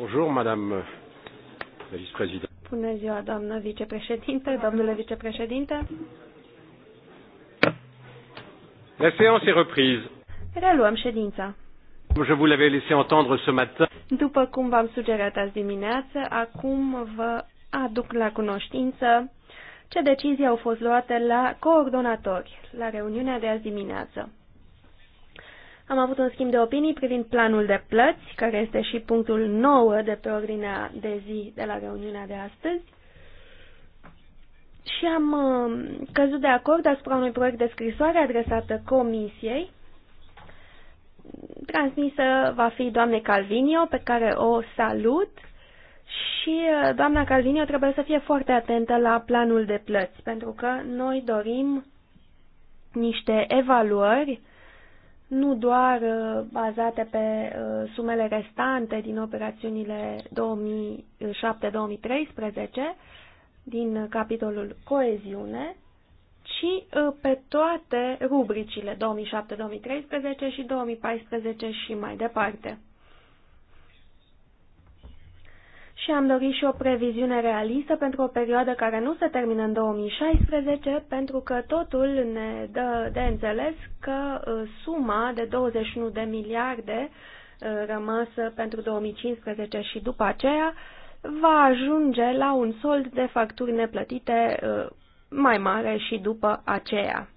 Bonjour, madame la vice-présidente. Bună ziua, doamnă vicepreședinte, domnule vicepreședinte. La séance est reprise. Reluăm ședința. Je vous l'avais laissé entendre ce matin. După cum v-am sugerat azi dimineață, acum vă aduc la cunoștință ce decizii au fost luate la coordonatori la reuniunea de azi dimineață. Am avut un schimb de opinii privind planul de plăți, care este și punctul 9 de pe ordinea de zi de la reuniunea de astăzi. Și am um, căzut de acord asupra unui proiect de scrisoare adresată Comisiei, transmisă va fi doamne Calvinio, pe care o salut și uh, doamna Calvinio trebuie să fie foarte atentă la planul de plăți, pentru că noi dorim niște evaluări nu doar uh, bazate pe uh, sumele restante din operațiunile 2007-2013 din capitolul coeziune, ci uh, pe toate rubricile 2007-2013 și 2014 și mai departe. și am dorit și o previziune realistă pentru o perioadă care nu se termină în 2016, pentru că totul ne dă de înțeles că uh, suma de 21 de miliarde uh, rămasă pentru 2015 și după aceea va ajunge la un sold de facturi neplătite uh, mai mare și după aceea.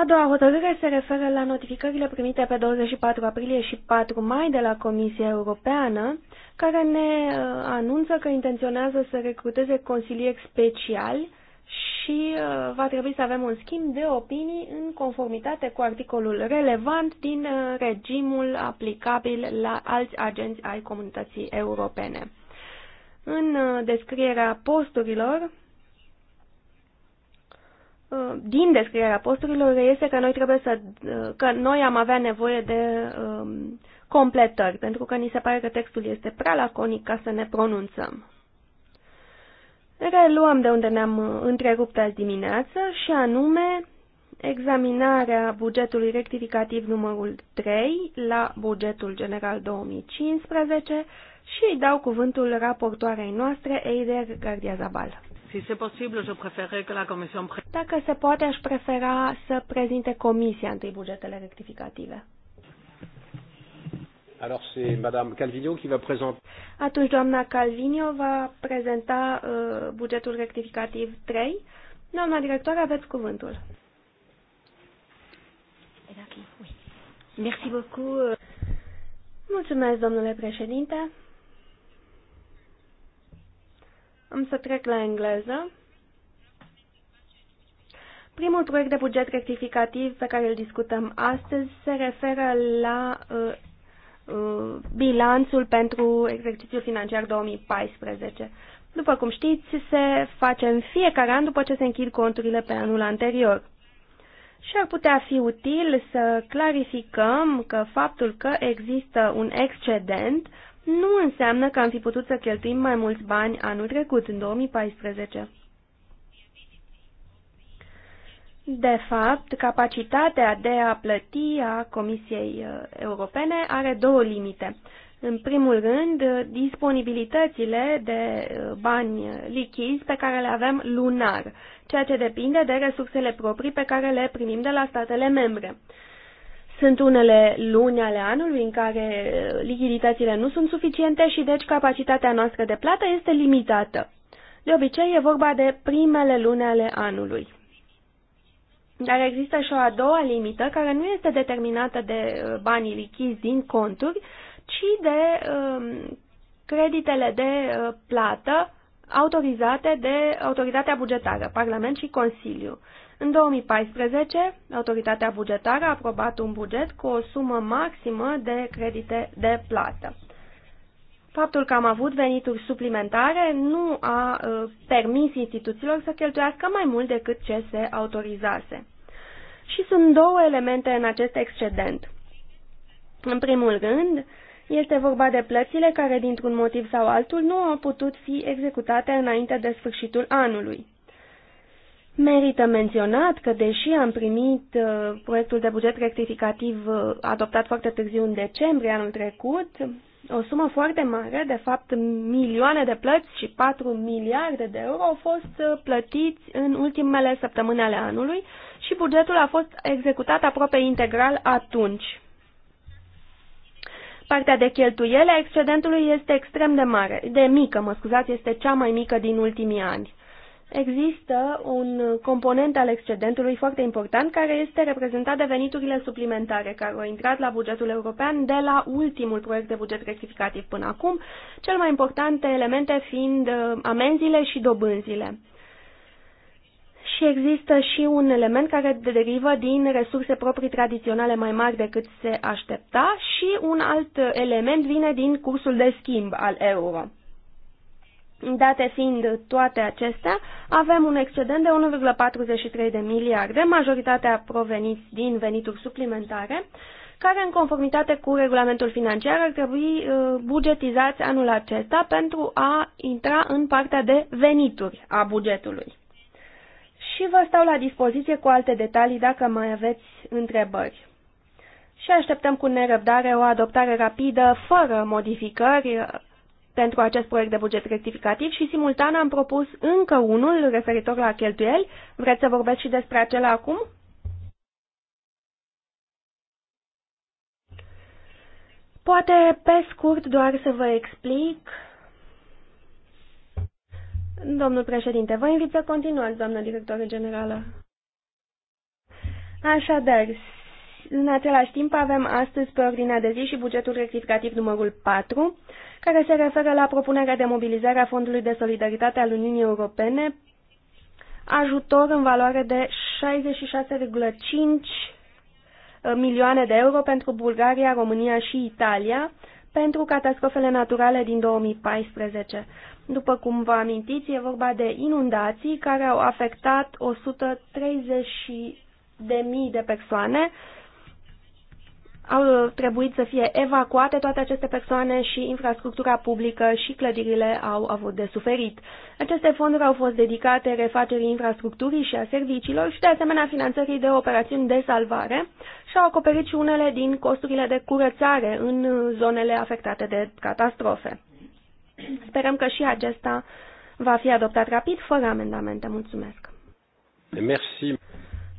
A doua hotărâre se referă la notificările primite pe 24 aprilie și 4 mai de la Comisia Europeană, care ne uh, anunță că intenționează să recruteze consilieri speciali și uh, va trebui să avem un schimb de opinii în conformitate cu articolul relevant din uh, regimul aplicabil la alți agenți ai comunității europene. În descrierea posturilor Uh, din descrierea Apostolilor, reiese că noi trebuie să uh, că noi am avea nevoie de um, completări, pentru că ni se pare că textul este prea laconic ca să ne pronunțăm. Reluăm de unde ne-am uh, întrerupt azi dimineață și anume examinarea bugetului rectificativ numărul 3 la bugetul general 2015 și îi dau cuvântul raportoarei noastre, Eider Gardiazabal. Dacă se poate, aș prefera să prezinte comisia întâi bugetele rectificative. Alors c'est Madame Calvino qui va présenter. Atunci doamna Calvino va prezenta uh, bugetul rectificativ 3. Doamna director, aveți cuvântul. Merci beaucoup. Mulțumesc, domnule președinte. Am să trec la engleză. Primul proiect de buget rectificativ pe care îl discutăm astăzi se referă la uh, uh, bilanțul pentru exercițiul financiar 2014. După cum știți, se face în fiecare an după ce se închid conturile pe anul anterior. Și ar putea fi util să clarificăm că faptul că există un excedent uh, nu înseamnă că am fi putut să cheltuim mai mulți bani anul trecut, în 2014. De fapt, capacitatea de a plăti a Comisiei uh, Europene are două limite. În primul rând, uh, disponibilitățile de uh, bani lichizi pe care le avem lunar, ceea ce depinde de resursele proprii pe care le primim de la statele membre. Sunt unele luni ale anului în care lichiditățile nu sunt suficiente și deci capacitatea noastră de plată este limitată. De obicei e vorba de primele luni ale anului. Dar există și o a doua limită care nu este determinată de uh, banii lichizi din conturi, ci de um, creditele de uh, plată autorizate de autoritatea bugetară, Parlament și Consiliu. În 2014, autoritatea bugetară a aprobat un buget cu o sumă maximă de credite de plată. Faptul că am avut venituri suplimentare nu a uh, permis instituțiilor să cheltuiască mai mult decât ce se autorizase. Și sunt două elemente în acest excedent. În primul rând, este vorba de plățile care, dintr-un motiv sau altul, nu au putut fi executate înainte de sfârșitul anului. Merită menționat că, deși am primit uh, proiectul de buget rectificativ uh, adoptat foarte târziu în decembrie anul trecut, o sumă foarte mare, de fapt milioane de plăți și 4 miliarde de euro au fost uh, plătiți în ultimele săptămâni ale anului și bugetul a fost executat aproape integral atunci. Partea de cheltuiele a excedentului este extrem de mare, de mică, mă scuzați, este cea mai mică din ultimii ani există un component al excedentului foarte important care este reprezentat de veniturile suplimentare care au intrat la bugetul european de la ultimul proiect de buget rectificativ până acum, cel mai importante elemente fiind uh, amenziile și dobânzile. Și există și un element care derivă din resurse proprii tradiționale mai mari decât se aștepta și un alt element vine din cursul de schimb al euro. Date fiind toate acestea, avem un excedent de 1,43 de miliarde, majoritatea proveniți din venituri suplimentare, care în conformitate cu regulamentul financiar ar trebui uh, bugetizați anul acesta pentru a intra în partea de venituri a bugetului. Și vă stau la dispoziție cu alte detalii dacă mai aveți întrebări. Și așteptăm cu nerăbdare o adoptare rapidă, fără modificări, pentru acest proiect de buget rectificativ și simultan am propus încă unul referitor la cheltuieli. Vreți să vorbesc și despre acela acum? Poate pe scurt doar să vă explic. Domnul președinte, vă invit să continuați, doamnă directoră generală. Așadar, în același timp avem astăzi pe ordinea de zi și bugetul rectificativ numărul 4, care se referă la propunerea de mobilizare a Fondului de Solidaritate al Uniunii Europene, ajutor în valoare de 66,5 uh, milioane de euro pentru Bulgaria, România și Italia pentru catastrofele naturale din 2014. După cum vă amintiți, e vorba de inundații care au afectat 130 de mii de persoane au trebuit să fie evacuate toate aceste persoane și infrastructura publică și clădirile au avut de suferit. Aceste fonduri au fost dedicate refacerii infrastructurii și a serviciilor și de asemenea finanțării de operațiuni de salvare și au acoperit și unele din costurile de curățare în zonele afectate de catastrofe. Sperăm că și acesta va fi adoptat rapid, fără amendamente. Mulțumesc! Merci.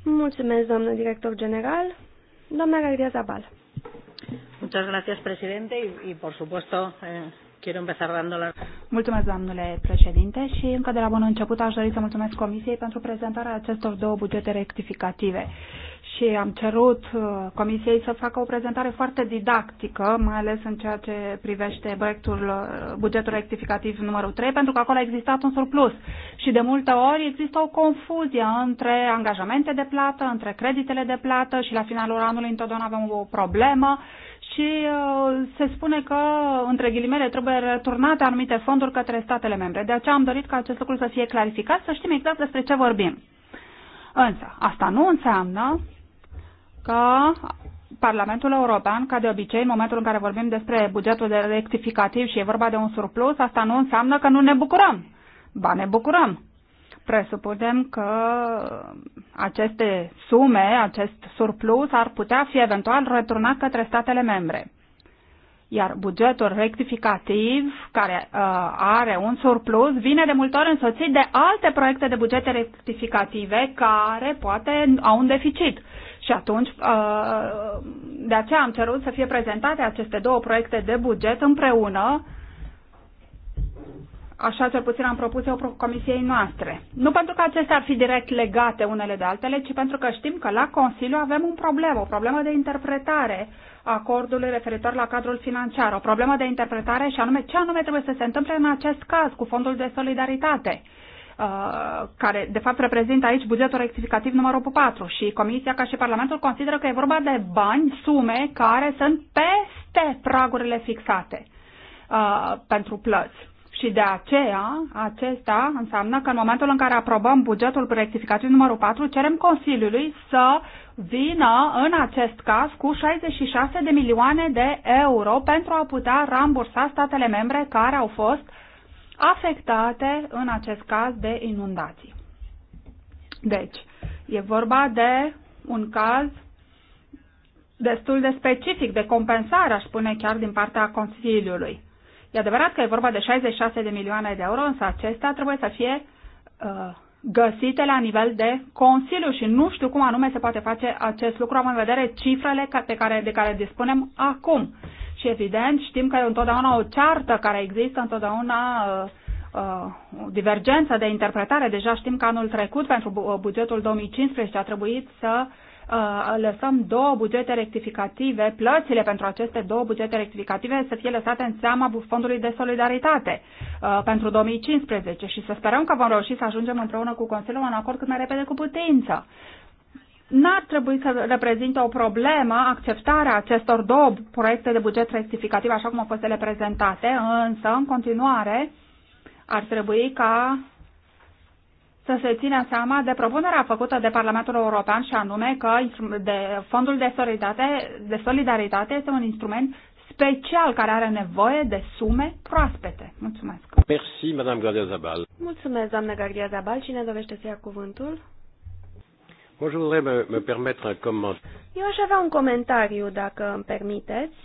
Mulțumesc, doamnă director general. Doamna Gardia Zabal. Muchas gracias, presidente, y, y por supuesto eh, quiero empezar dando la... Mulțumesc, domnule președinte, și încă de la bun început aș dori să mulțumesc Comisiei pentru prezentarea acestor două bugete rectificative și am cerut uh, Comisiei să facă o prezentare foarte didactică, mai ales în ceea ce privește proiectul uh, bugetul rectificativ numărul 3, pentru că acolo a existat un surplus și de multe ori există o confuzie între angajamente de plată, între creditele de plată și la finalul anului întotdeauna avem o problemă și uh, se spune că, între ghilimele, trebuie returnate anumite fonduri către statele membre. De aceea am dorit ca acest lucru să fie clarificat, să știm exact despre ce vorbim. Însă, asta nu înseamnă că Parlamentul European, ca de obicei, în momentul în care vorbim despre bugetul de rectificativ și e vorba de un surplus, asta nu înseamnă că nu ne bucurăm. Ba, ne bucurăm. Presupunem că aceste sume, acest surplus, ar putea fi eventual returnat către statele membre. Iar bugetul rectificativ, care uh, are un surplus, vine de multe ori însoțit de alte proiecte de bugete rectificative care poate au un deficit. Și atunci, uh, de aceea am cerut să fie prezentate aceste două proiecte de buget împreună, așa cel puțin am propus eu comisiei noastre. Nu pentru că acestea ar fi direct legate unele de altele, ci pentru că știm că la Consiliu avem un problemă, o problemă de interpretare a acordului referitor la cadrul financiar, o problemă de interpretare și anume ce anume trebuie să se întâmple în acest caz cu fondul de solidaritate. Uh, care de fapt reprezintă aici bugetul rectificativ numărul 4 și Comisia ca și Parlamentul consideră că e vorba de bani, sume care sunt peste pragurile fixate uh, pentru plăți. Și de aceea, acesta înseamnă că în momentul în care aprobăm bugetul rectificativ numărul 4, cerem Consiliului să vină în acest caz cu 66 de milioane de euro pentru a putea rambursa statele membre care au fost uh, afectate în acest caz de inundații. Deci, e vorba de un caz destul de specific, de compensare, aș spune chiar din partea Consiliului. E adevărat că e vorba de 66 de milioane de euro, însă acestea trebuie să fie uh, găsite la nivel de Consiliu și nu știu cum anume se poate face acest lucru, am în vedere cifrele pe care, de care dispunem acum și evident știm că e întotdeauna o ceartă care există, întotdeauna uh, uh, divergență de interpretare. Deja știm că anul trecut, pentru uh, bugetul 2015, a trebuit să lăsăm două bugete rectificative, plățile pentru aceste două bugete rectificative să fie lăsate în seama Fondului de Solidaritate pentru 2015 și să sperăm că vom reuși să ajungem împreună cu Consiliul în acord cât mai repede cu putință n-ar trebui să reprezinte o problemă acceptarea acestor două proiecte de buget rectificativ, așa cum au fost ele prezentate, însă, în continuare, ar trebui ca să se țină seama de propunerea făcută de Parlamentul European și anume că de fondul de solidaritate, de solidaritate este un instrument special care are nevoie de sume proaspete. Mulțumesc. Merci, Madame Gardia Zabal. Mulțumesc, doamnă Gardia Zabal. Cine dorește să ia cuvântul? un Eu aș avea un comentariu, dacă îmi permiteți.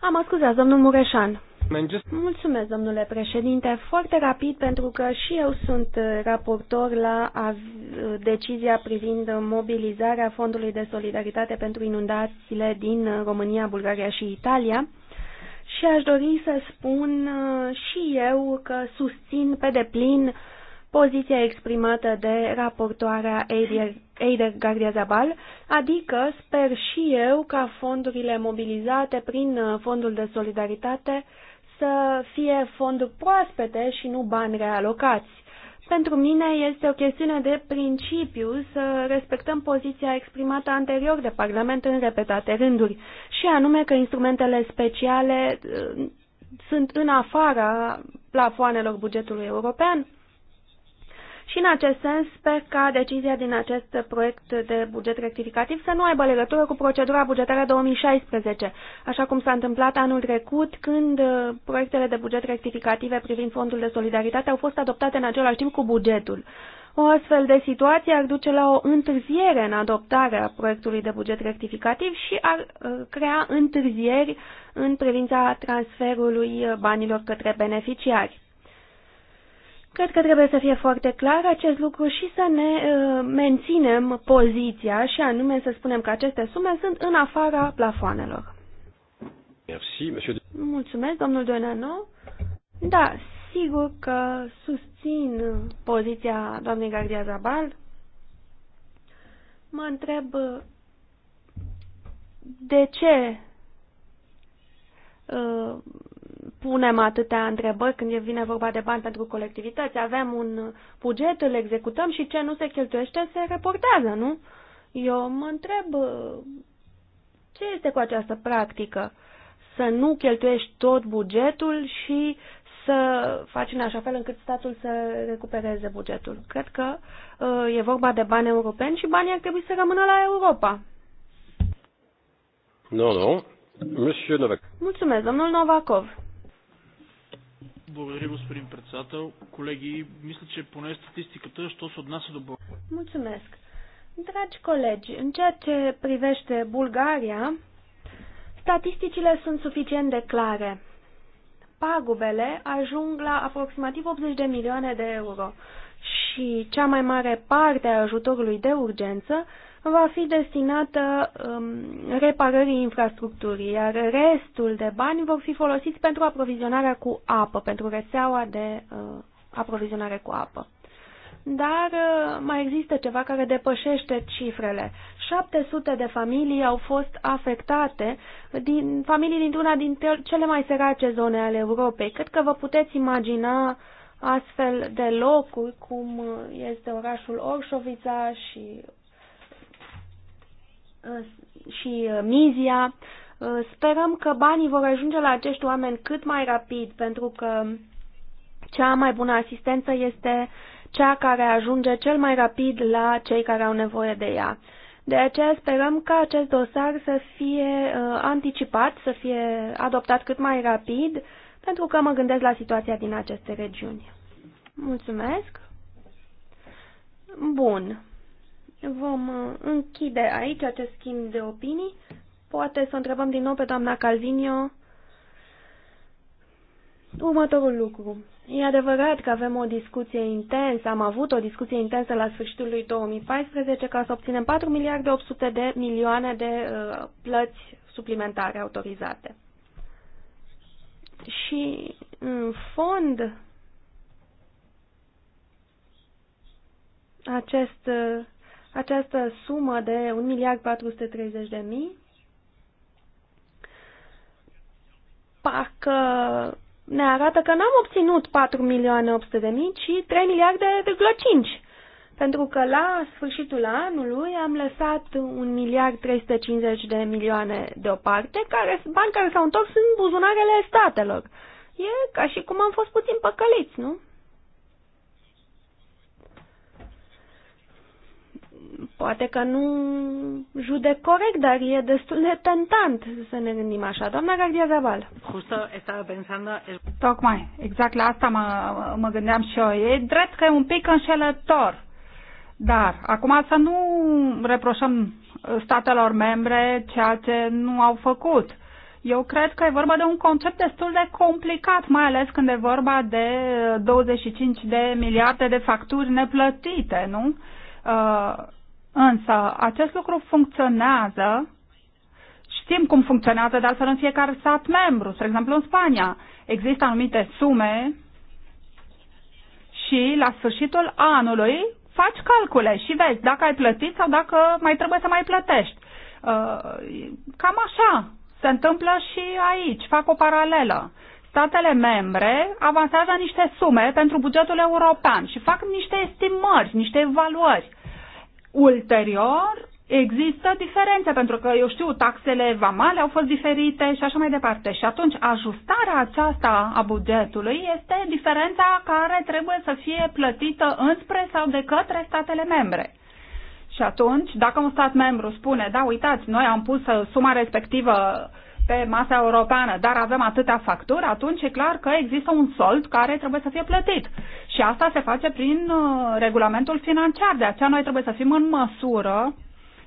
Am scuzat scuzați, domnul Mureșan. Mulțumesc, domnule președinte. Foarte rapid, pentru că și eu sunt raportor la decizia privind mobilizarea Fondului de Solidaritate pentru inundațiile din România, Bulgaria și Italia. Și aș dori să spun uh, și eu că susțin pe deplin uh, poziția exprimată de raportoarea Eider, Eider Zabal, adică sper și eu ca fondurile mobilizate prin uh, fondul de solidaritate să fie fonduri proaspete și nu bani realocați. Pentru mine este o chestiune de principiu să respectăm poziția exprimată anterior de Parlament în repetate rânduri, și anume că instrumentele speciale uh, sunt în afara plafoanelor bugetului european și în acest sens sper ca decizia din acest proiect de buget rectificativ să nu aibă legătură cu procedura bugetară 2016, așa cum s-a întâmplat anul trecut când uh, proiectele de buget rectificative privind fondul de solidaritate au fost adoptate în același timp cu bugetul. O astfel de situație ar duce la o întârziere în adoptarea proiectului de buget rectificativ și ar uh, crea întârzieri în privința transferului uh, banilor către beneficiari. Cred că trebuie să fie foarte clar acest lucru și să ne uh, menținem poziția și anume să spunem că aceste sume sunt în afara plafoanelor. Merci, monsieur... Mulțumesc, domnul Doenano. Da, sigur că susțin poziția doamnei Gardia Zabal. Mă întreb uh, de ce uh, punem atâtea întrebări când e vine vorba de bani pentru colectivități. Avem un buget, îl executăm și ce nu se cheltuiește se reportează, nu? Eu mă întreb ce este cu această practică? Să nu cheltuiești tot bugetul și să faci în așa fel încât statul să recupereze bugetul. Cred că uh, e vorba de bani europeni și banii ar trebui să rămână la Europa. Nu, no, nu. No. Monsieur Novak. Mulțumesc, domnul Novakov. Благодаря, господин председател. Колеги, мисля, че поне статистиката, що се отнася до България. Mulțumesc. Dragi colegi, în ceea ce privește Bulgaria, statisticile sunt suficient de clare. Pagubele ajung la aproximativ 80 de milioane de euro și cea mai mare parte a ajutorului de urgență va fi destinată um, reparării infrastructurii, iar restul de bani vor fi folosiți pentru aprovizionarea cu apă, pentru rețeaua de uh, aprovizionare cu apă. Dar uh, mai există ceva care depășește cifrele. 700 de familii au fost afectate, din, familii dintr-una din cele mai sărace zone ale Europei. Cred că vă puteți imagina astfel de locuri cum este orașul Orșovița și Uh, și uh, Mizia. Uh, sperăm că banii vor ajunge la acești oameni cât mai rapid, pentru că cea mai bună asistență este cea care ajunge cel mai rapid la cei care au nevoie de ea. De aceea sperăm ca acest dosar să fie anticipat, să fie adoptat cât mai rapid, pentru că mă gândesc la situația din aceste regiuni. Mulțumesc! Bun. Vom uh, închide aici acest schimb de opinii. Poate să întrebăm din nou pe doamna Calvinio următorul lucru. E adevărat că avem o discuție intensă, am avut o discuție intensă la sfârșitul lui 2014 ca să obținem 4 miliarde 800 de milioane de uh, plăți suplimentare autorizate. Și în fond acest uh, această sumă de 1 miliard 430 de mii parcă ne arată că n-am obținut 4 milioane 800 de mii, ci 3 miliarde de 5. Pentru că la sfârșitul anului am lăsat 1 miliard 350 de milioane deoparte, care, bani care s-au întors în buzunarele statelor. E ca și cum am fost puțin păcăliți, nu? poate că nu judec corect, dar e destul de tentant să ne gândim așa. Doamna Gardia Zaval. Tocmai, exact la asta mă, mă gândeam și eu. E drept că e un pic înșelător. Dar, acum să nu reproșăm statelor membre ceea ce nu au făcut. Eu cred că e vorba de un concept destul de complicat, mai ales când e vorba de 25 uh, de miliarde de facturi neplătite, nu? Uh, Însă acest lucru funcționează, știm cum funcționează de altfel în fiecare stat membru, spre exemplu în Spania. Există anumite sume și la sfârșitul anului faci calcule și vezi dacă ai plătit sau dacă mai trebuie să mai plătești. Uh, cam așa se întâmplă și aici, fac o paralelă. Statele membre avansează niște sume pentru bugetul european și fac niște estimări, niște evaluări Ulterior, există diferențe, pentru că, eu știu, taxele vamale au fost diferite și așa mai departe. Și atunci, ajustarea aceasta a bugetului este diferența care trebuie să fie plătită înspre sau de către statele membre. Și atunci, dacă un stat membru spune, da, uitați, noi am pus uh, suma respectivă uh, pe masa europeană, dar avem atâtea facturi, atunci e clar că există un sold care trebuie să fie plătit. Și asta se face prin uh, regulamentul financiar. De aceea noi trebuie să fim în măsură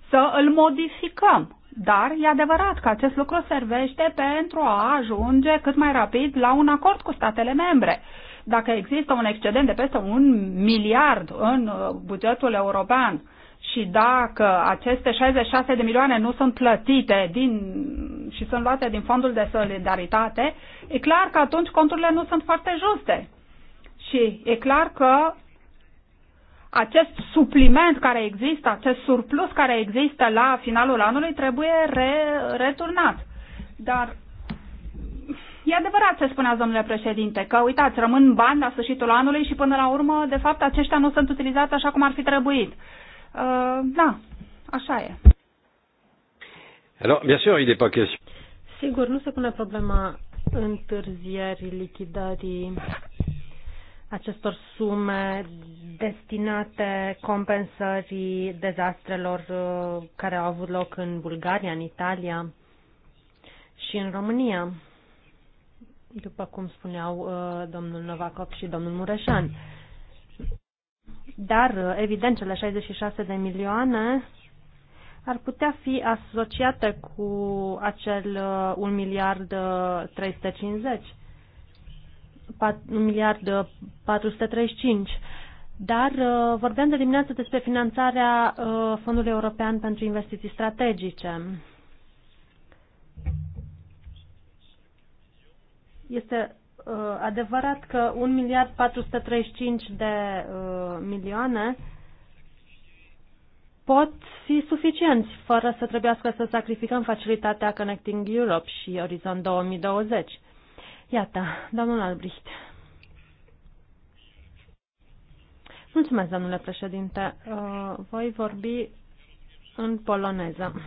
să îl modificăm. Dar e adevărat că acest lucru servește pentru a ajunge cât mai rapid la un acord cu statele membre. Dacă există un excedent de peste un miliard în uh, bugetul european și dacă aceste 66 de milioane nu sunt plătite din, și sunt luate din fondul de solidaritate, e clar că atunci conturile nu sunt foarte juste. Și e clar că acest supliment care există, acest surplus care există la finalul anului trebuie re, returnat. Dar E adevărat ce spunea domnule președinte, că uitați, rămân bani la sfârșitul anului și până la urmă, de fapt, aceștia nu sunt utilizați așa cum ar fi trebuit. Uh, da, așa e. Alors, bien sûr, il n'est pas question. Sigur, nu se pune problema întârzierii lichidării acestor sume destinate compensării dezastrelor uh, care au avut loc în Bulgaria, în Italia și în România, după cum spuneau uh, domnul Novakov și domnul Mureșan. Mm. Dar, evident, cele 66 de milioane ar putea fi asociate cu acel 1 uh, miliard 350, uh, 1 miliard 435. Uh, Dar vorbeam de dimineață despre finanțarea Fondului European pentru Investiții Strategice. Este Uh, adevărat că 1 miliard 435 de uh, milioane pot fi suficienți fără să trebuiască să sacrificăm facilitatea Connecting Europe și Orizont 2020. Iată, domnul Albricht. Mulțumesc, domnule președinte. Uh, voi vorbi în poloneză.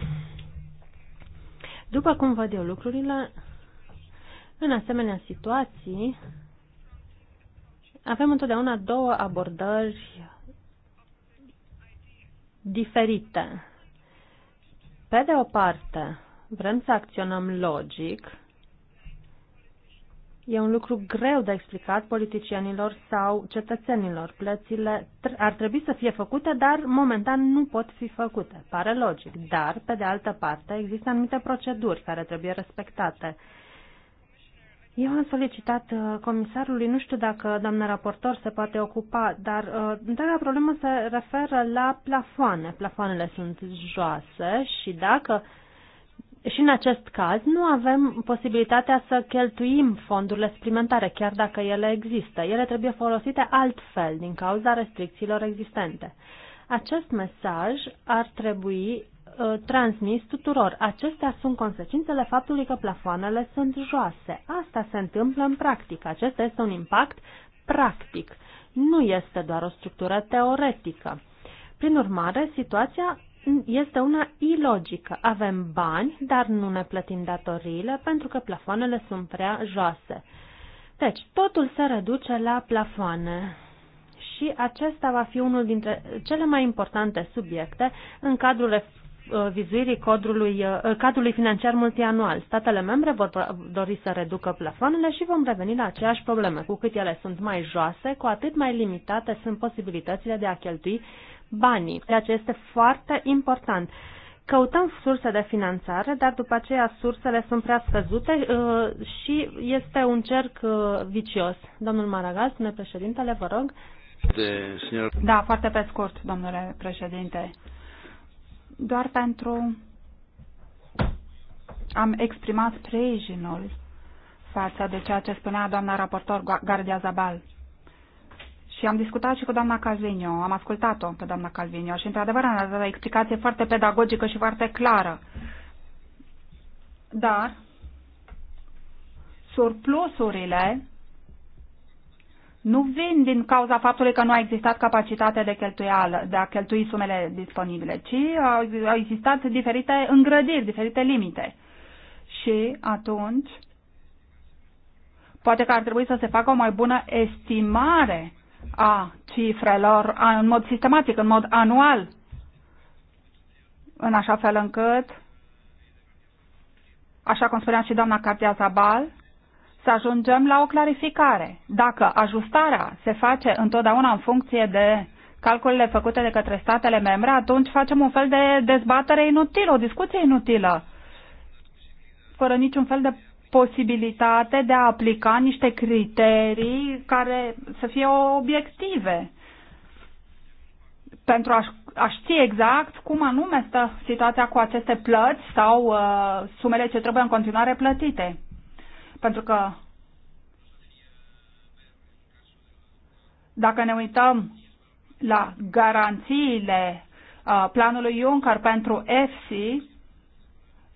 După cum văd eu lucrurile, în asemenea situații, avem întotdeauna două abordări diferite. Pe de o parte, vrem să acționăm logic. E un lucru greu de explicat politicienilor sau cetățenilor. Plățile ar trebui să fie făcute, dar momentan nu pot fi făcute. Pare logic. Dar, pe de altă parte, există anumite proceduri care trebuie respectate eu am solicitat uh, comisarului, nu știu dacă doamna raportor se poate ocupa, dar uh, întreaga problemă se referă la plafoane. Plafoanele sunt joase și dacă și în acest caz nu avem posibilitatea să cheltuim fondurile suplimentare, chiar dacă ele există. Ele trebuie folosite altfel din cauza restricțiilor existente. Acest mesaj ar trebui Uh, transmis tuturor. Acestea sunt consecințele faptului că plafoanele sunt joase. Asta se întâmplă în practică. Acesta este un impact practic. Nu este doar o structură teoretică. Prin urmare, situația este una ilogică. Avem bani, dar nu ne plătim datoriile pentru că plafoanele sunt prea joase. Deci, totul se reduce la plafoane și acesta va fi unul dintre cele mai importante subiecte în cadrul revizuirii uh, codrului, uh, cadrului financiar multianual. Statele membre vor dori să reducă plafoanele și vom reveni la aceeași probleme. Cu cât ele sunt mai joase, cu atât mai limitate sunt posibilitățile de a cheltui banii, ceea ce este foarte important. Căutăm surse de finanțare, dar după aceea sursele sunt prea scăzute uh, și este un cerc vicios. Domnul Maragal, spune președintele, vă rog. De, Da, foarte pe scurt, domnule președinte doar pentru am exprimat sprijinul față de ceea ce spunea doamna raportor Gardia Zabal. Și am discutat și cu doamna Calvinio, am ascultat-o pe doamna Calvinio și, într-adevăr, am dat o explicație foarte pedagogică și foarte clară. Dar surplusurile nu vin din cauza faptului că nu a existat capacitatea de, cheltuială, de a cheltui sumele disponibile, ci au existat diferite îngrădiri, diferite limite. Și atunci, poate că ar trebui să se facă o mai bună estimare a cifrelor în mod sistematic, în mod anual, în așa fel încât, așa cum spunea și doamna Cartea Zabal, să ajungem la o clarificare. Dacă ajustarea se face întotdeauna în funcție de calculele făcute de către statele membre, atunci facem un fel de dezbatere inutilă, o discuție inutilă, fără niciun fel de posibilitate de a aplica niște criterii care să fie obiective pentru a, a ști exact cum anume stă situația cu aceste plăți sau uh, sumele ce trebuie în continuare plătite. Pentru că dacă ne uităm la garanțiile uh, planului Juncker pentru EFSI,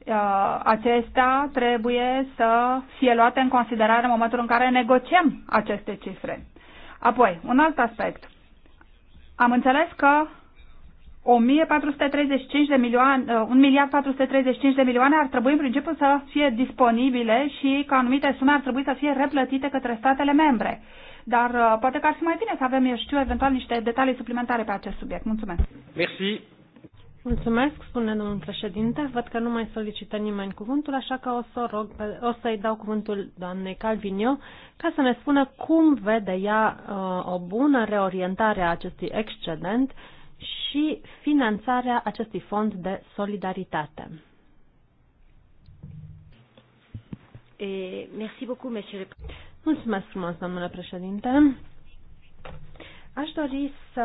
uh, acestea trebuie să fie luate în considerare în momentul în care negociem aceste cifre. Apoi, un alt aspect. Am înțeles că 1435 de milioane, 1 uh, miliard 435 de milioane ar trebui în principiu să fie disponibile și că anumite sume ar trebui să fie replătite către statele membre. Dar uh, poate că ar fi mai bine să avem, eu știu, eventual niște detalii suplimentare pe acest subiect. Mulțumesc. Merci. Mulțumesc, spune domnul președinte. Văd că nu mai solicită nimeni cuvântul, așa că o să, rog, o să-i dau cuvântul doamnei Calvinio ca să ne spună cum vede ea uh, o bună reorientare a acestui excedent uh, și finanțarea acestui fond de solidaritate. Eh, Mulțumesc frumos, domnule președinte. Aș dori să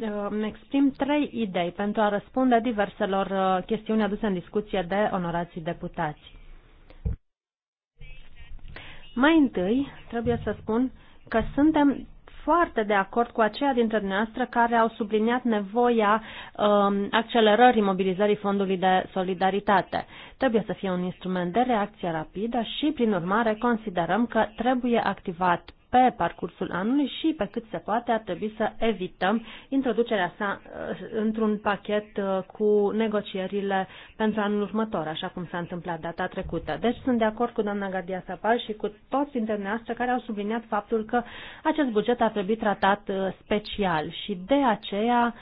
eh, îmi exprim trei idei pentru a răspunde diverselor eh, chestiuni aduse în discuție de onorații deputați. Mai întâi, trebuie să spun că suntem foarte de acord cu aceia dintre dumneavoastră care au subliniat nevoia um, accelerării mobilizării fondului de solidaritate. Trebuie să fie un instrument de reacție rapidă și, prin urmare, considerăm că trebuie activat pe parcursul anului și, pe cât se poate, ar trebui să evităm introducerea sa uh, într-un pachet uh, cu negocierile pentru anul următor, așa cum s-a întâmplat data trecută. Deci sunt de acord cu doamna Gardia Sapal și cu toți dintre care au subliniat faptul că acest buget ar trebui tratat uh, special și de aceea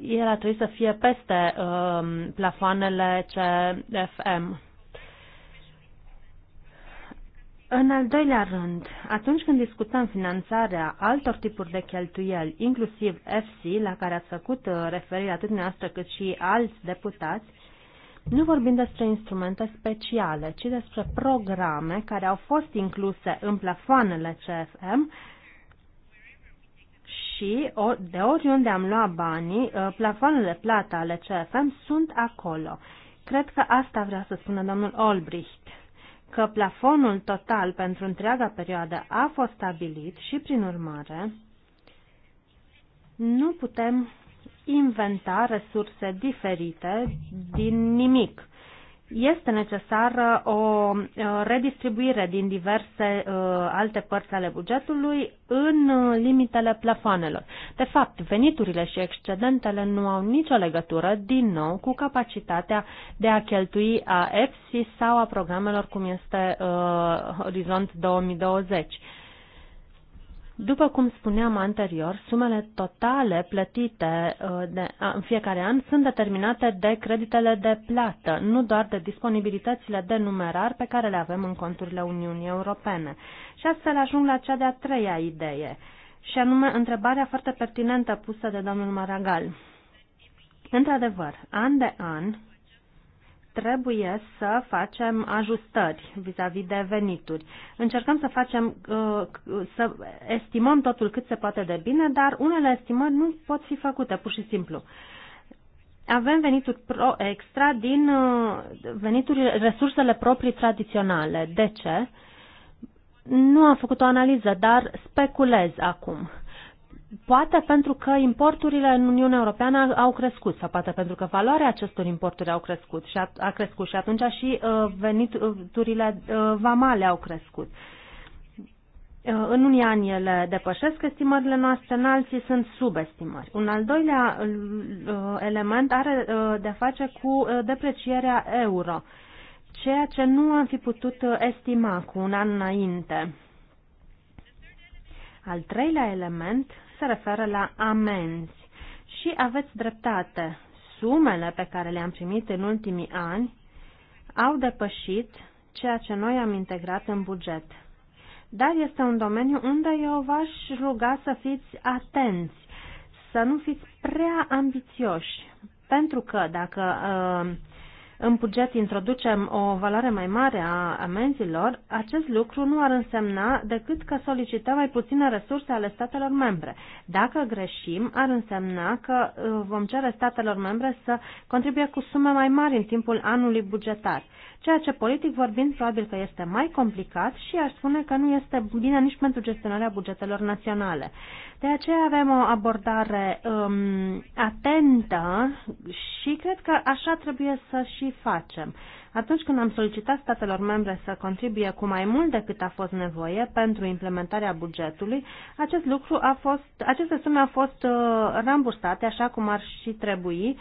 el ar trebui să fie peste plafoanele CFM. În al doilea rând, atunci când discutăm finanțarea altor tipuri de cheltuieli, inclusiv FC, la care ați făcut uh, referire atât noastră cât și alți deputați, nu vorbim despre instrumente speciale, ci despre programe care au fost incluse în plafoanele CFM și de oriunde am luat banii, uh, plafoanele plata ale CFM sunt acolo. Cred că asta vrea să spună domnul Olbricht că plafonul total pentru întreaga perioadă a fost stabilit și, prin urmare, nu putem inventa resurse diferite din nimic este necesară o uh, redistribuire din diverse uh, alte părți ale bugetului în uh, limitele plafoanelor. De fapt, veniturile și excedentele nu au nicio legătură, din nou, cu capacitatea de a cheltui a EPSI sau a programelor cum este Horizont 2020 după cum spuneam anterior, sumele totale plătite uh, de, în fiecare an sunt determinate de creditele de plată, nu doar de disponibilitățile de numerar pe care le avem în conturile Uniunii Europene. Și astfel ajung la cea de-a treia idee, și anume întrebarea foarte pertinentă pusă de domnul Maragal. Într-adevăr, an de an, trebuie să facem ajustări vis-a-vis -vis de venituri. Încercăm să facem, uh, să estimăm totul cât se poate de bine, dar unele estimări nu pot fi făcute, pur și simplu. Avem venituri pro extra din uh, veniturile, resursele proprii tradiționale. De ce? Nu am făcut o analiză, dar speculez acum. Poate pentru că importurile în Uniunea Europeană au crescut sau poate pentru că valoarea acestor importuri au crescut și a, a crescut și atunci și uh, veniturile uh, vamale au crescut. Uh, în unii ani ele depășesc estimările noastre, în alții sunt subestimări. Un al doilea uh, element are uh, de face cu deprecierea euro, ceea ce nu am fi putut estima cu un an înainte. Al treilea element se referă la amenzi. Și aveți dreptate. Sumele pe care le-am primit în ultimii ani au depășit ceea ce noi am integrat în buget. Dar este un domeniu unde eu v-aș ruga să fiți atenți, să nu fiți prea ambițioși, pentru că dacă uh, în buget introducem o valoare mai mare a amenzilor, acest lucru nu ar însemna decât că solicităm mai puține resurse ale statelor membre. Dacă greșim, ar însemna că uh, vom cere statelor membre să contribuie cu sume mai mari în timpul anului bugetar, ceea ce politic vorbind probabil că este mai complicat și aș spune că nu este bine nici pentru gestionarea bugetelor naționale. De aceea avem o abordare um, atentă și cred că așa trebuie să și și facem. Atunci când am solicitat statelor membre să contribuie cu mai mult decât a fost nevoie pentru implementarea bugetului, acest lucru a fost, aceste sume au fost uh, rambursate așa cum ar și trebui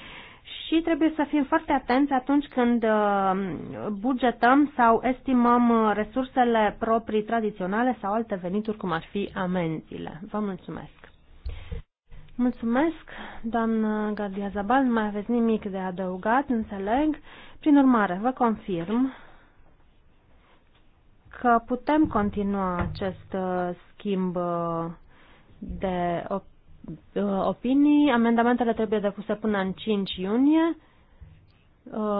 și trebuie să fim foarte atenți atunci când uh, bugetăm sau estimăm uh, resursele proprii tradiționale sau alte venituri, cum ar fi amenziile. Vă mulțumesc! Mulțumesc, doamnă Gardia Zabal, nu mai aveți nimic de adăugat, înțeleg. Prin urmare, vă confirm că putem continua acest uh, schimb uh, de uh, opinii. Amendamentele trebuie depuse până în 5 iunie.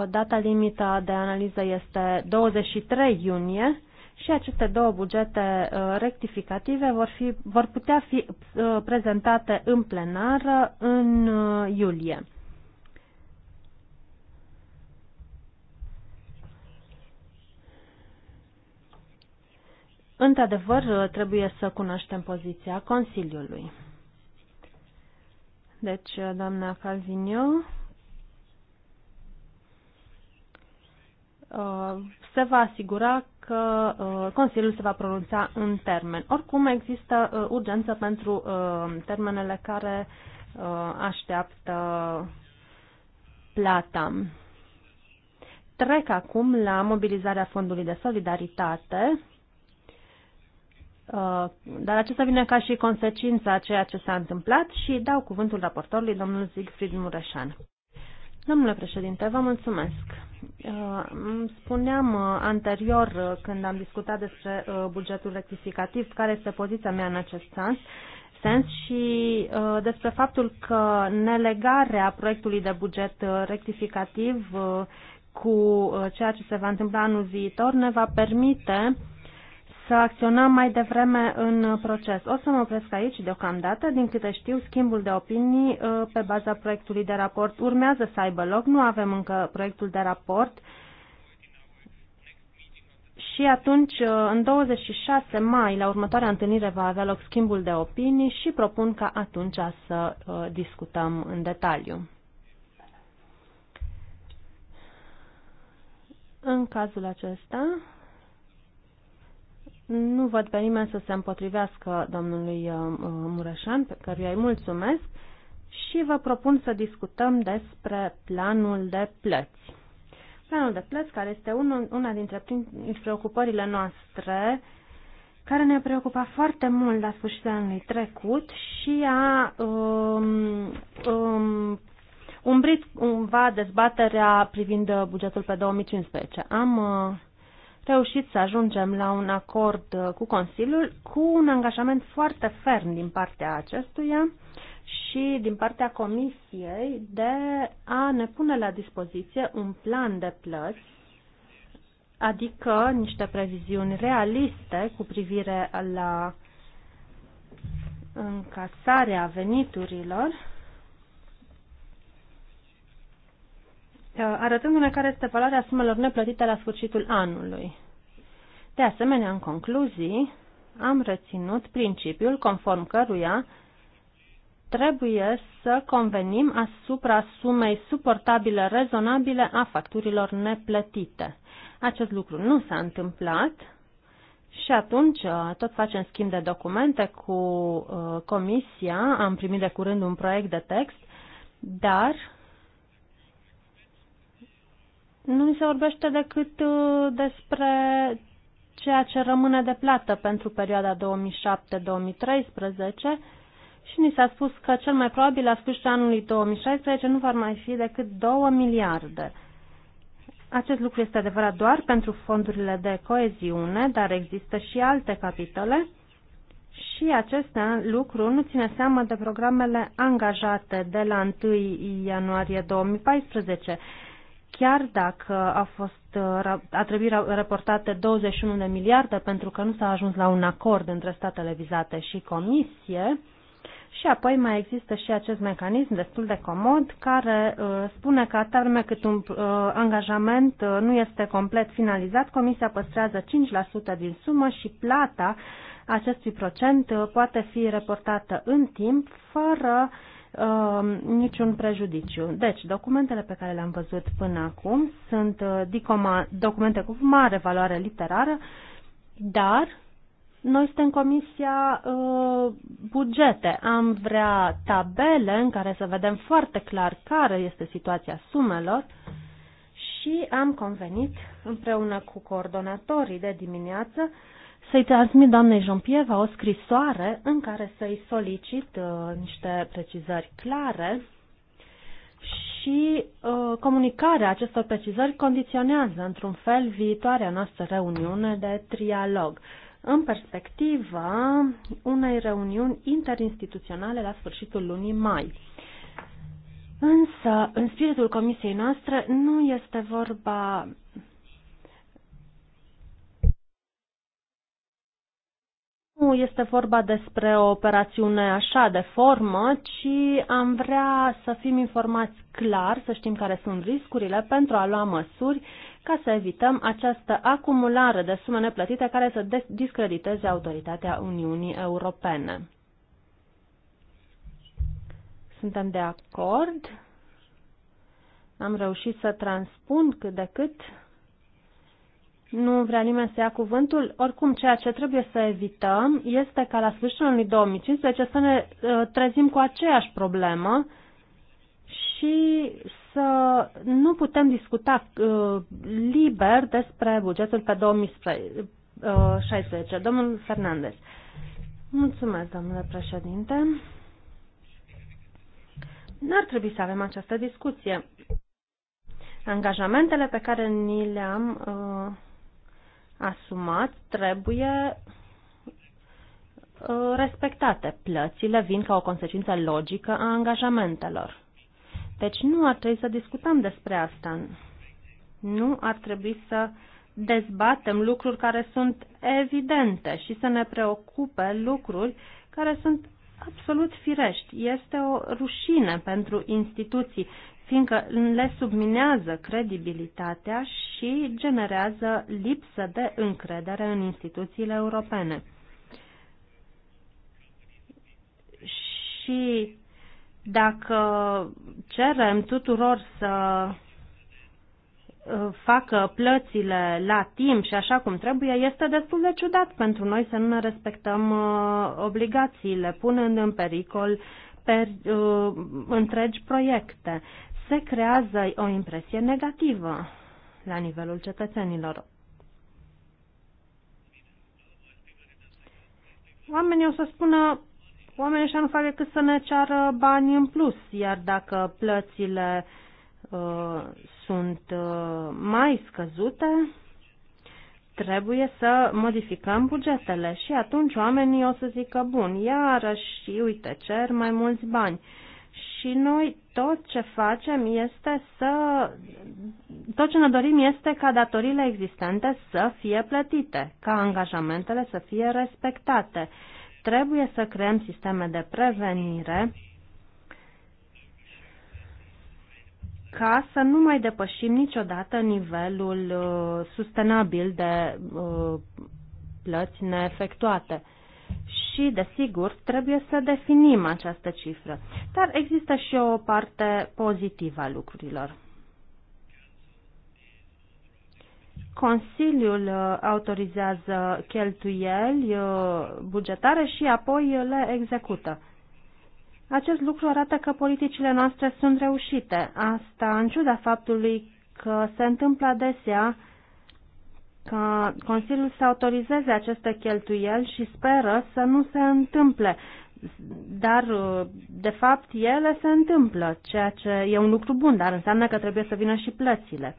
Data limită de analiză este 23 iunie și aceste două bugete uh, rectificative vor, fi, vor putea fi uh, prezentate în plenar în uh, iulie. Într-adevăr, trebuie să cunoaștem poziția Consiliului. Deci, doamna Calvinio, se va asigura că uh, Consiliul se va pronunța în termen. Oricum există uh, urgență pentru uh, termenele care așteaptă plata. Trec acum la mobilizarea Fondului de Solidaritate, dar acesta vine ca și consecința a ceea ce s-a întâmplat și dau cuvântul raportorului domnul Siegfried Mureșan. Domnule președinte, vă mulțumesc. Uh, spuneam uh, anterior, uh, când am discutat despre bugetul rectificativ, care este poziția mea în acest sens, sens și despre faptul că nelegarea proiectului de buget rectificativ cu ceea ce se va întâmpla anul viitor ne va permite să acționăm mai devreme în proces. O să mă opresc aici deocamdată. Din câte știu, schimbul de opinii uh, pe baza proiectului de raport urmează să aibă loc. Nu avem încă proiectul de raport. Și atunci, uh, în 26 mai, la următoarea întâlnire, va avea loc schimbul de opinii și propun ca atunci să uh, discutăm în detaliu. În cazul acesta, nu văd pe nimeni să se împotrivească domnului uh, uh, Mureșan, pe care îi mulțumesc, și vă propun să discutăm despre planul de plăți. Planul de plăți, care este unul, una dintre preocupările noastre, care ne-a preocupat foarte mult la sfârșitul anului trecut și a um, um, umbrit cumva dezbaterea privind bugetul pe 2015. Am uh, reușit să ajungem la un acord uh, cu Consiliul cu un angajament foarte ferm din partea acestuia și din partea Comisiei de a ne pune la dispoziție un plan de plăți, adică niște previziuni realiste cu privire la încasarea veniturilor Uh, arătându-ne care este valoarea sumelor neplătite la sfârșitul anului. De asemenea, în concluzii, am reținut principiul conform căruia trebuie să convenim asupra sumei suportabile, rezonabile a facturilor neplătite. Acest lucru nu s-a întâmplat și atunci uh, tot facem schimb de documente cu uh, comisia, am primit de curând un proiect de text, dar nu mi se vorbește decât uh, despre ceea ce rămâne de plată pentru perioada 2007-2013 și ni s-a spus că cel mai probabil la sfârșitul anului 2016 nu vor mai fi decât 2 miliarde. Acest lucru este adevărat doar pentru fondurile de coeziune, dar există și alte capitole și acest lucru nu ține seama de programele angajate de la 1 ianuarie 2014 chiar dacă a, fost, uh, a trebuit reportate 21 de miliarde pentru că nu s-a ajuns la un acord între statele vizate și comisie, și apoi mai există și acest mecanism destul de comod care uh, spune că atâta vreme cât un uh, angajament uh, nu este complet finalizat, Comisia păstrează 5% din sumă și plata acestui procent uh, poate fi reportată în timp fără uh, Um, niciun prejudiciu. Deci, documentele pe care le-am văzut până acum sunt uh, documente cu mare valoare literară, dar noi suntem comisia uh, bugete. Am vrea tabele în care să vedem foarte clar care este situația sumelor și am convenit împreună cu coordonatorii de dimineață să-i transmit doamnei Jompieva o scrisoare în care să-i solicit uh, niște precizări clare și uh, comunicarea acestor precizări condiționează într-un fel viitoarea noastră reuniune de trialog în perspectiva unei reuniuni interinstituționale la sfârșitul lunii mai. Însă, în spiritul comisiei noastre, nu este vorba Nu este vorba despre o operațiune așa de formă, ci am vrea să fim informați clar, să știm care sunt riscurile pentru a lua măsuri ca să evităm această acumulare de sume neplătite care să discrediteze autoritatea Uniunii Europene. Suntem de acord. Am reușit să transpun cât de cât nu vrea nimeni să ia cuvântul. Oricum, ceea ce trebuie să evităm este ca la sfârșitul anului 2015 să ne ă, trezim cu aceeași problemă și să nu putem discuta ă, liber despre bugetul pe 2016. Ă, Domnul Fernandez. Mulțumesc, domnule președinte. N-ar trebui să avem această discuție. Angajamentele pe care ni le-am uh, asumat trebuie uh, respectate. Plățile vin ca o consecință logică a angajamentelor. Deci nu ar trebui să discutăm despre asta. Nu ar trebui să dezbatem lucruri care sunt evidente și să ne preocupe lucruri care sunt absolut firești. Este o rușine pentru instituții fiindcă le subminează credibilitatea și generează lipsă de încredere în instituțiile europene. Și dacă cerem tuturor să uh, facă plățile la timp și așa cum trebuie, este destul de ciudat pentru noi să nu ne respectăm uh, obligațiile, punând în pericol per, uh, întregi proiecte se creează o impresie negativă la nivelul cetățenilor. Oamenii o să spună, oamenii așa nu fac decât să ne ceară bani în plus, iar dacă plățile uh, sunt uh, mai scăzute, trebuie să modificăm bugetele și atunci oamenii o să zică, bun, iarăși, uite, cer mai mulți bani. Uh, și noi tot ce facem este să. tot ce ne dorim este ca datorile existente să fie plătite, ca angajamentele să fie respectate. Trebuie să creăm sisteme de prevenire ca să nu mai depășim niciodată nivelul uh, sustenabil de uh, plăți neefectuate și, desigur, trebuie să definim această cifră. Dar există și o parte pozitivă a lucrurilor. Consiliul uh, autorizează cheltuieli uh, bugetare și apoi le execută. Acest lucru arată că politicile noastre sunt reușite. Asta în ciuda faptului că se întâmplă adesea ca Consiliul să autorizeze aceste cheltuieli și speră să nu se întâmple. Dar, uh, de fapt, ele se întâmplă, ceea ce e un lucru bun, dar înseamnă că trebuie să vină și plățile.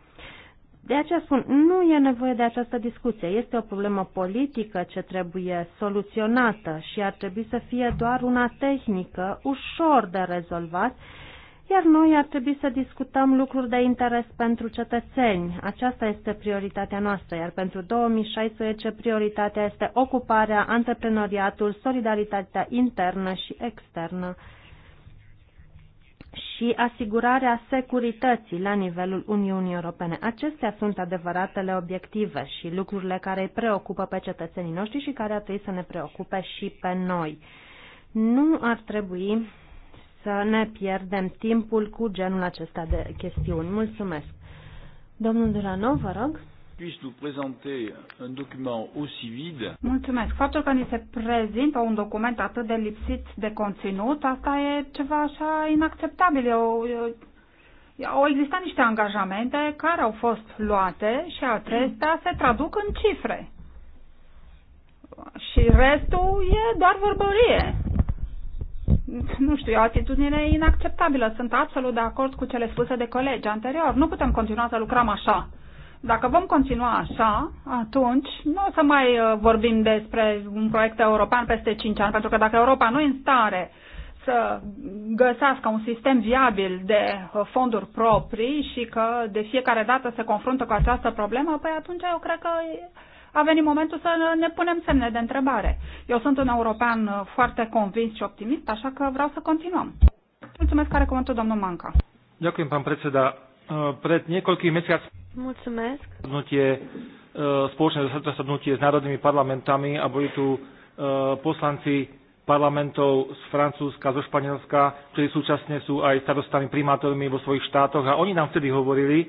De aceea spun, nu e nevoie de această discuție. Este o problemă politică ce trebuie soluționată și ar trebui să fie doar una tehnică, ușor de rezolvat iar noi ar trebui să discutăm lucruri de interes pentru cetățeni. Aceasta este prioritatea noastră, iar pentru 2016 prioritatea este ocuparea, antreprenoriatul, solidaritatea internă și externă și asigurarea securității la nivelul Uniunii Europene. Acestea sunt adevăratele obiective și lucrurile care îi preocupă pe cetățenii noștri și care ar trebui să ne preocupe și pe noi. Nu ar trebui să ne pierdem timpul cu genul acesta de chestiuni. Mulțumesc. Domnul Durano, vă rog un document aussi vide. Mulțumesc. Faptul că ni se prezintă un document atât de lipsit de conținut, asta e ceva așa inacceptabil. Eu, eu, au existat niște angajamente care au fost luate și acestea se traduc în cifre. Și restul e doar vorbărie nu știu, e o atitudine inacceptabilă. Sunt absolut de acord cu cele spuse de colegi anterior. Nu putem continua să lucrăm așa. Dacă vom continua așa, atunci nu o să mai uh, vorbim despre un proiect european peste 5 ani, pentru că dacă Europa nu e în stare să găsească un sistem viabil de uh, fonduri proprii și că de fiecare dată se confruntă cu această problemă, păi atunci eu cred că a venit momentul să ne punem semne de întrebare. Eu sunt un european uh, foarte convins și optimist, așa că vreau să continuăm. Mulțumesc, care cuvântul domnul Manca. Ďakujem, pán predseda. Uh, pred niekoľkými mesiacmi Mulțumesc. Uh, spoločné zasadnutie s národnými parlamentami a boli tu poslanci parlamentov z Francúzska, zo Španielska, ktorí súčasne sú aj starostami primátormi vo svojich štátoch a oni nám vtedy hovorili,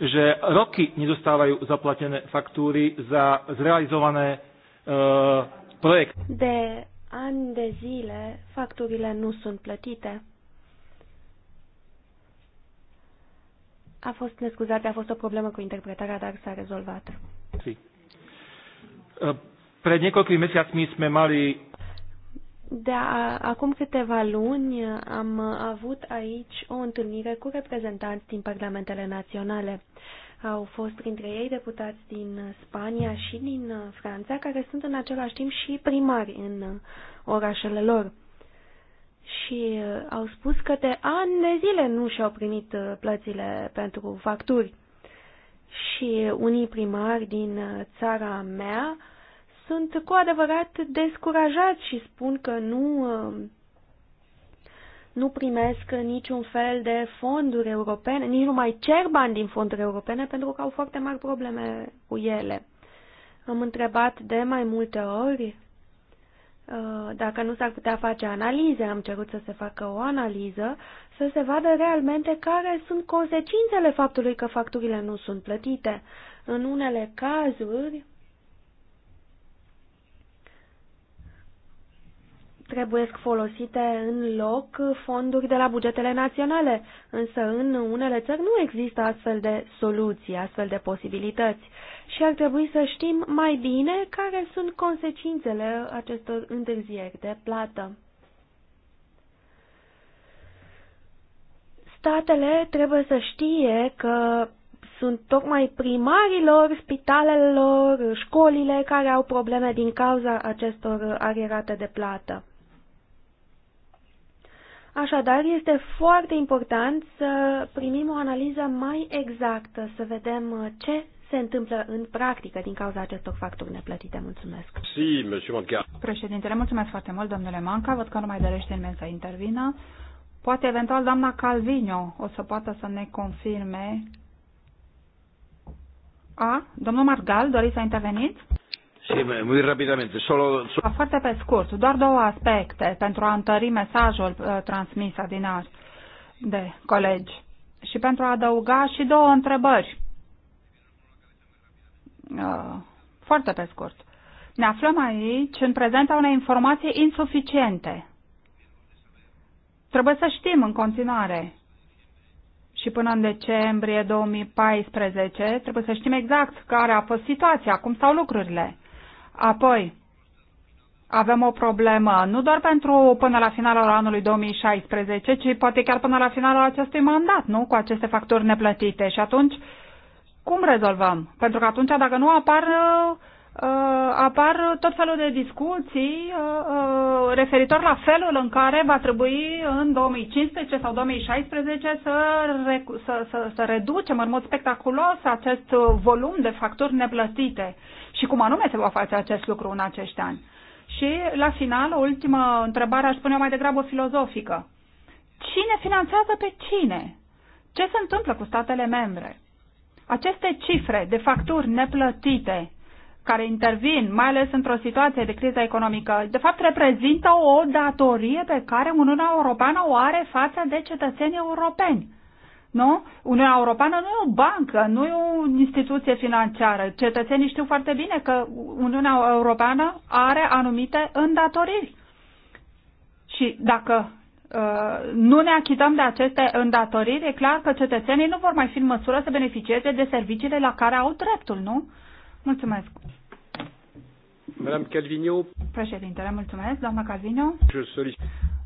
že roky nedostávajú zaplatené faktúry za zrealizované uh, projekty. De an de zile facturile nu sunt plătite. A fost, nescuzate, a fost o problemă cu interpretarea, dar s-a rezolvat. Si. Păi. Pred niekoľkými mesiacmi sme mali de a, acum câteva luni am avut aici o întâlnire cu reprezentanți din parlamentele naționale. Au fost printre ei deputați din Spania și din Franța, care sunt în același timp și primari în orașele lor. Și uh, au spus că de ani de zile nu și-au primit uh, plățile pentru facturi. Și unii primari din uh, țara mea sunt cu adevărat descurajați și spun că nu, um, nu primesc niciun fel de fonduri europene, nici nu mai cer bani din fonduri europene pentru că au foarte mari probleme cu ele. Am întrebat de mai multe ori uh, dacă nu s-ar putea face analize, am cerut să se facă o analiză, să se vadă realmente care sunt consecințele faptului că facturile nu sunt plătite. În unele cazuri, trebuie folosite în loc fonduri de la bugetele naționale, însă în unele țări nu există astfel de soluții, astfel de posibilități și ar trebui să știm mai bine care sunt consecințele acestor întârzieri de plată. Statele trebuie să știe că sunt tocmai primarilor, spitalelor, școlile care au probleme din cauza acestor arierate de plată. Așadar, este foarte important să primim o analiză mai exactă, să vedem uh, ce se întâmplă în practică din cauza acestor facturi neplătite. Mulțumesc. Si, Președintele, mulțumesc foarte mult, domnule Manca. Văd că nu mai dorește nimeni să intervină. Poate eventual doamna Calvino o să poată să ne confirme. A, domnul Margal, doriți să interveniți? Și mai rapidamente, solo... Foarte pe scurt, doar două aspecte pentru a întări mesajul uh, transmis adinar de colegi și pentru a adăuga și două întrebări. Uh, foarte pe scurt. Ne aflăm aici în prezența unei informații insuficiente. Trebuie să știm în continuare și până în decembrie 2014 trebuie să știm exact care a fost situația, cum stau lucrurile. Apoi, avem o problemă, nu doar pentru până la finalul anului 2016, ci poate chiar până la finalul acestui mandat, nu? Cu aceste facturi neplătite. Și atunci, cum rezolvăm? Pentru că atunci, dacă nu apar uh, Uh, apar tot felul de discuții uh, uh, referitor la felul în care va trebui în 2015 sau 2016 să, să, să, să reducem în mod spectaculos acest volum de facturi neplătite și cum anume se va face acest lucru în acești ani. Și la final, o ultimă întrebare, aș spune mai degrabă filozofică. Cine finanțează pe cine? Ce se întâmplă cu statele membre? Aceste cifre de facturi neplătite care intervin, mai ales într-o situație de criză economică, de fapt reprezintă o datorie pe care Uniunea Europeană o are față de cetățenii europeni. Nu? Uniunea Europeană nu e o bancă, nu e o instituție financiară. Cetățenii știu foarte bine că Uniunea Europeană are anumite îndatoriri. Și dacă uh, nu ne achităm de aceste îndatoriri, e clar că cetățenii nu vor mai fi în măsură să beneficieze de serviciile la care au dreptul, nu? Mulțumesc. Madame Calvino. Președintele, mulțumesc. Doamna Calvino.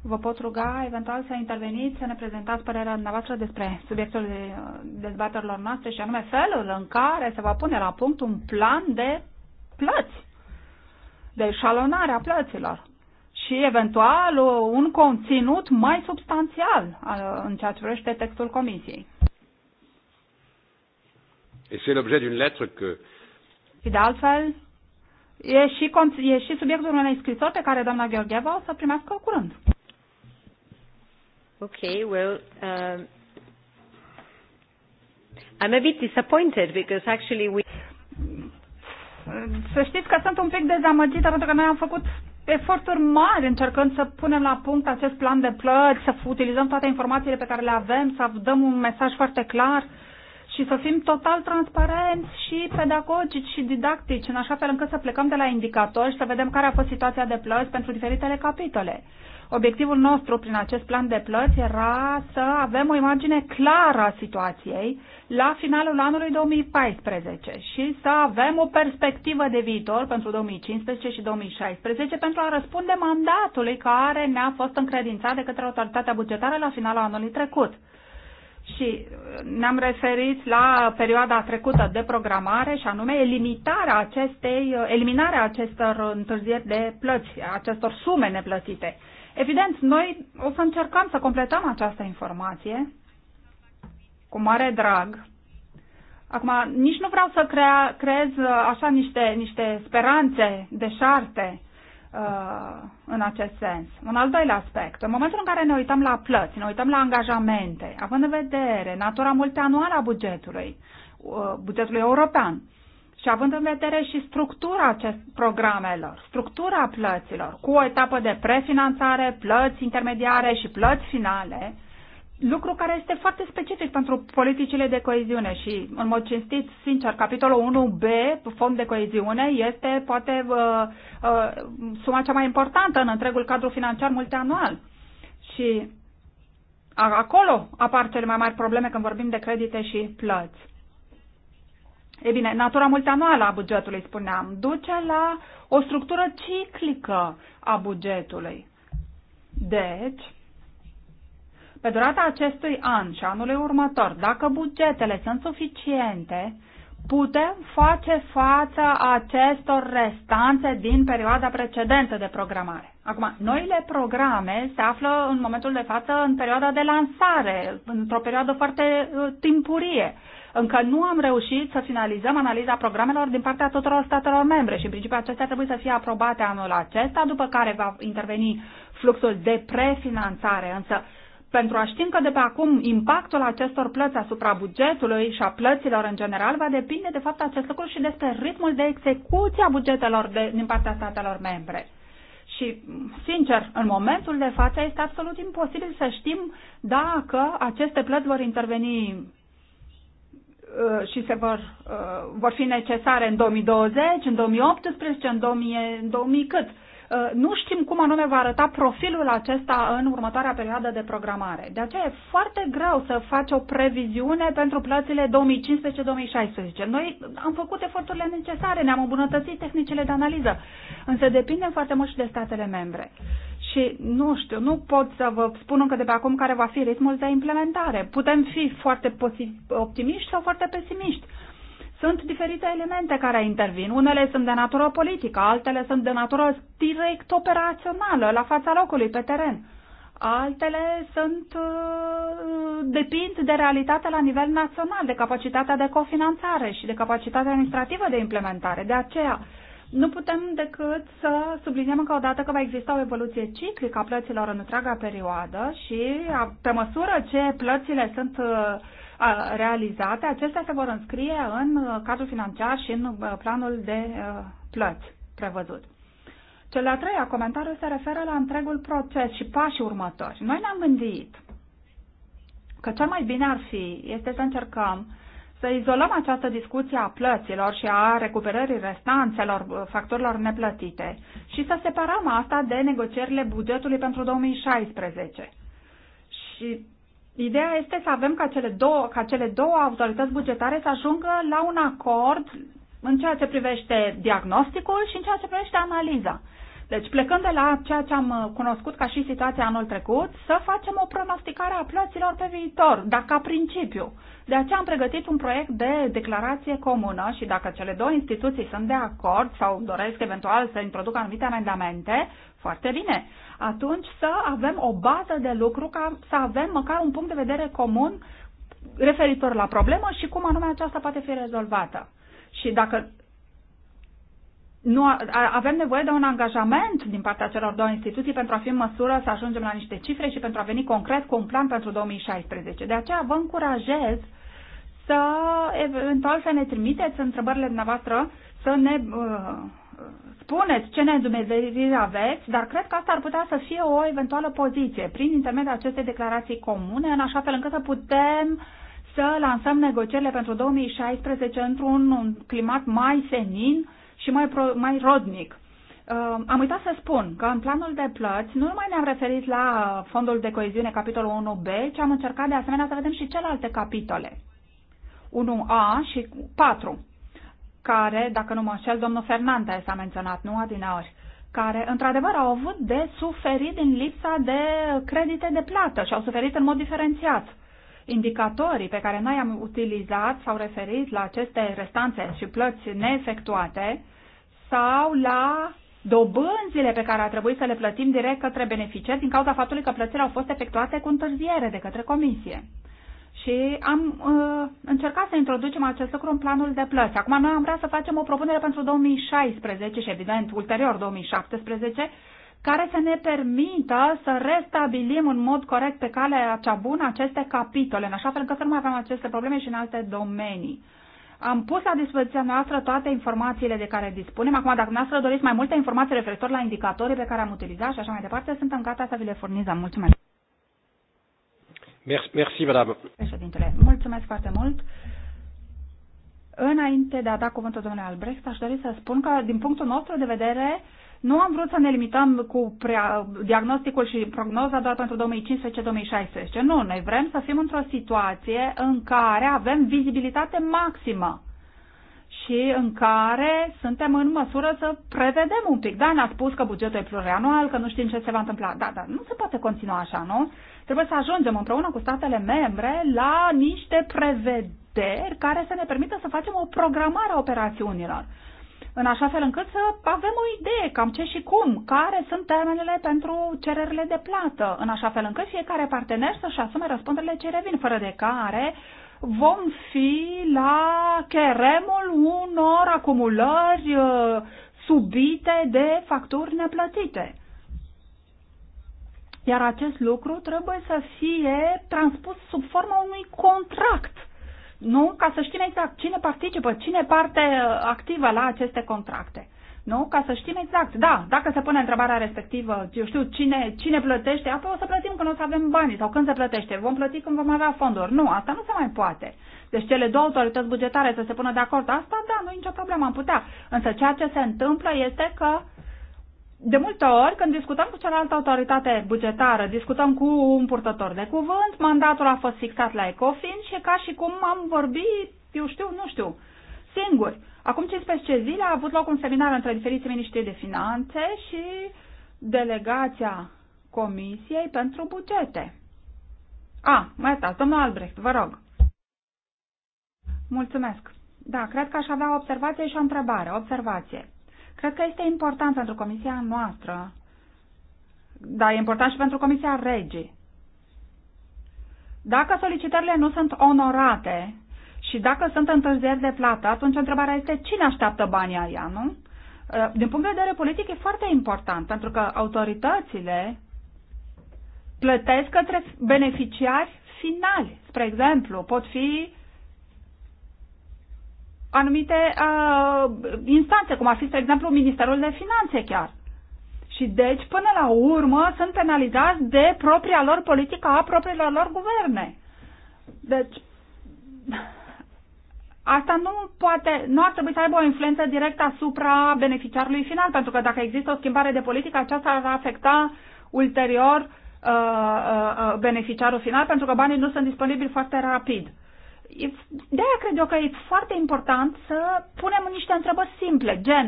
Vă pot ruga eventual să interveniți, să ne prezentați părerea dumneavoastră despre subiectul de dezbaterilor noastre și anume felul în care se va pune la punct un plan de plăți, de șalonare plăților și eventual un conținut mai substanțial în ceea ce privește textul comisiei. Et c'est l'objet d'une lettre que și de altfel, e și, e și subiectul unei scrisori pe care doamna Gheorgheva o să primească curând. Okay, well, um, I'm a bit disappointed because actually we... Să știți că sunt un pic dezamăgită pentru că noi am făcut eforturi mari încercând să punem la punct acest plan de plăți, să utilizăm toate informațiile pe care le avem, să dăm un mesaj foarte clar uh, și să fim total transparenți și pedagogici și didactici, în așa fel încât să plecăm de la indicatori și să vedem care a fost situația de plăți pentru diferitele capitole. Obiectivul nostru prin acest plan de plăți era să avem o imagine clară a situației la finalul anului 2014 și să avem o perspectivă de viitor pentru 2015 și 2016 pentru a răspunde mandatului care ne-a fost încredințat de către autoritatea bugetară la finalul anului trecut și uh, ne-am referit la perioada trecută de programare și anume eliminarea acestei, uh, eliminarea acestor întârzieri de plăți, acestor sume neplătite. Evident, noi o să încercăm să completăm această informație cu mare drag. Acum, nici nu vreau să crea, creez uh, așa niște, niște speranțe deșarte, Uh, în acest sens. Un al doilea aspect. În momentul în care ne uităm la plăți, ne uităm la angajamente, având în vedere natura multianuală a bugetului, uh, bugetului european, și având în vedere și structura acest programelor, structura plăților, cu o etapă de prefinanțare, plăți intermediare și plăți finale, lucru care este foarte specific pentru politicile de coeziune și, în mod cinstit, sincer, capitolul 1B, fond de coeziune, este poate uh, uh, suma cea mai importantă în întregul cadru financiar multianual. Și acolo apar cele mai mari probleme când vorbim de credite și plăți. E bine, natura multianuală a bugetului, spuneam, duce la o structură ciclică a bugetului. Deci, pe durata acestui an și anului următor, dacă bugetele sunt suficiente, putem face față acestor restanțe din perioada precedentă de programare. Acum, noile programe se află în momentul de față în perioada de lansare, într-o perioadă foarte uh, timpurie. Încă nu am reușit să finalizăm analiza programelor din partea tuturor statelor membre și în principiu acestea trebuie să fie aprobate anul acesta, după care va interveni fluxul de prefinanțare. Însă, pentru a ști încă de pe acum impactul acestor plăți asupra bugetului și a plăților în general, va depinde de fapt acest lucru și despre ritmul de execuție a bugetelor de, din partea statelor membre. Și, sincer, în momentul de față este absolut imposibil să știm dacă aceste plăți vor interveni uh, și se vor, uh, vor fi necesare în 2020, în 2018, în 2000, în 2000 cât. Uh, nu știm cum anume va arăta profilul acesta în următoarea perioadă de programare. De aceea e foarte greu să faci o previziune pentru plățile 2015-2016. Noi am făcut eforturile necesare, ne-am îmbunătățit tehnicile de analiză, însă depindem foarte mult și de statele membre. Și nu știu, nu pot să vă spun încă de pe acum care va fi ritmul de implementare. Putem fi foarte optimiști sau foarte pesimiști. Sunt diferite elemente care intervin. Unele sunt de natură politică, altele sunt de natură direct operațională, la fața locului, pe teren. Altele sunt uh, depind de realitatea la nivel național, de capacitatea de cofinanțare și de capacitatea administrativă de implementare. De aceea, nu putem decât să subliniem încă o dată că va exista o evoluție ciclică a plăților în întreaga perioadă și pe măsură ce plățile sunt uh, realizate, acestea se vor înscrie în uh, cadrul financiar și în uh, planul de uh, plăți prevăzut. Cel de-al treia comentariu se referă la întregul proces și pașii următori. Noi ne-am gândit că cel mai bine ar fi este să încercăm să izolăm această discuție a plăților și a recuperării restanțelor factorilor neplătite și să separăm asta de negocierile bugetului pentru 2016. Și Ideea este să avem ca cele două, ca cele două autorități bugetare să ajungă la un acord în ceea ce privește diagnosticul și în ceea ce privește analiza. Deci, plecând de la ceea ce am uh, cunoscut ca și situația anul trecut, să facem o pronosticare a plăților pe viitor, dacă ca principiu. De aceea am pregătit un proiect de declarație comună și dacă cele două instituții sunt de acord sau doresc eventual să introducă anumite amendamente, foarte bine atunci să avem o bază de lucru, ca să avem măcar un punct de vedere comun referitor la problemă și cum anume aceasta poate fi rezolvată. Și dacă nu, avem nevoie de un angajament din partea celor două instituții pentru a fi în măsură să ajungem la niște cifre și pentru a veni concret cu un plan pentru 2016. De aceea vă încurajez să eventual să ne trimiteți întrebările dumneavoastră, să ne uh, spuneți ce neîndumeriri aveți, dar cred că asta ar putea să fie o eventuală poziție prin intermediul acestei declarații comune, în așa fel încât să putem să lansăm negocierile pentru 2016 într-un climat mai senin și mai, pro, mai rodnic. Uh, am uitat să spun că în planul de plăți nu numai ne-am referit la fondul de coeziune, capitolul 1B, ci am încercat de asemenea să vedem și celelalte capitole. 1A și 4 care, dacă nu mă înșel, domnul Fernandez a menționat, nu adineori, care într-adevăr au avut de suferit din lipsa de credite de plată și au suferit în mod diferențiat. Indicatorii pe care noi am utilizat s-au referit la aceste restanțe și plăți neefectuate sau la dobânzile pe care a trebuit să le plătim direct către beneficiari din cauza faptului că plățile au fost efectuate cu întârziere de către comisie. Și am uh, încercat să introducem acest lucru în planul de plăți. Acum noi am vrea să facem o propunere pentru 2016 și evident ulterior 2017 care să ne permită să restabilim în mod corect pe calea cea bună aceste capitole, în așa fel încât să nu mai avem aceste probleme și în alte domenii. Am pus la dispoziția noastră toate informațiile de care dispunem. Acum, dacă noastră doriți mai multe informații referitor la indicatorii pe care am utilizat și așa mai departe, suntem gata să vi le furnizăm. Mulțumesc! Merci, madame. Președintele, mulțumesc foarte mult. Înainte de a da cuvântul domnului Albrecht, aș dori să spun că, din punctul nostru de vedere, nu am vrut să ne limităm cu prea, diagnosticul și prognoza doar pentru 2015-2016. Nu, noi vrem să fim într-o situație în care avem vizibilitate maximă și în care suntem în măsură să prevedem un pic. Da, ne-a spus că bugetul e plurianual, că nu știm ce se va întâmpla. Da, dar nu se poate continua așa, nu? Trebuie să ajungem împreună cu statele membre la niște prevederi care să ne permită să facem o programare a operațiunilor în așa fel încât să avem o idee cam ce și cum, care sunt termenele pentru cererile de plată, în așa fel încât fiecare partener să-și asume răspunderile ce revin, fără de care vom fi la cheremul unor acumulări uh, subite de facturi neplătite. Iar acest lucru trebuie să fie transpus sub forma unui contract, nu? Ca să știm exact cine participă, cine parte activă la aceste contracte nu? Ca să știm exact. Da, dacă se pune întrebarea respectivă, eu știu cine, cine plătește, apoi o să plătim când o să avem banii sau când se plătește. Vom plăti când vom avea fonduri. Nu, asta nu se mai poate. Deci cele două autorități bugetare să se pună de acord. Asta, da, nu e nicio problemă, am putea. Însă ceea ce se întâmplă este că de multe ori, când discutăm cu cealaltă autoritate bugetară, discutăm cu un purtător de cuvânt, mandatul a fost fixat la Ecofin și ca și cum am vorbit, eu știu, nu știu, singuri. Acum 15 zile a avut loc un seminar între diferiții miniștri de finanțe și delegația Comisiei pentru bugete. A, mai iertați, domnul Albrecht, vă rog. Mulțumesc. Da, cred că aș avea o observație și o întrebare. Observație. Cred că este important pentru comisia noastră, dar e important și pentru comisia regii. Dacă solicitările nu sunt onorate, și dacă sunt întârzieri de plată, atunci întrebarea este cine așteaptă banii aia, nu? Uh, din punct de vedere politic e foarte important, pentru că autoritățile plătesc către beneficiari finali. Spre exemplu, pot fi anumite uh, instanțe, cum ar fi, spre exemplu, Ministerul de Finanțe chiar. Și deci, până la urmă, sunt penalizați de propria lor politică a propriilor lor guverne. Deci, asta nu poate, nu ar trebui să aibă o influență directă asupra beneficiarului final, pentru că dacă există o schimbare de politică, aceasta ar afecta ulterior uh, uh, uh beneficiarul final, pentru că banii nu sunt disponibili foarte rapid. De aia cred eu că e foarte important să punem niște întrebări simple, gen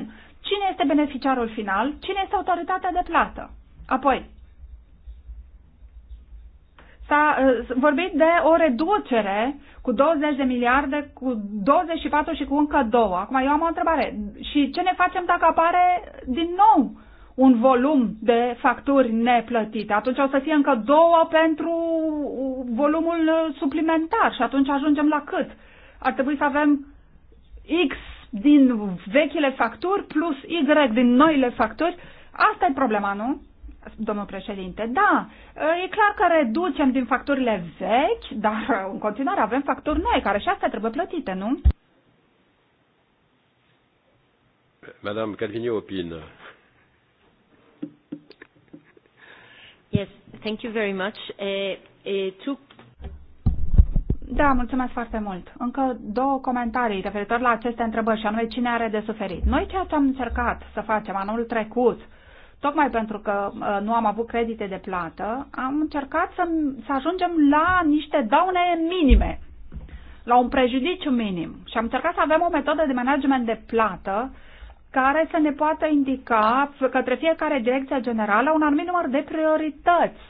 cine este beneficiarul final, cine este autoritatea de plată. Apoi, s-a eh, vorbit de o reducere cu 20 de miliarde, cu 24 și cu încă două. Acum eu am o întrebare. Și ce ne facem dacă apare din nou un volum de facturi neplătite? Atunci o să fie încă două pentru volumul eh, suplimentar și atunci ajungem la cât? Ar trebui să avem X din vechile facturi plus Y din noile facturi. Asta e problema, nu? Domnul președinte, da, e clar că reducem din facturile vechi, dar uh, în continuare avem facturi noi, care și astea trebuie plătite, nu? Madame Calvini opină. Yes, thank you very much. Uh, uh, two... Da, mulțumesc foarte mult. Încă două comentarii referitor la aceste întrebări și anume cine are de suferit. Noi ceea ce am încercat să facem anul trecut uh, tocmai pentru că uh, nu am avut credite de plată, am încercat să, să ajungem la niște daune minime, la un prejudiciu minim. Și am încercat să avem o metodă de management de plată care să ne poată indica către fiecare direcție generală un anumit număr de priorități.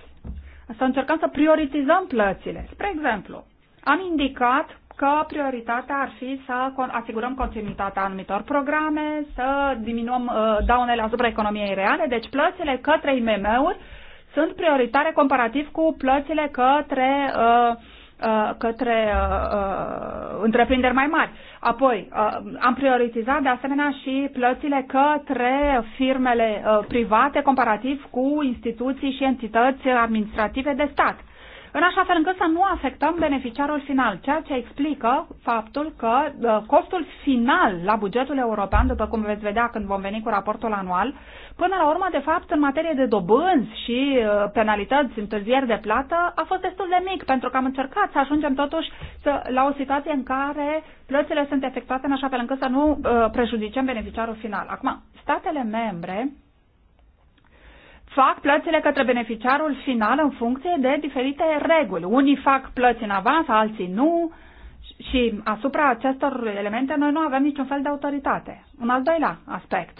Să încercăm să prioritizăm plățile. Spre exemplu, am indicat că prioritatea ar fi să asigurăm continuitatea anumitor programe, să diminuăm uh, daunele asupra economiei reale, deci plățile către IMM-uri sunt prioritare comparativ cu plățile către uh, uh către uh, uh, întreprinderi mai mari. Apoi, uh, am prioritizat de asemenea și plățile către firmele uh, private comparativ cu instituții și entități administrative de stat în așa fel încât să nu afectăm beneficiarul final, ceea ce explică faptul că uh, costul final la bugetul european, după cum veți vedea când vom veni cu raportul anual, până la urmă, de fapt, în materie de dobânzi și uh, penalități, întârzieri de plată, a fost destul de mic, pentru că am încercat să ajungem totuși să, la o situație în care plățile sunt efectuate în așa fel încât să nu uh, prejudicem beneficiarul final. Acum, statele membre fac plățile către beneficiarul final în funcție de diferite reguli. Unii fac plăți în avans, alții nu și asupra acestor elemente noi nu avem niciun fel de autoritate. Un al doilea aspect.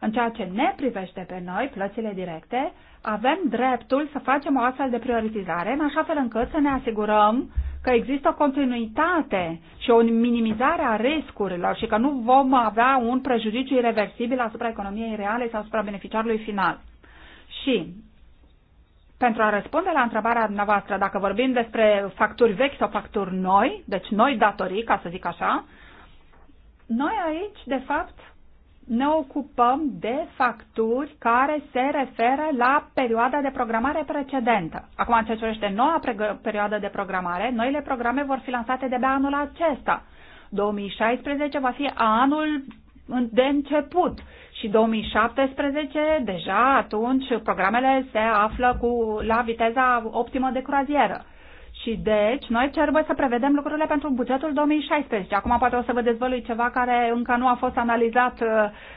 În ceea ce ne privește pe noi, plățile directe, avem dreptul să facem o astfel de prioritizare în așa fel încât să ne asigurăm că există o continuitate și o minimizare a riscurilor și că nu vom avea un prejudiciu irreversibil asupra economiei reale sau asupra beneficiarului final. Și pentru a răspunde la întrebarea dumneavoastră, dacă vorbim despre facturi vechi sau facturi noi, deci noi datorii, ca să zic așa, noi aici, de fapt, ne ocupăm de facturi care se referă la perioada de programare precedentă. Acum, în ce privește noua perioadă de programare, noile programe vor fi lansate de pe anul acesta. 2016 va fi anul de început și 2017, deja atunci programele se află cu, la viteza optimă de croazieră. Și deci, noi trebuie să prevedem lucrurile pentru bugetul 2016. Acum poate o să vă dezvălui ceva care încă nu a fost analizat uh,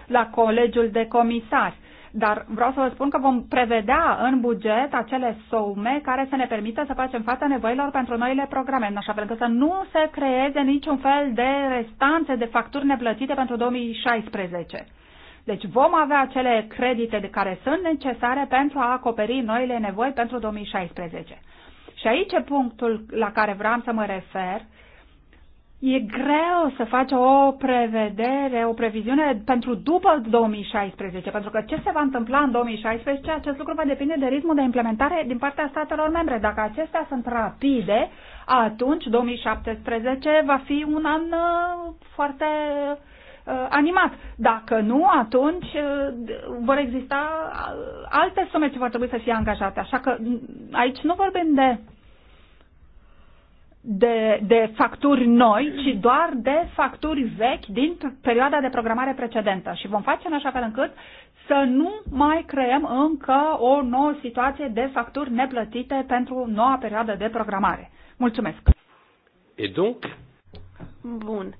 la colegiul de comisari. Dar vreau să vă spun că vom prevedea în buget acele sume care să ne permită să facem față nevoilor pentru noile programe, în așa fel încât să nu se creeze niciun fel de restanțe de facturi neplătite pentru 2016. Deci vom avea acele credite de care sunt necesare pentru a acoperi noile nevoi pentru 2016. Și aici e punctul la care vreau să mă refer. E greu să faci o prevedere, o previziune pentru după 2016, pentru că ce se va întâmpla în 2016, acest lucru va depinde de ritmul de implementare din partea statelor membre. Dacă acestea sunt rapide, atunci 2017 va fi un an uh, foarte uh, Uh, animat. Dacă nu, atunci uh, vor exista uh, alte sume ce vor trebui să fie angajate. Așa că aici nu vorbim de de, de facturi noi, ci doar de facturi vechi din perioada de programare precedentă. Și vom face în așa fel încât să nu mai creăm încă o nouă situație de facturi neplătite pentru noua perioadă de programare. Mulțumesc! E donc? Bun.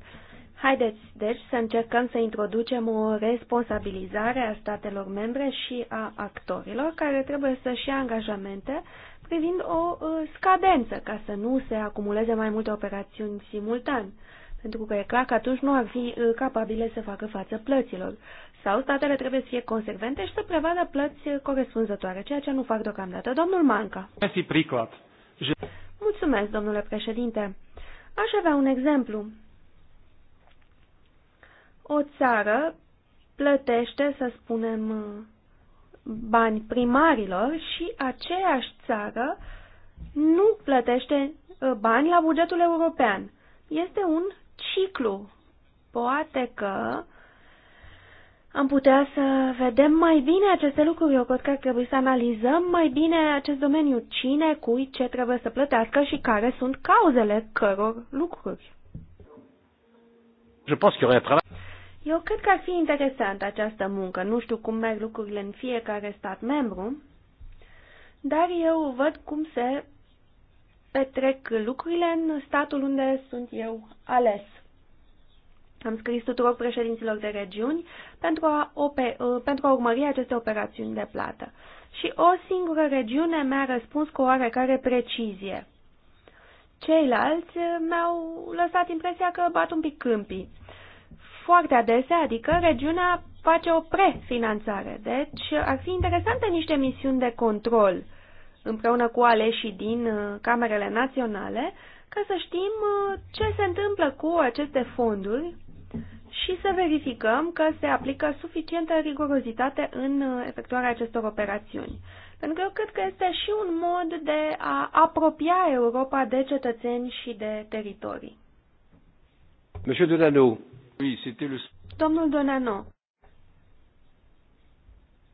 Haideți, deci, să încercăm să introducem o responsabilizare a statelor membre și a actorilor care trebuie să-și ia angajamente privind o uh, scadență ca să nu se acumuleze mai multe operațiuni simultan. Pentru că e clar că atunci nu ar fi uh, capabile să facă față plăților. Sau statele trebuie să fie consecvente și să prevadă plăți corespunzătoare, ceea ce nu fac deocamdată. Domnul Manca. Mulțumesc, domnule președinte. Aș avea un exemplu o țară plătește, să spunem, bani primarilor și aceeași țară nu plătește uh, bani la bugetul european. Este un ciclu. Poate că am putea să vedem mai bine aceste lucruri. Eu cred că ar trebui să analizăm mai bine acest domeniu. Cine, cui, ce trebuie să plătească și care sunt cauzele căror lucruri. Je pense qu'il y aurait un travail. Eu cred că ar fi interesantă această muncă. Nu știu cum merg lucrurile în fiecare stat membru, dar eu văd cum se petrec lucrurile în statul unde sunt eu ales. Am scris tuturor președinților de regiuni pentru a, pentru a urmări aceste operațiuni de plată. Și o singură regiune mi-a răspuns cu oarecare precizie. Ceilalți mi-au lăsat impresia că bat un pic câmpii foarte adesea, adică regiunea face o prefinanțare. Deci ar fi interesante niște misiuni de control împreună cu aleșii din uh, camerele naționale ca să știm uh, ce se întâmplă cu aceste fonduri și să verificăm că se aplică suficientă rigurozitate în uh, efectuarea acestor operațiuni. Pentru că eu cred că este și un mod de a apropia Europa de cetățeni și de teritorii. Monsieur Delano, Oui, c'était le... Domnul Donano,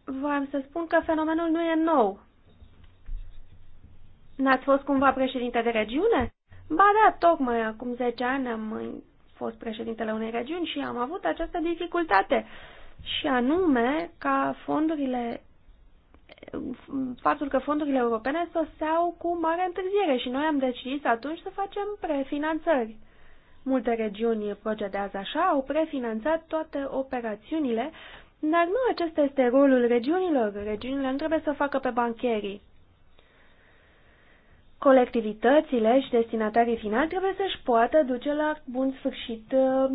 voiam să spun că fenomenul nu e nou. N-ați fost cumva președinte de regiune? Ba da, tocmai acum 10 ani am fost președintele unei regiuni și am avut această dificultate. Și anume ca fondurile faptul că fondurile europene soseau cu mare întârziere și noi am decis atunci să facem prefinanțări. Multe regiuni procedează așa, au prefinanțat toate operațiunile, dar nu acesta este rolul regiunilor. Regiunile nu trebuie să o facă pe bancherii. Colectivitățile și destinatarii finali trebuie să-și poată duce la bun sfârșit uh,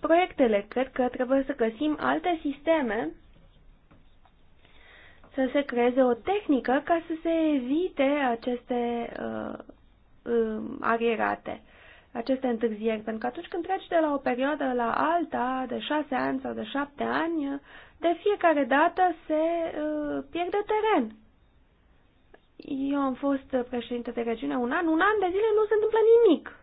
proiectele. Cred că trebuie să găsim alte sisteme să se creeze o tehnică ca să se evite aceste uh, uh, arierate aceste întârzieri, pentru că atunci când treci de la o perioadă la alta, de șase ani sau de șapte ani, de fiecare dată se uh, pierde teren. Eu am fost președinte de regiune un an, un an de zile nu se întâmplă nimic.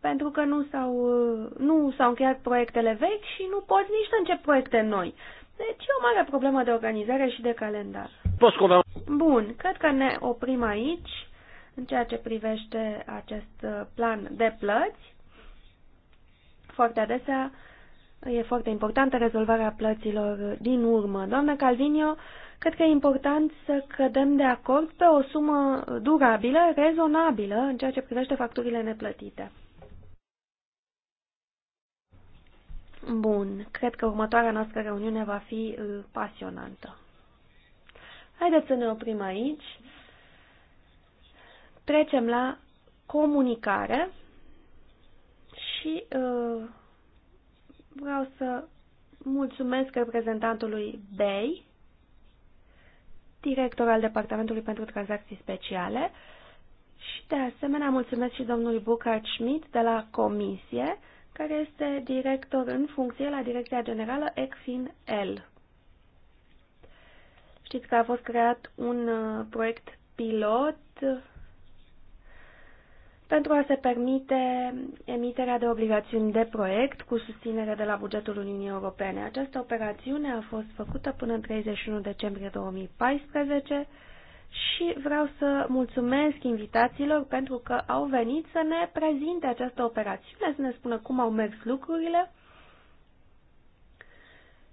Pentru că nu s-au, uh, nu s-au încheiat proiectele vechi și nu poți nici să începi proiecte noi. Deci e o mare problemă de organizare și de calendar. Bun, cred că ne oprim aici în ceea ce privește acest uh, plan de plăți. Foarte adesea uh, e foarte importantă rezolvarea plăților uh, din urmă. Doamna Calvinio, cred că e important să cădem de acord pe o sumă durabilă, rezonabilă, în ceea ce privește facturile neplătite. Bun, cred că următoarea noastră reuniune va fi pasionantă. Haideți să ne oprim aici. Trecem la comunicare și uh, vreau să mulțumesc reprezentantului Bay, director al Departamentului pentru Tranzacții Speciale, și de asemenea mulțumesc și domnului Bucard Schmidt de la Comisie, care este director în funcție la Direcția Generală ECFIN-L. Știți că a fost creat un uh, proiect pilot pentru a se permite emiterea de obligațiuni de proiect cu susținere de la bugetul Uniunii Europene. Această operațiune a fost făcută până în 31 decembrie 2014 și vreau să mulțumesc invitațiilor pentru că au venit să ne prezinte această operațiune, să ne spună cum au mers lucrurile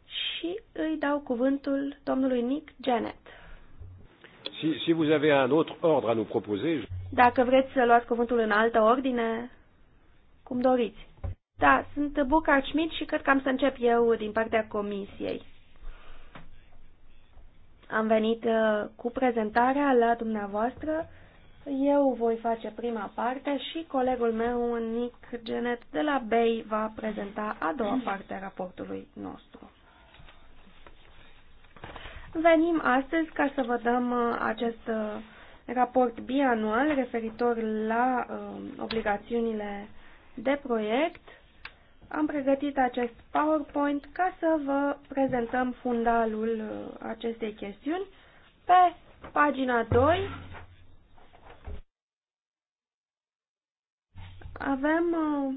și îi dau cuvântul domnului Nick Janet. Si, si vous avez un autre ordre à nous proposer, je... Dacă vreți să luați cuvântul în altă ordine, cum doriți. Da, sunt Bucar Schmidt și cred că am să încep eu din partea comisiei. Am venit uh, cu prezentarea la dumneavoastră. Eu voi face prima parte și colegul meu, Nick Genet, de la BEI, va prezenta a doua parte a raportului nostru. Venim astăzi ca să vă dăm uh, acest uh, raport bianual referitor la uh, obligațiunile de proiect. Am pregătit acest PowerPoint ca să vă prezentăm fundalul uh, acestei chestiuni pe pagina 2. Avem uh,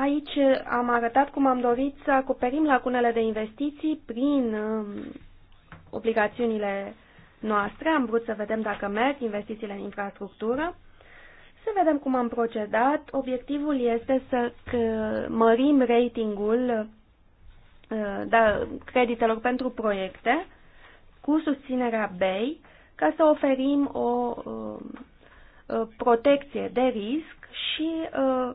Aici am arătat cum am dorit să acoperim lacunele de investiții prin um, obligațiunile noastre. Am vrut să vedem dacă merg investițiile în infrastructură, să vedem cum am procedat. Obiectivul este să mărim ratingul uh, da, creditelor pentru proiecte cu susținerea BEI ca să oferim o um, uh, protecție de risc și uh,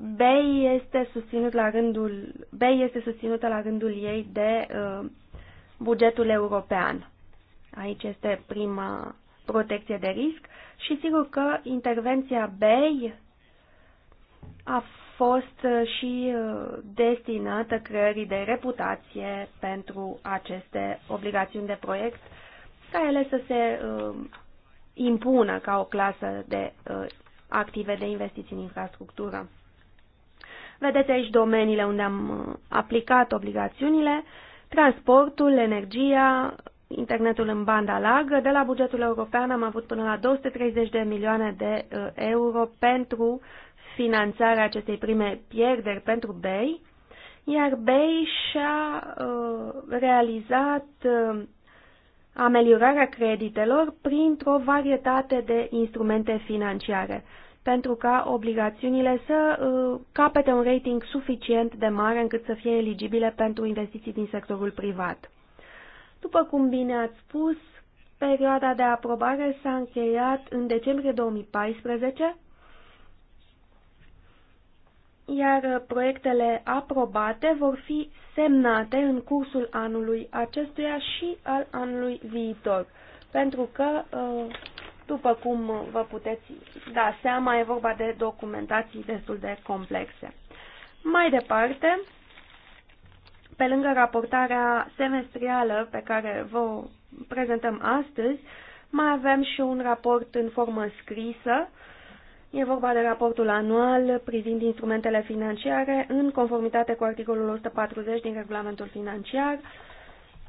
BEI este, susținut la rândul, BEI este susținută la rândul ei de uh, bugetul european. Aici este prima protecție de risc și sigur că intervenția BEI a fost uh, și uh, destinată creării de reputație pentru aceste obligațiuni de proiect, ca ele să se uh, impună ca o clasă de uh, active de investiții în infrastructură. Vedeți aici domeniile unde am uh, aplicat obligațiunile, transportul, energia, internetul în banda largă. De la bugetul european am avut până la 230 de milioane de uh, euro pentru finanțarea acestei prime pierderi pentru BEI, iar BEI și-a uh, realizat uh, ameliorarea creditelor printr-o varietate de instrumente financiare pentru ca obligațiunile să uh, capete un rating suficient de mare încât să fie eligibile pentru investiții din sectorul privat. După cum bine ați spus, perioada de aprobare s-a încheiat în decembrie 2014, iar proiectele aprobate vor fi semnate în cursul anului acestuia și al anului viitor, pentru că uh, după cum vă puteți da seama, e vorba de documentații destul de complexe. Mai departe, pe lângă raportarea semestrială pe care vă prezentăm astăzi, mai avem și un raport în formă scrisă. E vorba de raportul anual privind instrumentele financiare în conformitate cu articolul 140 din regulamentul financiar.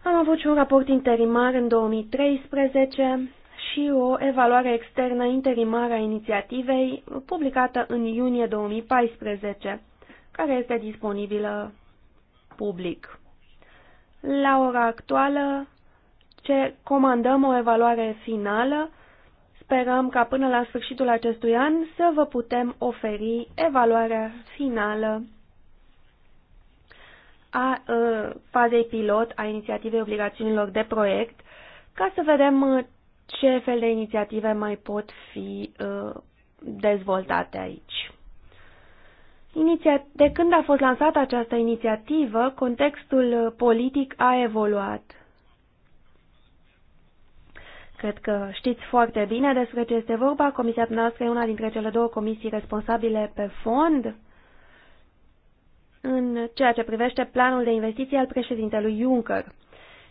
Am avut și un raport interimar în 2013 și o evaluare externă interimară a inițiativei publicată în iunie 2014, care este disponibilă public. La ora actuală ce comandăm o evaluare finală, sperăm ca până la sfârșitul acestui an să vă putem oferi evaluarea finală a a ă, fazei pilot a inițiativei obligațiunilor de proiect, ca să vedem ce fel de inițiative mai pot fi uh, dezvoltate aici. de când a fost lansată această inițiativă, contextul uh, politic a evoluat. Cred că știți foarte bine despre ce este vorba. Comisia noastră e una dintre cele două comisii responsabile pe fond în ceea ce privește planul de investiții al președintelui Juncker.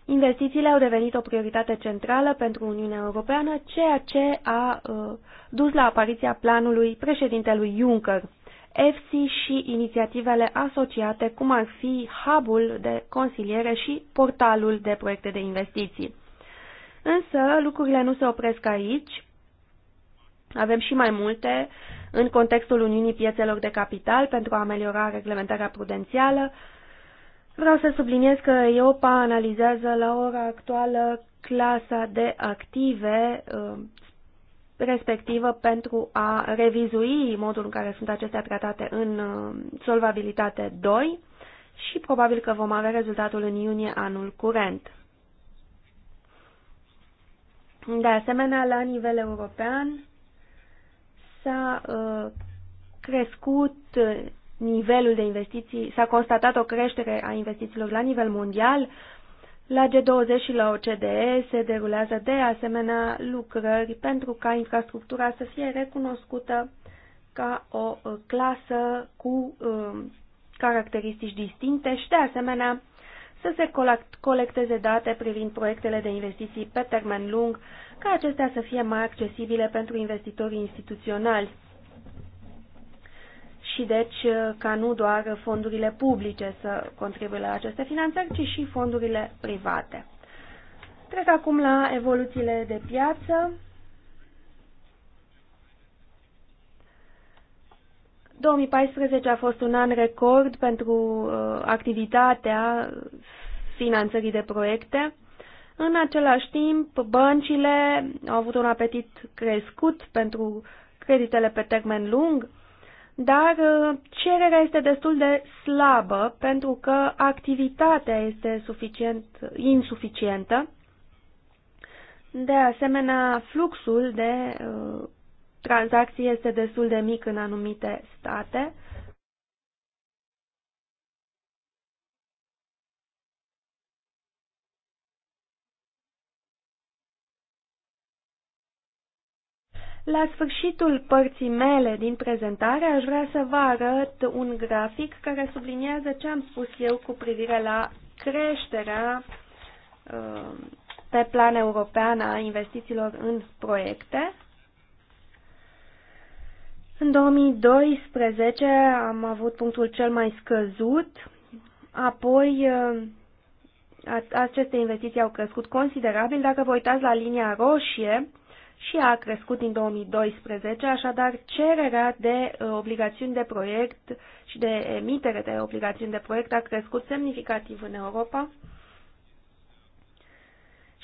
Investițiile au devenit o prioritate centrală pentru Uniunea Europeană, ceea ce a uh, dus la apariția planului președintelui Juncker, EFSI și inițiativele asociate, cum ar fi hub-ul de consiliere și portalul de proiecte de investiții. Însă, lucrurile nu se opresc aici. Avem și mai multe în contextul Uniunii Piețelor de Capital pentru a ameliora reglementarea prudențială, Vreau să subliniez că EOPA analizează la ora actuală clasa de active uh, respectivă pentru a revizui modul în care sunt acestea tratate în uh, solvabilitate 2 și probabil că vom avea rezultatul în iunie anul curent. De asemenea, la nivel european s-a uh, crescut nivelul de investiții, s-a constatat o creștere a investițiilor la nivel mondial. La G20 și la OCDE se derulează de asemenea lucrări pentru ca infrastructura să fie recunoscută ca o uh, clasă cu um, caracteristici distincte și de asemenea să se colecteze date privind proiectele de investiții pe termen lung, ca acestea să fie mai accesibile pentru investitorii instituționali și deci uh, ca nu doar fondurile publice să contribuie la aceste finanțări, ci și fondurile private. Trec acum la evoluțiile de piață. 2014 a fost un an record pentru uh, activitatea finanțării de proiecte. În același timp, băncile au avut un apetit crescut pentru creditele pe termen lung, dar uh, cererea este destul de slabă pentru că activitatea este suficient, insuficientă. De asemenea, fluxul de uh, tranzacții este destul de mic în anumite state La sfârșitul părții mele din prezentare aș vrea să vă arăt un grafic care subliniază ce am spus eu cu privire la creșterea uh, pe plan european a investițiilor în proiecte. În 2012 am avut punctul cel mai scăzut, apoi uh, aceste investiții au crescut considerabil. Dacă vă uitați la linia roșie, și a crescut din 2012, așadar cererea de uh, obligațiuni de proiect și de emitere de obligațiuni de proiect a crescut semnificativ în Europa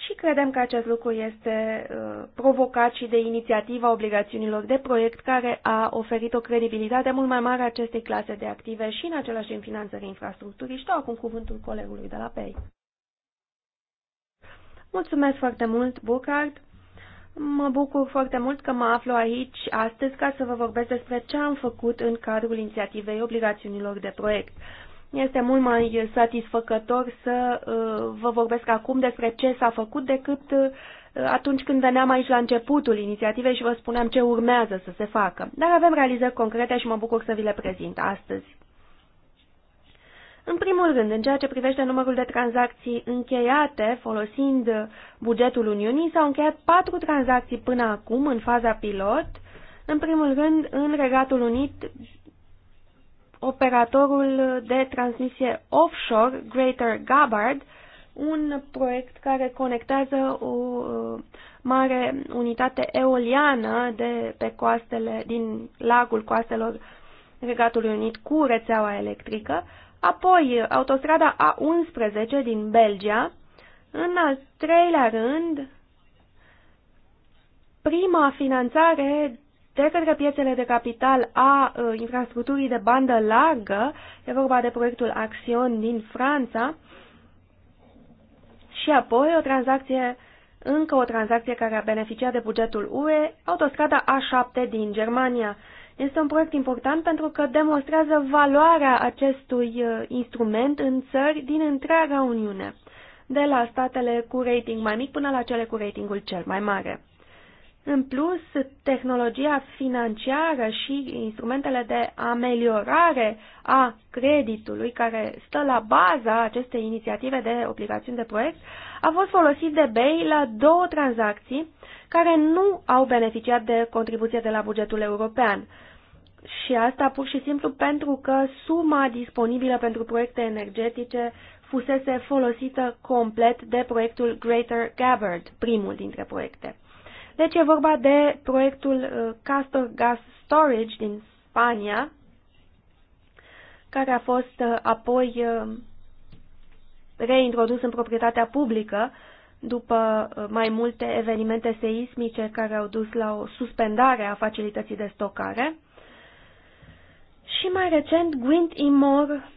și credem că acest lucru este uh, provocat și de inițiativa obligațiunilor de proiect care a oferit o credibilitate mult mai mare acestei clase de active și în același timp finanțări infrastructurii. Și acum cuvântul colegului de la PEI. Mulțumesc foarte mult, Bucard. Mă bucur foarte mult că mă aflu aici astăzi ca să vă vorbesc despre ce am făcut în cadrul inițiativei obligațiunilor de proiect. Este mult mai satisfăcător să uh, vă vorbesc acum despre ce s-a făcut decât uh, atunci când veneam aici la începutul inițiativei și vă spuneam ce urmează să se facă. Dar avem realizări concrete și mă bucur să vi le prezint astăzi. În primul rând, în ceea ce privește numărul de tranzacții încheiate folosind bugetul Uniunii, s-au încheiat patru tranzacții până acum în faza pilot. În primul rând, în Regatul Unit, operatorul de transmisie offshore, Greater Gabbard, un proiect care conectează o mare unitate eoliană de pe coastele, din lagul coastelor Regatului Unit cu rețeaua electrică. Apoi, autostrada A11 din Belgia. În al treilea rând, prima finanțare de către piețele de capital a uh, infrastructurii de bandă largă, e vorba de proiectul Action din Franța, și apoi o tranzacție, încă o tranzacție care a beneficiat de bugetul UE, autostrada A7 din Germania. Este un proiect important pentru că demonstrează valoarea acestui uh, instrument în țări din întreaga Uniune, de la statele cu rating mai mic până la cele cu ratingul cel mai mare. În plus, tehnologia financiară și instrumentele de ameliorare a creditului care stă la baza acestei inițiative de obligațiuni de proiect a fost folosit de BEI la două tranzacții care nu au beneficiat de contribuție de la bugetul european. Și asta pur și simplu pentru că suma disponibilă pentru proiecte energetice fusese folosită complet de proiectul Greater Gabbard, primul dintre proiecte. Deci e vorba de proiectul uh, Castor Gas Storage din Spania, care a fost uh, apoi uh, reintrodus în proprietatea publică după mai multe evenimente seismice care au dus la o suspendare a facilității de stocare. Și mai recent, Gwent Imor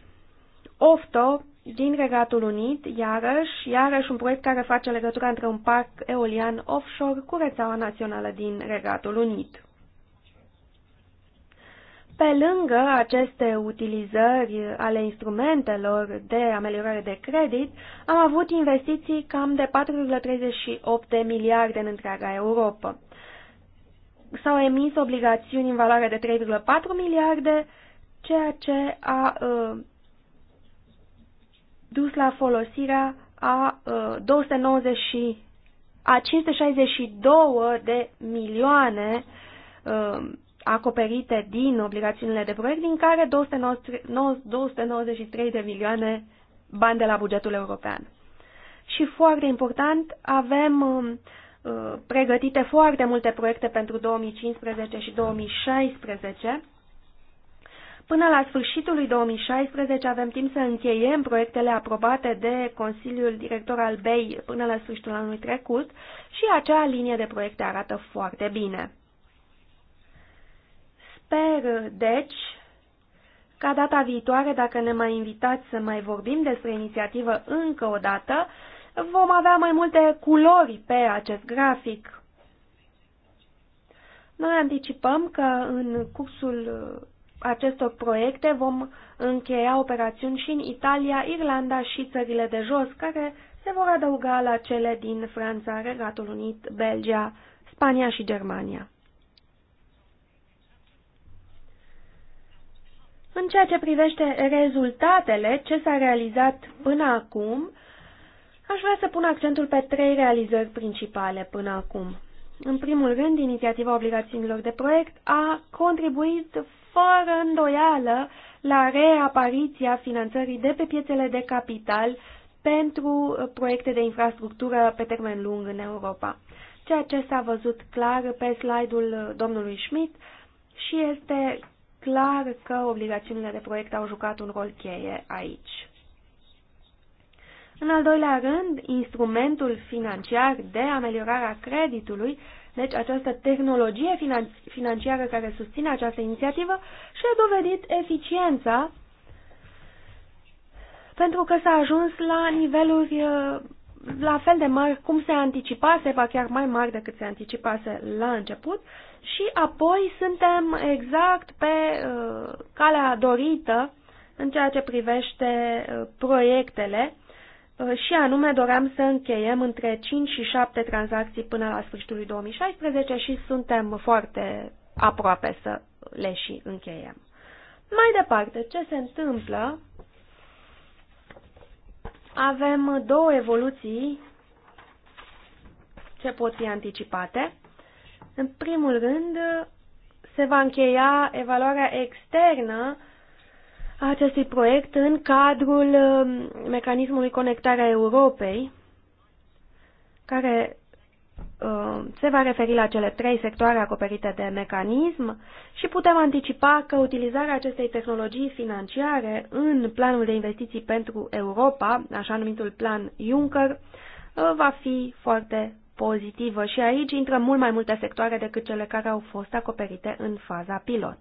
Ofto din Regatul Unit, iarăși, iarăși un proiect care face legătura între un parc eolian offshore cu rețeaua națională din Regatul Unit. Pe lângă aceste utilizări ale instrumentelor de ameliorare de credit, am avut investiții cam de 4,38 de miliarde în întreaga Europa. S-au emis obligațiuni în valoare de 3,4 miliarde, ceea ce a uh, dus la folosirea a, ă, uh, 290, a 562 de milioane uh, acoperite din obligațiunile de proiect, din care 293 de milioane bani de la bugetul european. Și foarte important, avem uh, pregătite foarte multe proiecte pentru 2015 și 2016 Până la sfârșitul lui 2016 avem timp să încheiem proiectele aprobate de Consiliul Director al BEI până la sfârșitul anului trecut și acea linie de proiecte arată foarte bine. Sper, deci, ca data viitoare, dacă ne mai invitați să mai vorbim despre inițiativă încă o dată, vom avea mai multe culori pe acest grafic. Noi anticipăm că în cursul acestor proiecte vom încheia operațiuni și în Italia, Irlanda și țările de jos, care se vor adăuga la cele din Franța, Regatul Unit, Belgia, Spania și Germania. În ceea ce privește rezultatele, ce s-a realizat până acum, aș vrea să pun accentul pe trei realizări principale până acum. În primul rând, inițiativa obligațiunilor de proiect a contribuit fără îndoială la reapariția finanțării de pe piețele de capital pentru uh, proiecte de infrastructură pe termen lung în Europa. Ceea ce s-a văzut clar pe slide-ul uh, domnului Schmidt și este clar că obligațiunile de proiect au jucat un rol cheie aici. În al doilea rând, instrumentul financiar de ameliorare a creditului deci această tehnologie finan financiară care susține această inițiativă și-a dovedit eficiența pentru că s-a ajuns la niveluri uh, la fel de mari cum se anticipase, va chiar mai mari decât se anticipase la început și apoi suntem exact pe uh, calea dorită în ceea ce privește uh, proiectele Uh, și anume doream să încheiem între 5 și 7 tranzacții până la sfârșitul 2016 și suntem foarte aproape să le și încheiem. Mai departe, ce se întâmplă? Avem două evoluții ce pot fi anticipate. În primul rând, se va încheia evaluarea externă acestui proiect în cadrul um, mecanismului Conectarea Europei, care um, se va referi la cele trei sectoare acoperite de mecanism și putem anticipa că utilizarea acestei tehnologii financiare în planul de investiții pentru Europa, așa numitul plan Juncker, uh, va fi foarte pozitivă și aici intră mult mai multe sectoare decât cele care au fost acoperite în faza pilot.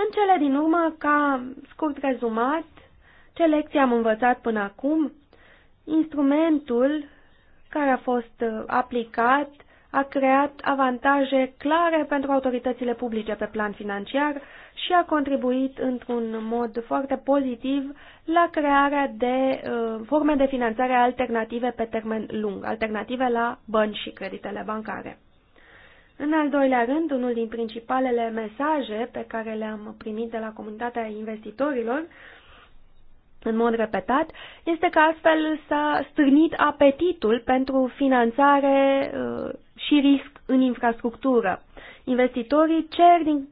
În cele din urmă, ca scurt rezumat, ce lecții am învățat până acum? Instrumentul care a fost uh, aplicat a creat avantaje clare pentru autoritățile publice pe plan financiar și a contribuit într-un mod foarte pozitiv la crearea de uh, forme de finanțare alternative pe termen lung, alternative la bănci și creditele bancare. În al doilea rând, unul din principalele mesaje pe care le-am primit de la comunitatea investitorilor în mod repetat, este că astfel s-a strânit apetitul pentru finanțare uh, și risc în infrastructură. Investitorii cer din,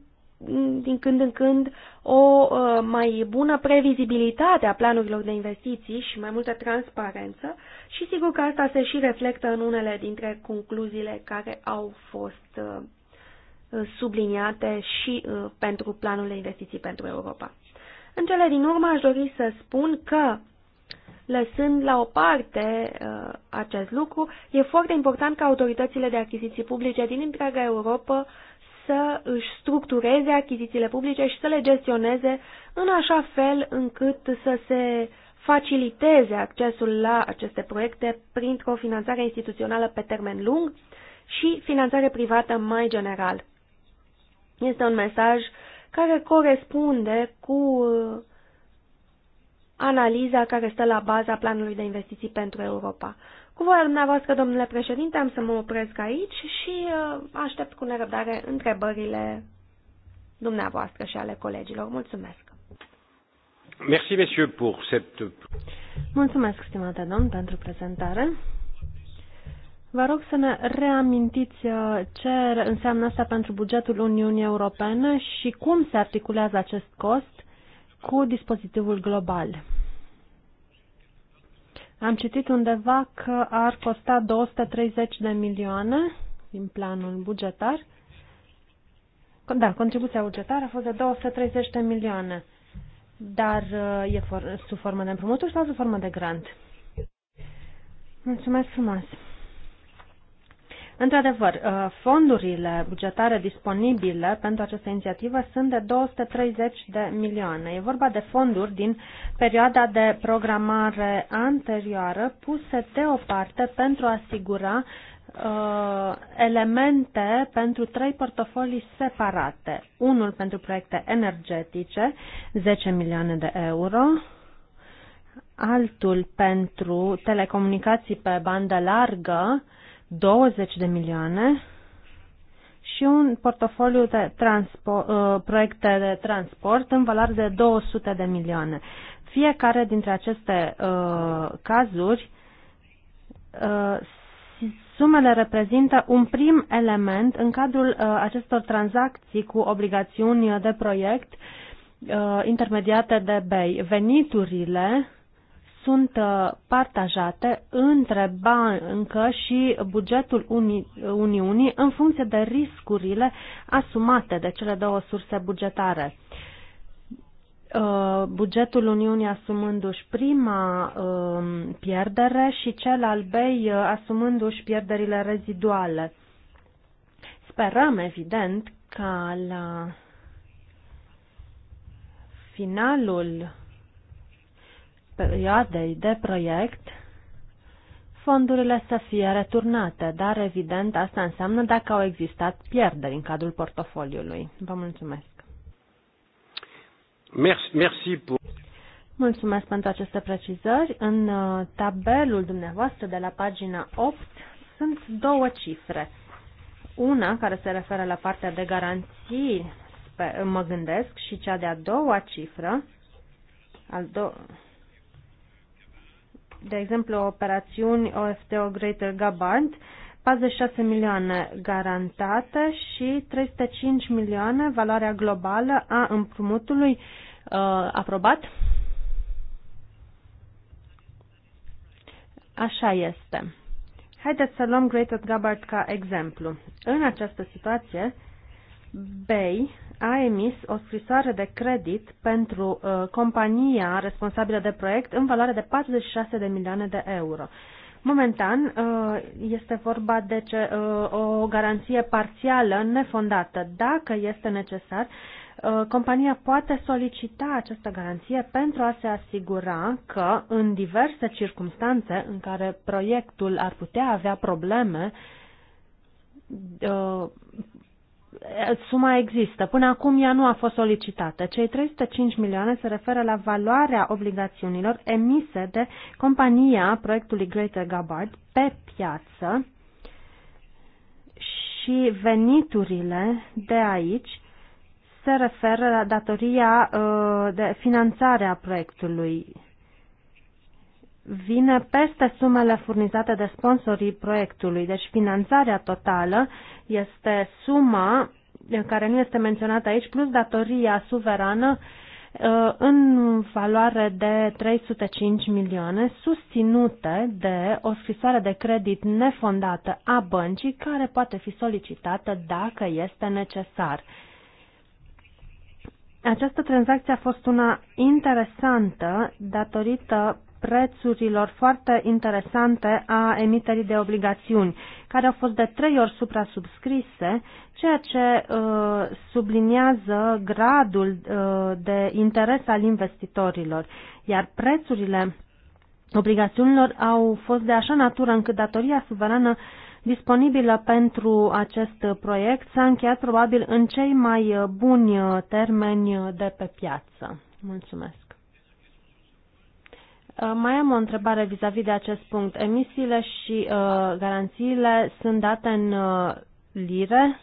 din când în când o uh, mai bună previzibilitate a planurilor de investiții și mai multă transparență și sigur că asta se și reflectă în unele dintre concluziile care au fost uh, subliniate și uh, pentru planul de investiții pentru Europa. În cele din urmă aș dori să spun că Lăsând la o parte uh, acest lucru, e foarte important ca autoritățile de achiziții publice din întreaga Europa să își structureze achizițiile publice și să le gestioneze în așa fel încât să se faciliteze accesul la aceste proiecte printr-o finanțare instituțională pe termen lung și finanțare privată mai general. Este un mesaj care corespunde cu uh, analiza care stă la baza planului de investiții pentru Europa. Cu voia dumneavoastră, domnule președinte, am să mă opresc aici și uh, aștept cu nerăbdare întrebările dumneavoastră și ale colegilor. Mulțumesc! Merci, messieurs, pour cette... Mulțumesc, stimate domn, pentru prezentare. Vă rog să ne reamintiți uh, ce înseamnă asta pentru bugetul Uniunii Europene și cum se articulează acest cost cu dispozitivul global. Am citit undeva că ar costa 230 de milioane din planul bugetar. Da, contribuția bugetară a fost de 230 de milioane dar uh, e for, sub formă de împrumuturi sau sub formă de grant. Mulțumesc frumos! Într-adevăr, uh, fondurile bugetare disponibile pentru această inițiativă sunt de 230 de milioane. E vorba de fonduri din perioada de programare anterioară puse deoparte pentru a asigura uh, elemente pentru trei portofolii separate. Unul pentru proiecte energetice, 10 milioane de euro, altul pentru telecomunicații pe bandă largă, 20 de milioane, și un portofoliu de transpo- uh, proiecte de transport în valoare de 200 de milioane. Fiecare dintre aceste uh, cazuri uh, Sumele reprezintă un prim element în cadrul uh, acestor tranzacții cu obligațiuni de proiect uh, intermediate de BEI. Veniturile sunt uh, partajate între bancă și bugetul Uni Uniunii în funcție de riscurile asumate de cele două surse bugetare. Uh, Uh, bugetul Uniunii asumându-și prima um, pierdere și cel al BEI uh, asumându-și pierderile reziduale. Sperăm, evident, ca la finalul perioadei de proiect fondurile să fie returnate, dar evident asta înseamnă dacă au existat pierderi în cadrul portofoliului. Vă mulțumesc! Merci, merci pour... Mulțumesc pentru aceste precizări. În uh, tabelul dumneavoastră de la pagina 8 sunt două cifre. Una care se referă la partea de garanții, mă gândesc, și cea de-a doua cifră, al do de exemplu, operațiuni OFTO Greater Gabant, 46 milioane garantate și 305 milioane valoarea globală a împrumutului uh, uh, aprobat? Așa este. Haideți să luăm Greater Gabbard ca exemplu. În această situație, Bay a emis o scrisoare de credit pentru uh, compania responsabilă de proiect în valoare de 46 de milioane de euro. Momentan uh, este vorba de ce, uh, o garanție parțială nefondată. Dacă este necesar, Uh, compania poate solicita această garanție pentru a se asigura că, în diverse circunstanțe în care proiectul ar putea avea probleme, uh, suma există. Până acum ea nu a fost solicitată. Cei 305 milioane se referă la valoarea obligațiunilor emise de compania proiectului Greater Gabbard pe piață și veniturile de aici se referă la datoria uh, de finanțare a proiectului. Vine peste sumele furnizate de sponsorii proiectului, deci finanțarea totală este suma care nu este menționată aici, plus datoria suverană uh, în valoare de 305 milioane, susținute de o scrisoare de credit nefondată a băncii, care poate fi solicitată dacă este necesar. Această tranzacție a fost una interesantă datorită prețurilor foarte interesante a emiterii de obligațiuni, care au fost de trei ori suprasubscrise, ceea ce uh, subliniază gradul uh, de interes al investitorilor, iar prețurile obligațiunilor au fost de așa natură încât datoria suverană uh, disponibilă pentru acest proiect s-a încheiat probabil în cei mai buni termeni de pe piață. Mulțumesc. Uh, mai am o întrebare vis-a-vis -vis de acest punct. Emisiile și uh, garanțiile sunt date în uh, lire?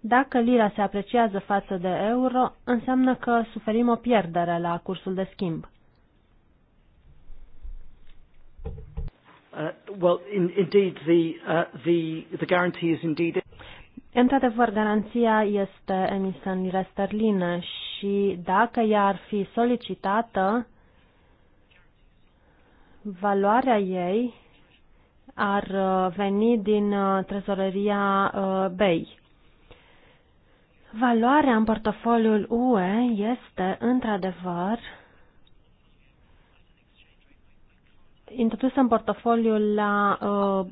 Dacă lira se apreciază față de euro, înseamnă că suferim o pierdere la cursul de schimb. Uh, well, in, indeed, the, uh, the, the guarantee is indeed... Într-adevăr, garanția este emisă în lire sterline și dacă ea ar fi solicitată, valoarea ei ar uh, veni din uh, trezoreria BEI. Valoarea în portofoliul UE este, într-adevăr, introdusă în portofoliu la uh,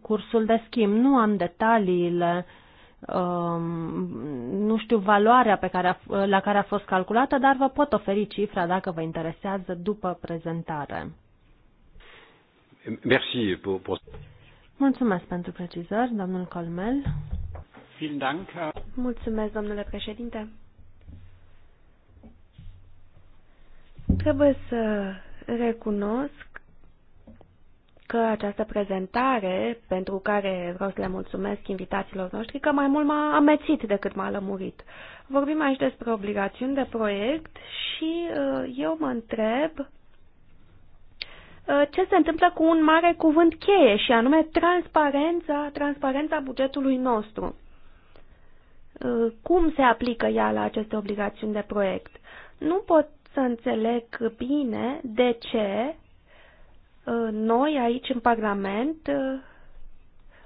cursul de schimb. Nu am detaliile, uh, nu știu valoarea pe care a, la care a fost calculată, dar vă pot oferi cifra dacă vă interesează după prezentare. Merci pour, pour... Mulțumesc pentru precizări, domnul Colmel. Mulțumesc, domnule președinte. Trebuie să recunosc că această prezentare, pentru care vreau să le mulțumesc invitațiilor noștri, că mai mult m-a amețit decât m-a lămurit. Vorbim aici despre obligațiuni de proiect și uh, eu mă întreb uh, ce se întâmplă cu un mare cuvânt cheie și anume transparența, transparența bugetului nostru. Uh, cum se aplică ea la aceste obligațiuni de proiect? Nu pot să înțeleg bine de ce Uh, noi aici în Parlament uh,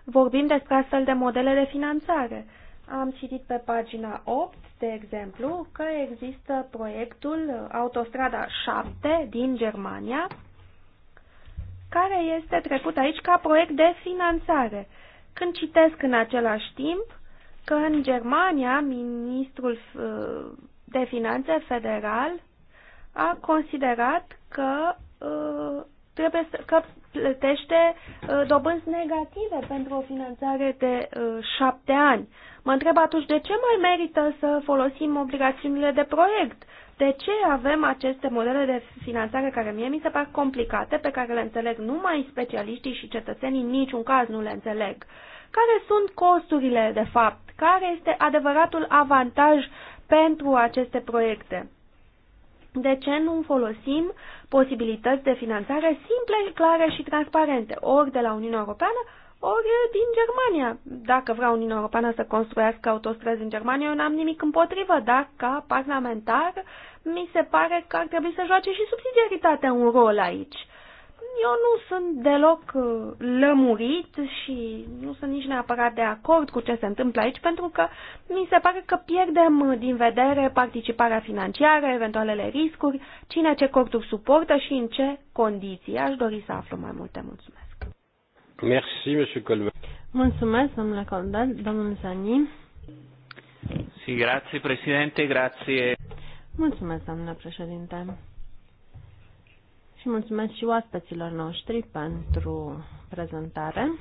vorbim despre astfel de modele de finanțare. Am citit pe pagina 8, de exemplu, că există proiectul Autostrada 7 din Germania, care este trecut aici ca proiect de finanțare. Când citesc în același timp că în Germania ministrul uh, de finanțe federal a considerat că trebuie să, că plătește uh, dobânzi negative pentru o finanțare de uh, șapte ani. Mă întreb atunci de ce mai merită să folosim obligațiunile de proiect? De ce avem aceste modele de finanțare care mie mi se par complicate, pe care le înțeleg numai specialiștii și cetățenii, în niciun caz nu le înțeleg? Care sunt costurile, de fapt? Care este adevăratul avantaj pentru aceste proiecte? de ce nu folosim posibilități de finanțare simple, clare și transparente, ori de la Uniunea Europeană, ori din Germania. Dacă vrea Uniunea Europeană să construiască autostrăzi în Germania, eu n-am nimic împotrivă, dar ca parlamentar mi se pare că ar trebui să joace și subsidiaritatea un rol aici eu nu sunt deloc uh, lămurit și nu sunt nici neapărat de acord cu ce se întâmplă aici, pentru că mi se pare că pierdem uh, din vedere participarea financiară, eventualele riscuri, cine ce corturi suportă și în ce condiții. Aș dori să aflu mai multe. Mulțumesc. Merci, Colbert. Mulțumesc, domnule Colbert. Domnul Zani. Si, grazie, președinte, grazie. Mulțumesc, domnule președinte și mulțumesc și oaspeților noștri pentru prezentare.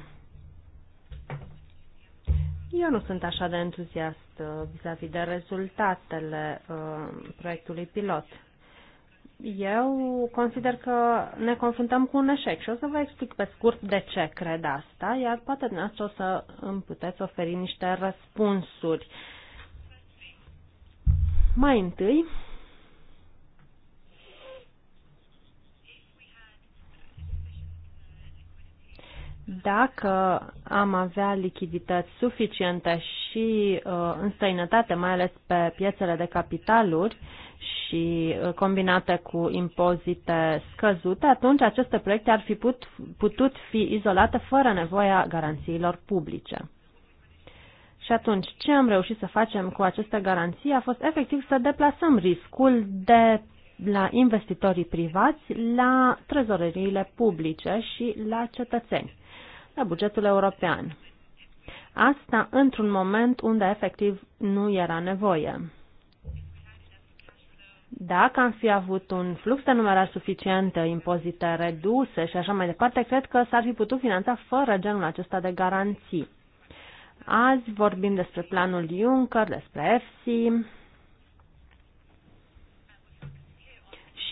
Eu nu sunt așa de entuziast uh, vis-a-vis -vis de rezultatele uh, proiectului pilot. Eu consider că ne confruntăm cu un eșec și o să vă explic pe scurt de ce cred asta, iar poate dumneavoastră o să îmi puteți oferi niște răspunsuri. Mai întâi, Dacă am avea lichidități suficiente și uh, în străinătate, mai ales pe piețele de capitaluri și uh, combinate cu impozite scăzute, atunci aceste proiecte ar fi put, putut fi izolate fără nevoia garanțiilor publice. Și atunci, ce am reușit să facem cu aceste garanții a fost efectiv să deplasăm riscul de la investitorii privați la trezoreriile publice și la cetățeni la bugetul european. Asta într-un moment unde efectiv nu era nevoie. Dacă am fi avut un flux de numerar suficient, impozite reduse și așa mai departe, cred că s-ar fi putut finanța fără genul acesta de garanții. Azi vorbim despre planul Juncker, despre EFSI,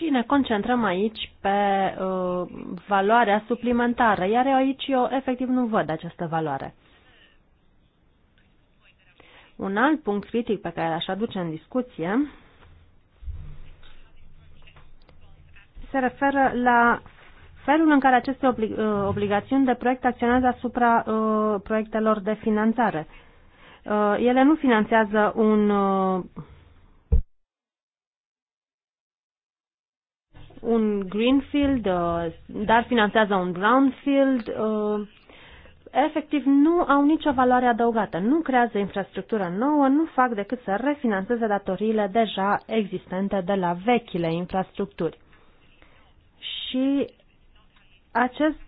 și ne concentrăm aici pe uh, valoarea suplimentară, iar eu aici eu efectiv nu văd această valoare. Un alt punct critic pe care l-aș aduce în discuție se referă la felul în care aceste oblig uh, obligațiuni de proiect acționează asupra uh, proiectelor de finanțare. Uh, ele nu finanțează un uh, un greenfield, uh, dar finanțează un brownfield, uh, efectiv nu au nicio valoare adăugată, nu creează infrastructură nouă, nu fac decât să refinanțeze datoriile deja existente de la vechile infrastructuri. Și acest,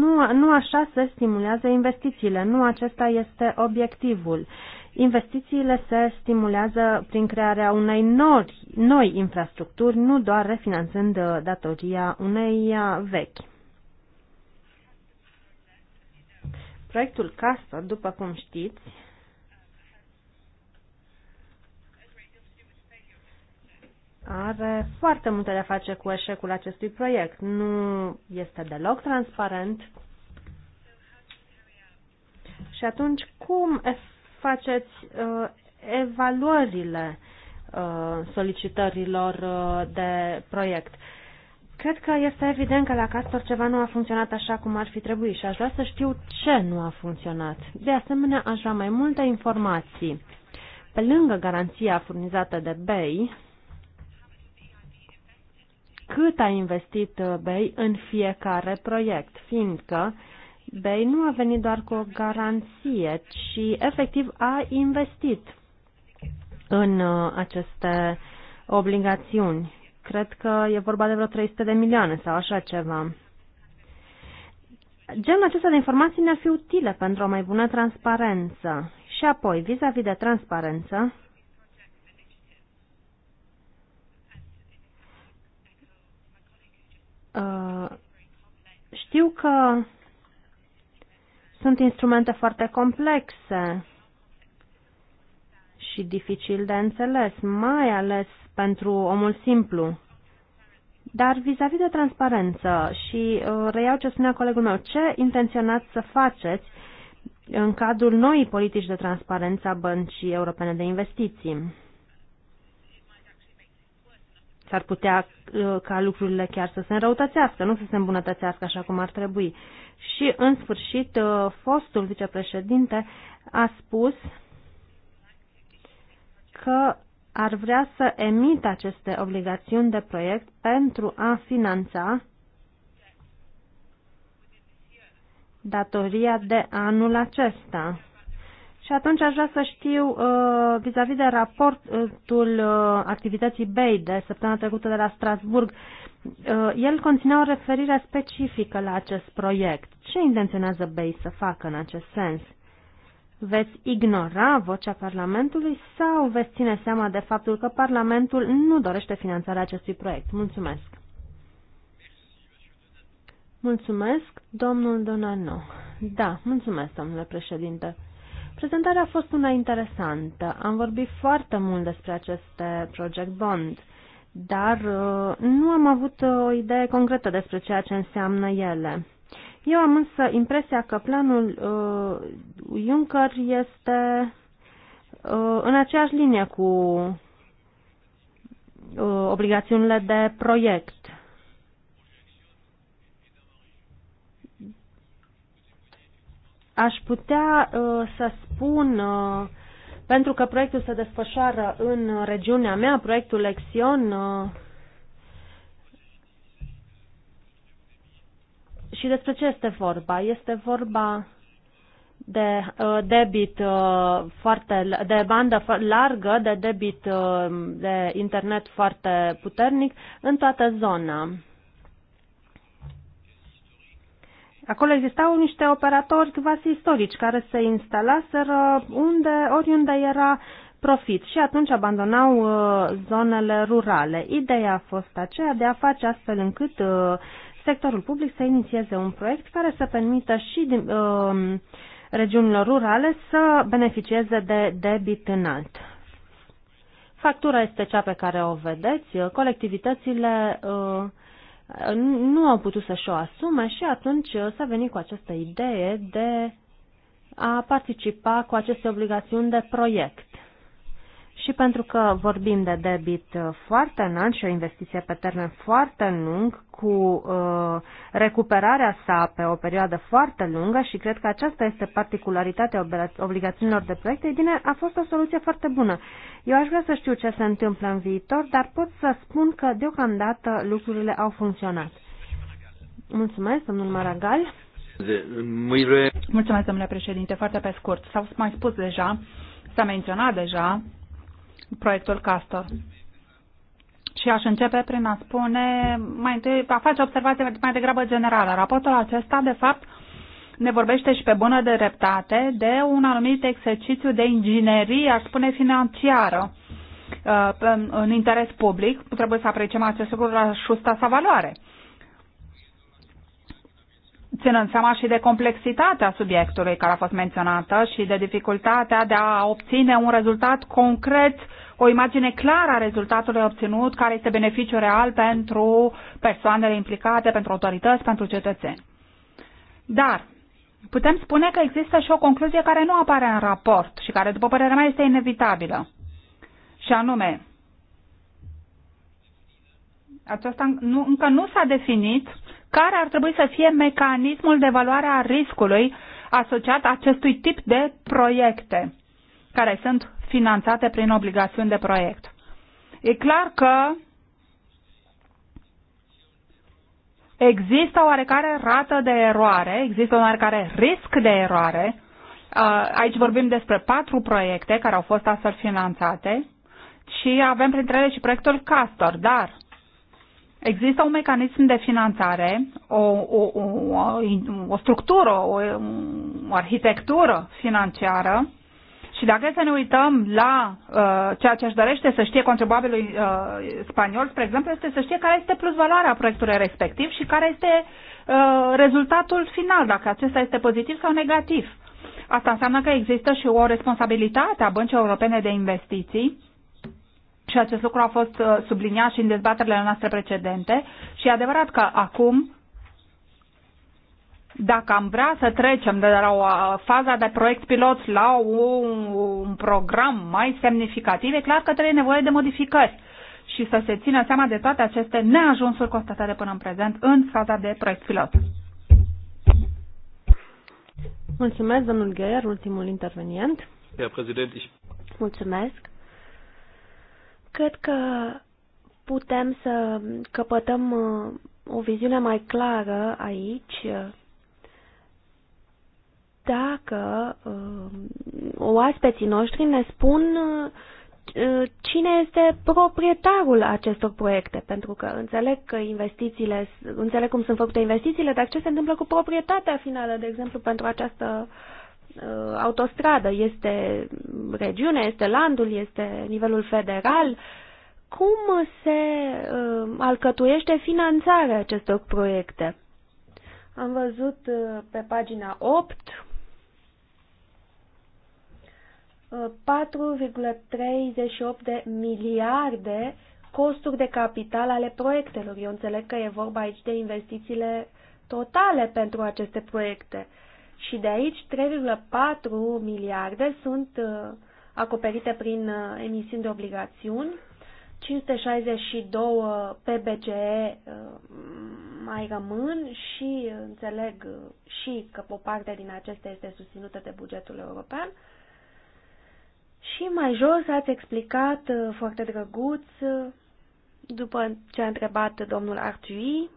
nu, nu așa se stimulează investițiile, nu acesta este obiectivul. Uh, Investițiile se stimulează prin crearea unei nori, noi infrastructuri, nu doar refinanțând uh, datoria unei uh, vechi. Proiectul CASA, după cum știți, are foarte multe de a face cu eșecul acestui proiect. Nu este deloc transparent. Și atunci, cum faceți uh, evaluările uh, solicitărilor uh, de proiect. Cred că este evident că la Castor ceva nu a funcționat așa cum ar fi trebuit și aș vrea să știu ce nu a funcționat. De asemenea, aș vrea mai multe informații. Pe lângă garanția furnizată de BEI, cât a investit uh, BEI în fiecare proiect, fiindcă uh, Bay nu a venit doar cu o garanție, ci efectiv a investit în uh, aceste obligațiuni. Cred că e vorba de vreo 300 de milioane sau așa ceva. Genul acesta de informații ne-ar fi utile pentru o mai bună transparență. Și apoi, vis-a-vis -vis de transparență, uh, știu că sunt instrumente foarte complexe și dificil de înțeles, mai ales pentru omul simplu. Dar vis-a-vis -vis de transparență și uh, reiau ce spunea colegul meu, ce intenționați să faceți în cadrul noii politici de transparență a Băncii Europene de Investiții? S-ar putea uh, ca lucrurile chiar să se înrăutățească, nu să se îmbunătățească așa cum ar trebui. Și, în sfârșit, uh, fostul vicepreședinte a spus că ar vrea să emită aceste obligațiuni de proiect pentru a finanța datoria de anul acesta. Și atunci aș vrea să știu uh, vis-a-vis uh, -vis de raportul uh, activității BEI de săptămâna trecută de la Strasburg, uh, el conținea o referire specifică la acest proiect. Ce intenționează BEI să facă în acest sens? Veți ignora vocea Parlamentului sau veți ține seama de faptul că Parlamentul nu dorește finanțarea acestui proiect? Mulțumesc! Mulțumesc, domnul Donano. Da, mulțumesc, domnule președinte. Prezentarea a fost una interesantă. Am vorbit foarte mult despre aceste Project Bond, dar uh, nu am avut uh, o idee concretă despre ceea ce înseamnă ele. Eu am însă impresia că planul uh, Juncker este uh, în aceeași linie cu uh, obligațiunile de proiect. aș putea uh, să spun, uh, pentru că proiectul se desfășoară în regiunea mea, proiectul Lexion, uh, și despre ce este vorba? Este vorba de uh, debit uh, foarte, de bandă largă, de debit uh, de internet foarte puternic în toată zona. Acolo existau niște operatori quasi istorici care se instalaseră unde, oriunde era profit și atunci abandonau uh, zonele rurale. Ideea a fost aceea de a face astfel încât uh, sectorul public să inițieze un proiect care să permită și din, uh, regiunilor rurale să beneficieze de debit înalt. Factura este cea pe care o vedeți. Colectivitățile uh, nu au putut să-și o asume și atunci s-a venit cu această idee de a participa cu aceste obligațiuni de proiect și pentru că vorbim de debit foarte înalt și o investiție pe termen foarte lung, cu uh, recuperarea sa pe o perioadă foarte lungă și cred că aceasta este particularitatea obligațiunilor de proiecte, ei bine, a fost o soluție foarte bună. Eu aș vrea să știu ce se întâmplă în viitor, dar pot să spun că deocamdată lucrurile au funcționat. Mulțumesc, domnul Maragal. Mulțumesc, domnule președinte. Foarte pe scurt. S-au mai spus deja, s-a menționat deja proiectul Castor. Și aș începe prin a spune, mai întâi, a face observație mai degrabă generală. Raportul acesta, de fapt, ne vorbește și pe bună dreptate de un anumit exercițiu de inginerie, aș spune, financiară uh, în interes public. Trebuie să apreciem acest lucru la șusta sa valoare. Ținând seama și de complexitatea subiectului care a fost menționată și de dificultatea de a obține un rezultat concret uh, o imagine clară a rezultatului obținut, care este beneficiu real pentru persoanele implicate, pentru autorități, pentru cetățeni. Dar putem spune că există și o concluzie care nu apare în raport și care, după părerea mea, este inevitabilă. Și anume, aceasta nu, încă nu s-a definit care ar trebui să fie mecanismul de evaluare a riscului asociat acestui tip de proiecte, care sunt finanțate prin obligațiuni de proiect. E clar că există oarecare rată de eroare, există oarecare risc de eroare. Aici vorbim despre patru proiecte care au fost astfel finanțate și avem printre ele și proiectul Castor, dar există un mecanism de finanțare, o, o, o, o structură, o, o arhitectură financiară și dacă să ne uităm la uh, ceea ce își dorește să știe contribuabilul uh, spaniol, spre exemplu, este să știe care este plus valoarea proiectului respectiv și care este uh, rezultatul final, dacă acesta este pozitiv sau negativ. Asta înseamnă că există și o responsabilitate a Băncii Europene de Investiții și acest lucru a fost uh, subliniat și în dezbaterile noastre precedente și e adevărat că acum dacă am vrea să trecem de la o uh, fază de proiect pilot la un program mai semnificativ, e clar că trebuie nevoie de modificări și să se țină seama de toate aceste neajunsuri constatate până în prezent în faza de proiect pilot. Mulțumesc, domnul Geier, ultimul intervenient. Mulțumesc. Cred că putem să căpătăm uh, o viziune mai clară aici uh, dacă um, oaspeții noștri ne spun uh, cine este proprietarul acestor proiecte, pentru că înțeleg că investițiile, înțeleg cum sunt făcute investițiile, dar ce se întâmplă cu proprietatea finală, de exemplu, pentru această uh, autostradă? Este regiunea, este landul, este nivelul federal? Cum se uh, alcătuiește finanțarea acestor proiecte? Am văzut uh, pe pagina 8 4,38 de miliarde costuri de capital ale proiectelor. Eu înțeleg că e vorba aici de investițiile totale pentru aceste proiecte. Și de aici 3,4 miliarde sunt uh, acoperite prin uh, emisiuni de obligațiuni, 562 PBCE uh, mai rămân și înțeleg și că o parte din acestea este susținută de bugetul european și mai jos ați explicat uh, foarte drăguț, uh, după ce a întrebat domnul Artui,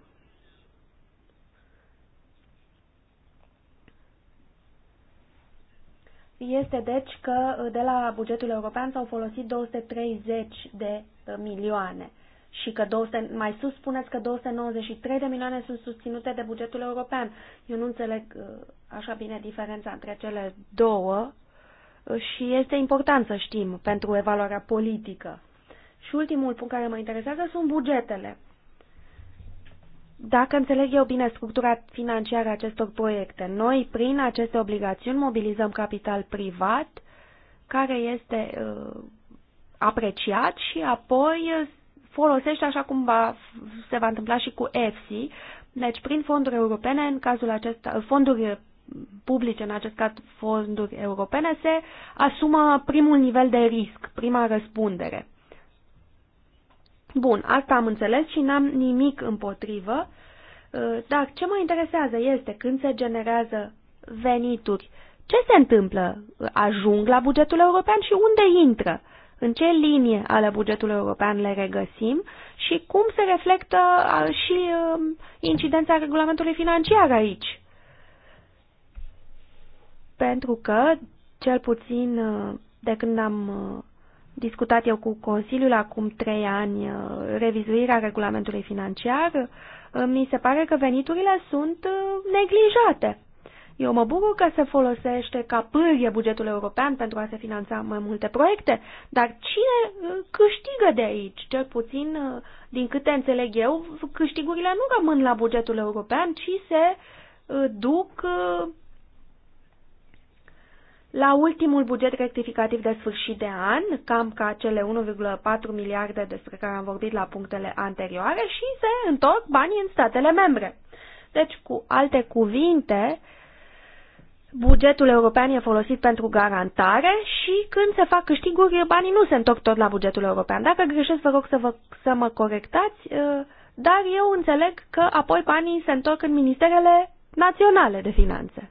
este deci că uh, de la bugetul european s-au folosit 230 de milioane și că 200, mai sus spuneți că 293 de milioane sunt susținute de bugetul european. Eu nu înțeleg așa bine diferența între cele două și este important să știm pentru evaluarea politică. Și ultimul punct care mă interesează sunt bugetele. Dacă înțeleg eu bine structura financiară a acestor proiecte, noi prin aceste obligațiuni mobilizăm capital privat care este uh, apreciat și apoi folosește așa cum va, se va întâmpla și cu EFSI, deci prin fonduri europene, în cazul acesta, fonduri publice, în acest caz fonduri europene, se asumă primul nivel de risc, prima răspundere. Bun, asta am înțeles și n-am nimic împotrivă, uh, dar ce mă interesează este când se generează venituri, ce se întâmplă? Ajung la bugetul european și unde intră? În ce linie ale bugetului european le regăsim și cum se reflectă uh, și uh, incidența regulamentului financiar aici? pentru că, cel puțin uh, de când am uh, discutat eu cu Consiliul acum trei ani uh, revizuirea regulamentului financiar, mi se pare că veniturile sunt neglijate. Eu mă bucur că se folosește ca pârghie bugetul european pentru a se finanța mai multe proiecte, dar cine câștigă de aici? Cel puțin, din câte înțeleg eu, câștigurile nu rămân la bugetul european, ci se duc la ultimul buget rectificativ de sfârșit de an, cam ca cele 1,4 miliarde despre care am vorbit la punctele anterioare și se întorc banii în statele membre. Deci, cu alte cuvinte, bugetul european e folosit pentru garantare și când se fac câștiguri, banii nu se întorc tot la bugetul european. Dacă greșesc, vă rog să, vă, să mă corectați, ă, dar eu înțeleg că apoi banii se întorc în ministerele naționale de finanțe.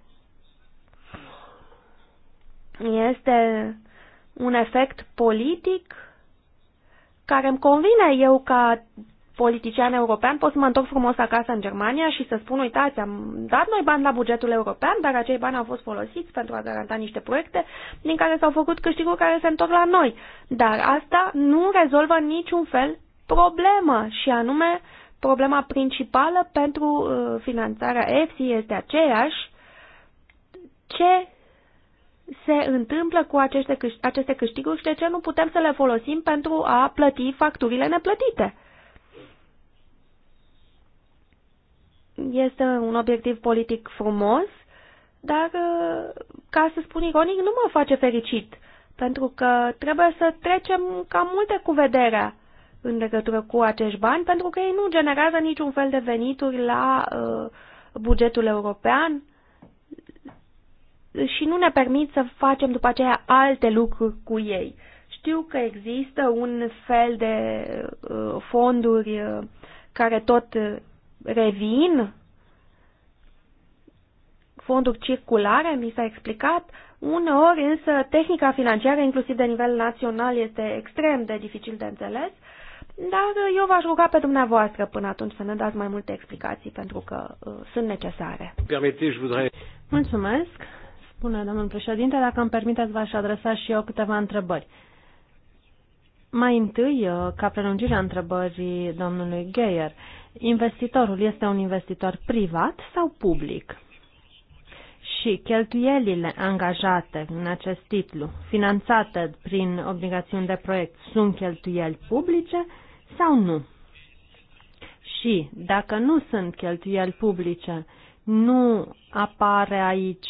Este un efect politic care îmi convine eu ca politician european, pot să mă întorc frumos acasă în Germania și să spun, uitați, am dat noi bani la bugetul european, dar acei bani au fost folosiți pentru a garanta niște proiecte din care s-au făcut câștiguri care se întorc la noi. Dar asta nu rezolvă niciun fel problemă și anume problema principală pentru uh, finanțarea EFSI este aceeași ce se întâmplă cu aceste, aceste câștiguri și de ce nu putem să le folosim pentru a plăti facturile neplătite. Este un obiectiv politic frumos, dar, uh, ca să spun ironic, nu mă face fericit, pentru că trebuie să trecem cam multe cu vederea în legătură cu acești bani, pentru că ei nu generează niciun fel de venituri la uh, bugetul european, și nu ne permit să facem după aceea alte lucruri cu ei. Știu că există un fel de uh, fonduri uh, care tot uh, revin, fonduri circulare, mi s-a explicat, uneori însă tehnica financiară, inclusiv de nivel național, este extrem de dificil de înțeles, dar eu v-aș ruga pe dumneavoastră până atunci să ne dați mai multe explicații pentru că uh, sunt necesare. Mulțumesc! Bună, domnul președinte. Dacă îmi permiteți, v-aș adresa și eu câteva întrebări. Mai întâi, uh, ca prelungirea întrebării domnului Geyer, investitorul este un investitor privat sau public? Și cheltuielile angajate în acest titlu, finanțate prin obligațiuni de proiect, sunt cheltuieli publice sau nu? Și dacă nu sunt cheltuieli publice, nu apare aici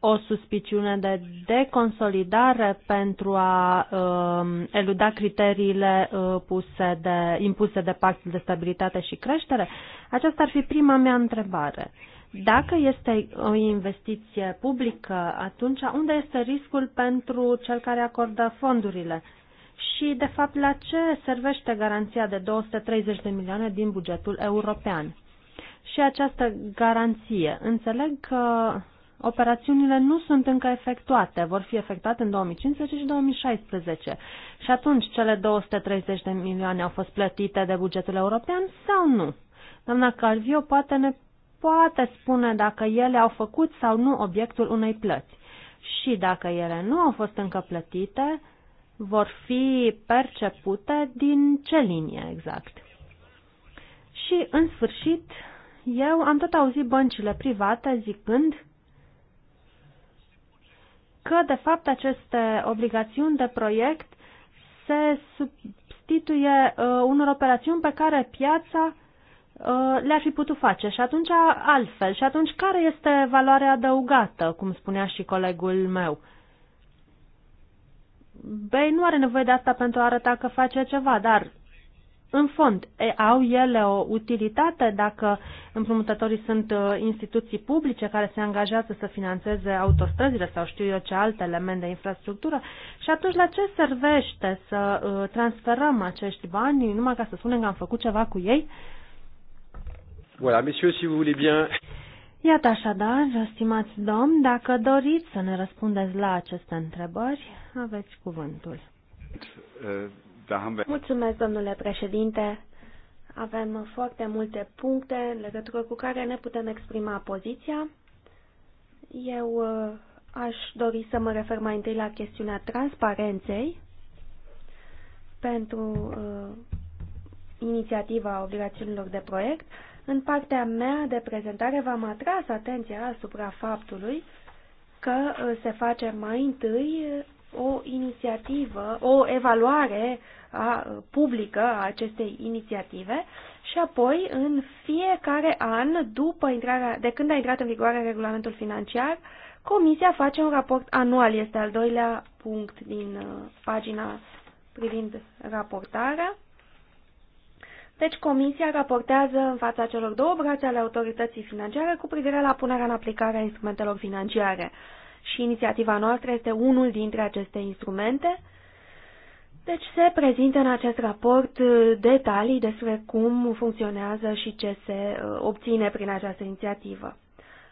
o suspiciune de deconsolidare pentru a uh, eluda criteriile uh, puse de, impuse de Pactul de Stabilitate și Creștere? Aceasta ar fi prima mea întrebare. Dacă este o investiție publică, atunci unde este riscul pentru cel care acordă fondurile? Și, de fapt, la ce servește garanția de 230 de milioane din bugetul european? Și această garanție, înțeleg că operațiunile nu sunt încă efectuate, vor fi efectuate în 2015 și 2016. Și atunci cele 230 de milioane au fost plătite de bugetul european sau nu? Doamna Calvio poate ne poate spune dacă ele au făcut sau nu obiectul unei plăți. Și dacă ele nu au fost încă plătite, vor fi percepute din ce linie exact. Și, în sfârșit, eu am tot auzit băncile private zicând că, de fapt, aceste obligațiuni de proiect se substituie uh, unor operațiuni pe care piața uh, le-ar fi putut face și atunci altfel. Și atunci care este valoarea adăugată, cum spunea și colegul meu? Băi, nu are nevoie de asta pentru a arăta că face ceva, dar în fond, au ele o utilitate dacă împrumutătorii sunt uh, instituții publice care se angajează să financeze autostrăzile sau știu eu ce alte element de infrastructură și atunci la ce servește să uh, transferăm acești bani numai ca să spunem că am făcut ceva cu ei? Voilà, messieurs, si vous voulez bien. Iată așadar, stimați domn, dacă doriți să ne răspundeți la aceste întrebări, aveți cuvântul. Uh... Da, Mulțumesc, domnule președinte. Avem foarte multe puncte în legătură cu care ne putem exprima poziția. Eu uh, aș dori să mă refer mai întâi la chestiunea transparenței pentru uh, inițiativa obligațiunilor de proiect. În partea mea de prezentare v-am atras atenția asupra faptului că uh, se face mai întâi o inițiativă, o evaluare a, publică a acestei inițiative și apoi în fiecare an după intrarea, de când a intrat în vigoare regulamentul financiar, Comisia face un raport anual, este al doilea punct din uh, pagina privind raportarea. Deci Comisia raportează în fața celor două brațe ale autorității financiare cu privire la punerea în aplicare a instrumentelor financiare. Și inițiativa noastră este unul dintre aceste instrumente deci se prezintă în acest raport uh, detalii despre cum funcționează și ce se uh, obține prin această inițiativă.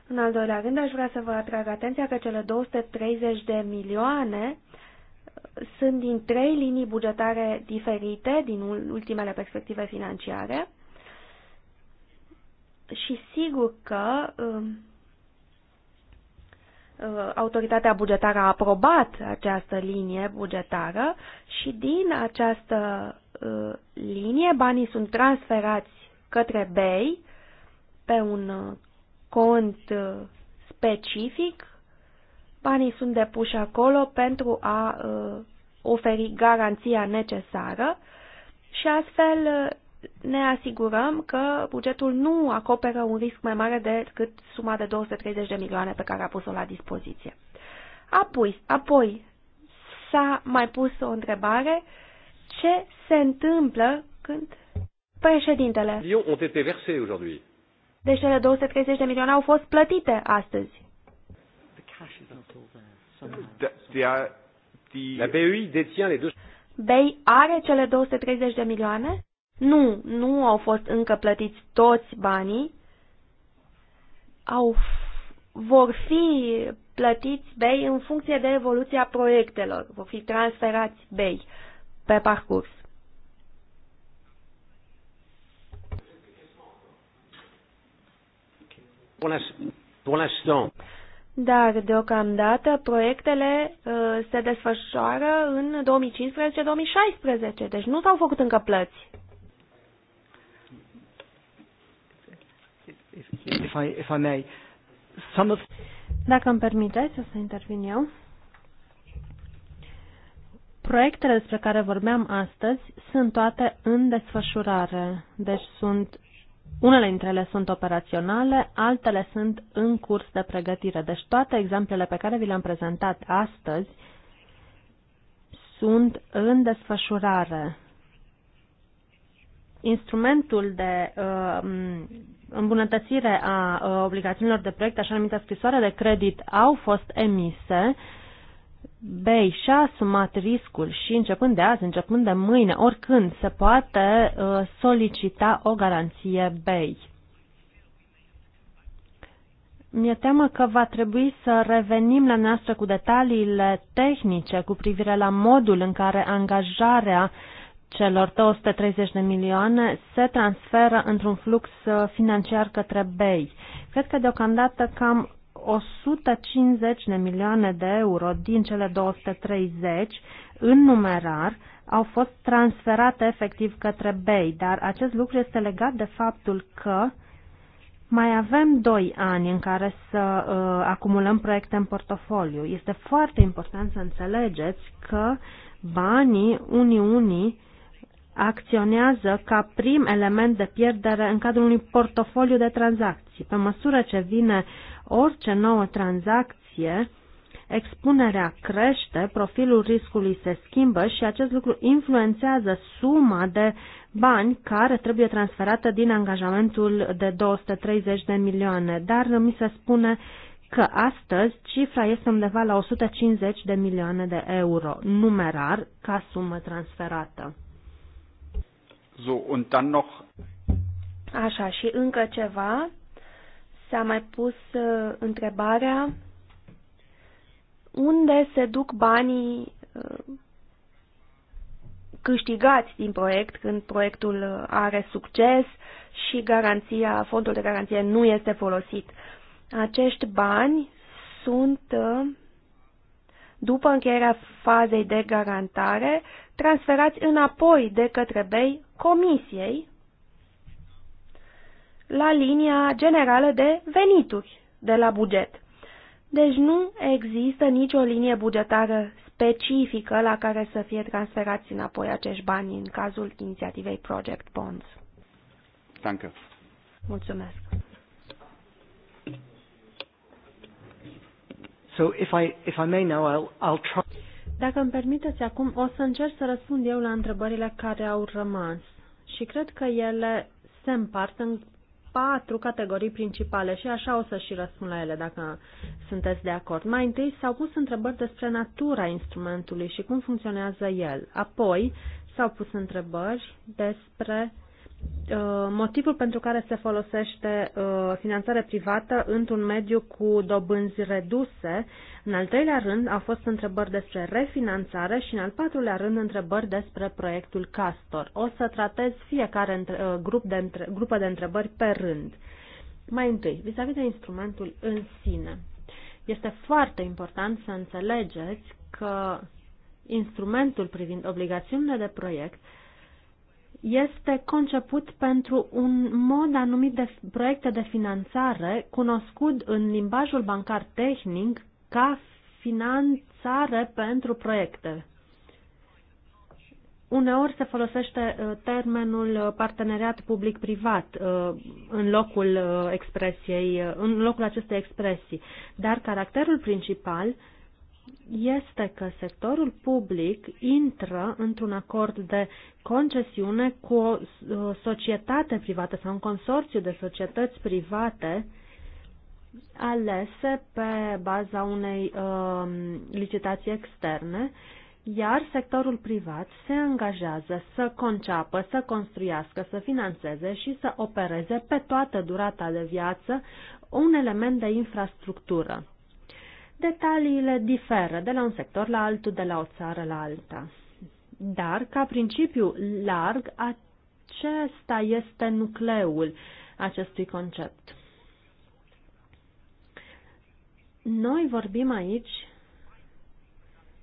În al doilea rând, aș vrea să vă atrag atenția că cele 230 de milioane uh, sunt din trei linii bugetare diferite din ultimele perspective financiare și sigur că um, Uh, autoritatea bugetară a aprobat această linie bugetară și din această uh, linie banii sunt transferați către BEI pe un uh, cont specific. Banii sunt depuși acolo pentru a oferi garanția necesară și astfel ne asigurăm că bugetul nu acoperă un risc mai mare decât suma de 230 de milioane pe care a pus-o la dispoziție. Apoi, apoi s-a mai pus o întrebare, ce se întâmplă când președintele... Ont été aujourd'hui. Deci cele 230 de milioane au fost plătite astăzi. Da, la BEI deține le BEI are cele 230 de milioane? Nu, nu au fost încă plătiți toți banii. Au, vor fi plătiți bei în funcție de evoluția proiectelor. Vor fi transferați bei pe parcurs. Dar, deocamdată, proiectele uh, se desfășoară în 2015-2016, deci nu s-au făcut încă plăți. if I, if I may. Some of... Dacă îmi permiteți, o să intervin eu. Proiectele despre care vorbeam astăzi sunt toate în desfășurare, deci sunt unele dintre ele sunt operaționale, altele sunt în curs de pregătire. Deci toate exemplele pe care vi le-am prezentat astăzi sunt în desfășurare instrumentul de uh, îmbunătățire a uh, obligațiunilor de proiect, așa numită scrisoare de credit, au fost emise, Bei și-a asumat riscul și începând de azi, începând de mâine, oricând se poate uh, solicita o garanție Bei. Mi-e teamă că va trebui să revenim la noastră cu detaliile tehnice cu privire la modul în care angajarea uh, celor 230 de milioane se transferă într-un flux uh, financiar către BEI. Cred că deocamdată cam 150 de milioane de euro din cele 230 în numerar au fost transferate efectiv către BEI, dar acest lucru este legat de faptul că mai avem 2 ani în care să uh, acumulăm proiecte în portofoliu. Este foarte important să înțelegeți că banii Uniunii acționează ca prim element de pierdere în cadrul unui portofoliu de tranzacții. Pe măsură ce vine orice nouă tranzacție, expunerea crește, profilul riscului se schimbă și acest lucru influențează suma de bani care trebuie transferată din angajamentul de 230 de milioane. Dar mi se spune că astăzi cifra este undeva la 150 de milioane de euro numerar ca sumă transferată. So, und dann noch. Așa, și încă ceva. S-a mai pus uh, întrebarea unde se duc banii uh, câștigați din proiect când proiectul uh, are succes și garanția, fondul de garanție nu este folosit. Acești bani sunt, uh, după încheierea fazei de garantare, transferați înapoi de către BEI comisiei la linia generală de venituri de la buget. Deci nu există nicio linie bugetară specifică la care să fie transferați înapoi acești bani în cazul inițiativei Project Bonds. Danke. Mulțumesc. So if I if I may now I'll I'll try dacă îmi permiteți acum, o să încerc să răspund eu la întrebările care au rămas. Și cred că ele se împart în patru categorii principale și așa o să și răspund la ele dacă sunteți de acord. Mai întâi s-au pus întrebări despre natura instrumentului și cum funcționează el. Apoi s-au pus întrebări despre uh, motivul pentru care se folosește uh, finanțare privată într-un mediu cu dobânzi reduse, în al treilea rând au fost întrebări despre refinanțare și în al patrulea rând întrebări despre proiectul Castor. O să tratez fiecare între, uh, grup de între, grupă de întrebări pe rând. Mai întâi, vis-a-vis -vis de instrumentul în sine. Este foarte important să înțelegeți că instrumentul privind obligațiunile de proiect este conceput pentru un mod anumit de proiecte de finanțare cunoscut în limbajul bancar tehnic ca finanțare pentru proiecte. Uneori se folosește uh, termenul uh, parteneriat public-privat uh, în locul expresiei, în locul acestei expresii, dar caracterul principal este că sectorul public intră într-un acord de concesiune cu o societate privată sau un consorțiu de societăți private alese pe baza unei uh, licitații externe, iar sectorul privat se angajează să conceapă, să construiască, să financeze și să opereze pe toată durata de viață un element de infrastructură. Detaliile diferă de la un sector la altul, de la o țară la alta. Dar, ca principiu larg, acesta este nucleul acestui concept. Noi vorbim aici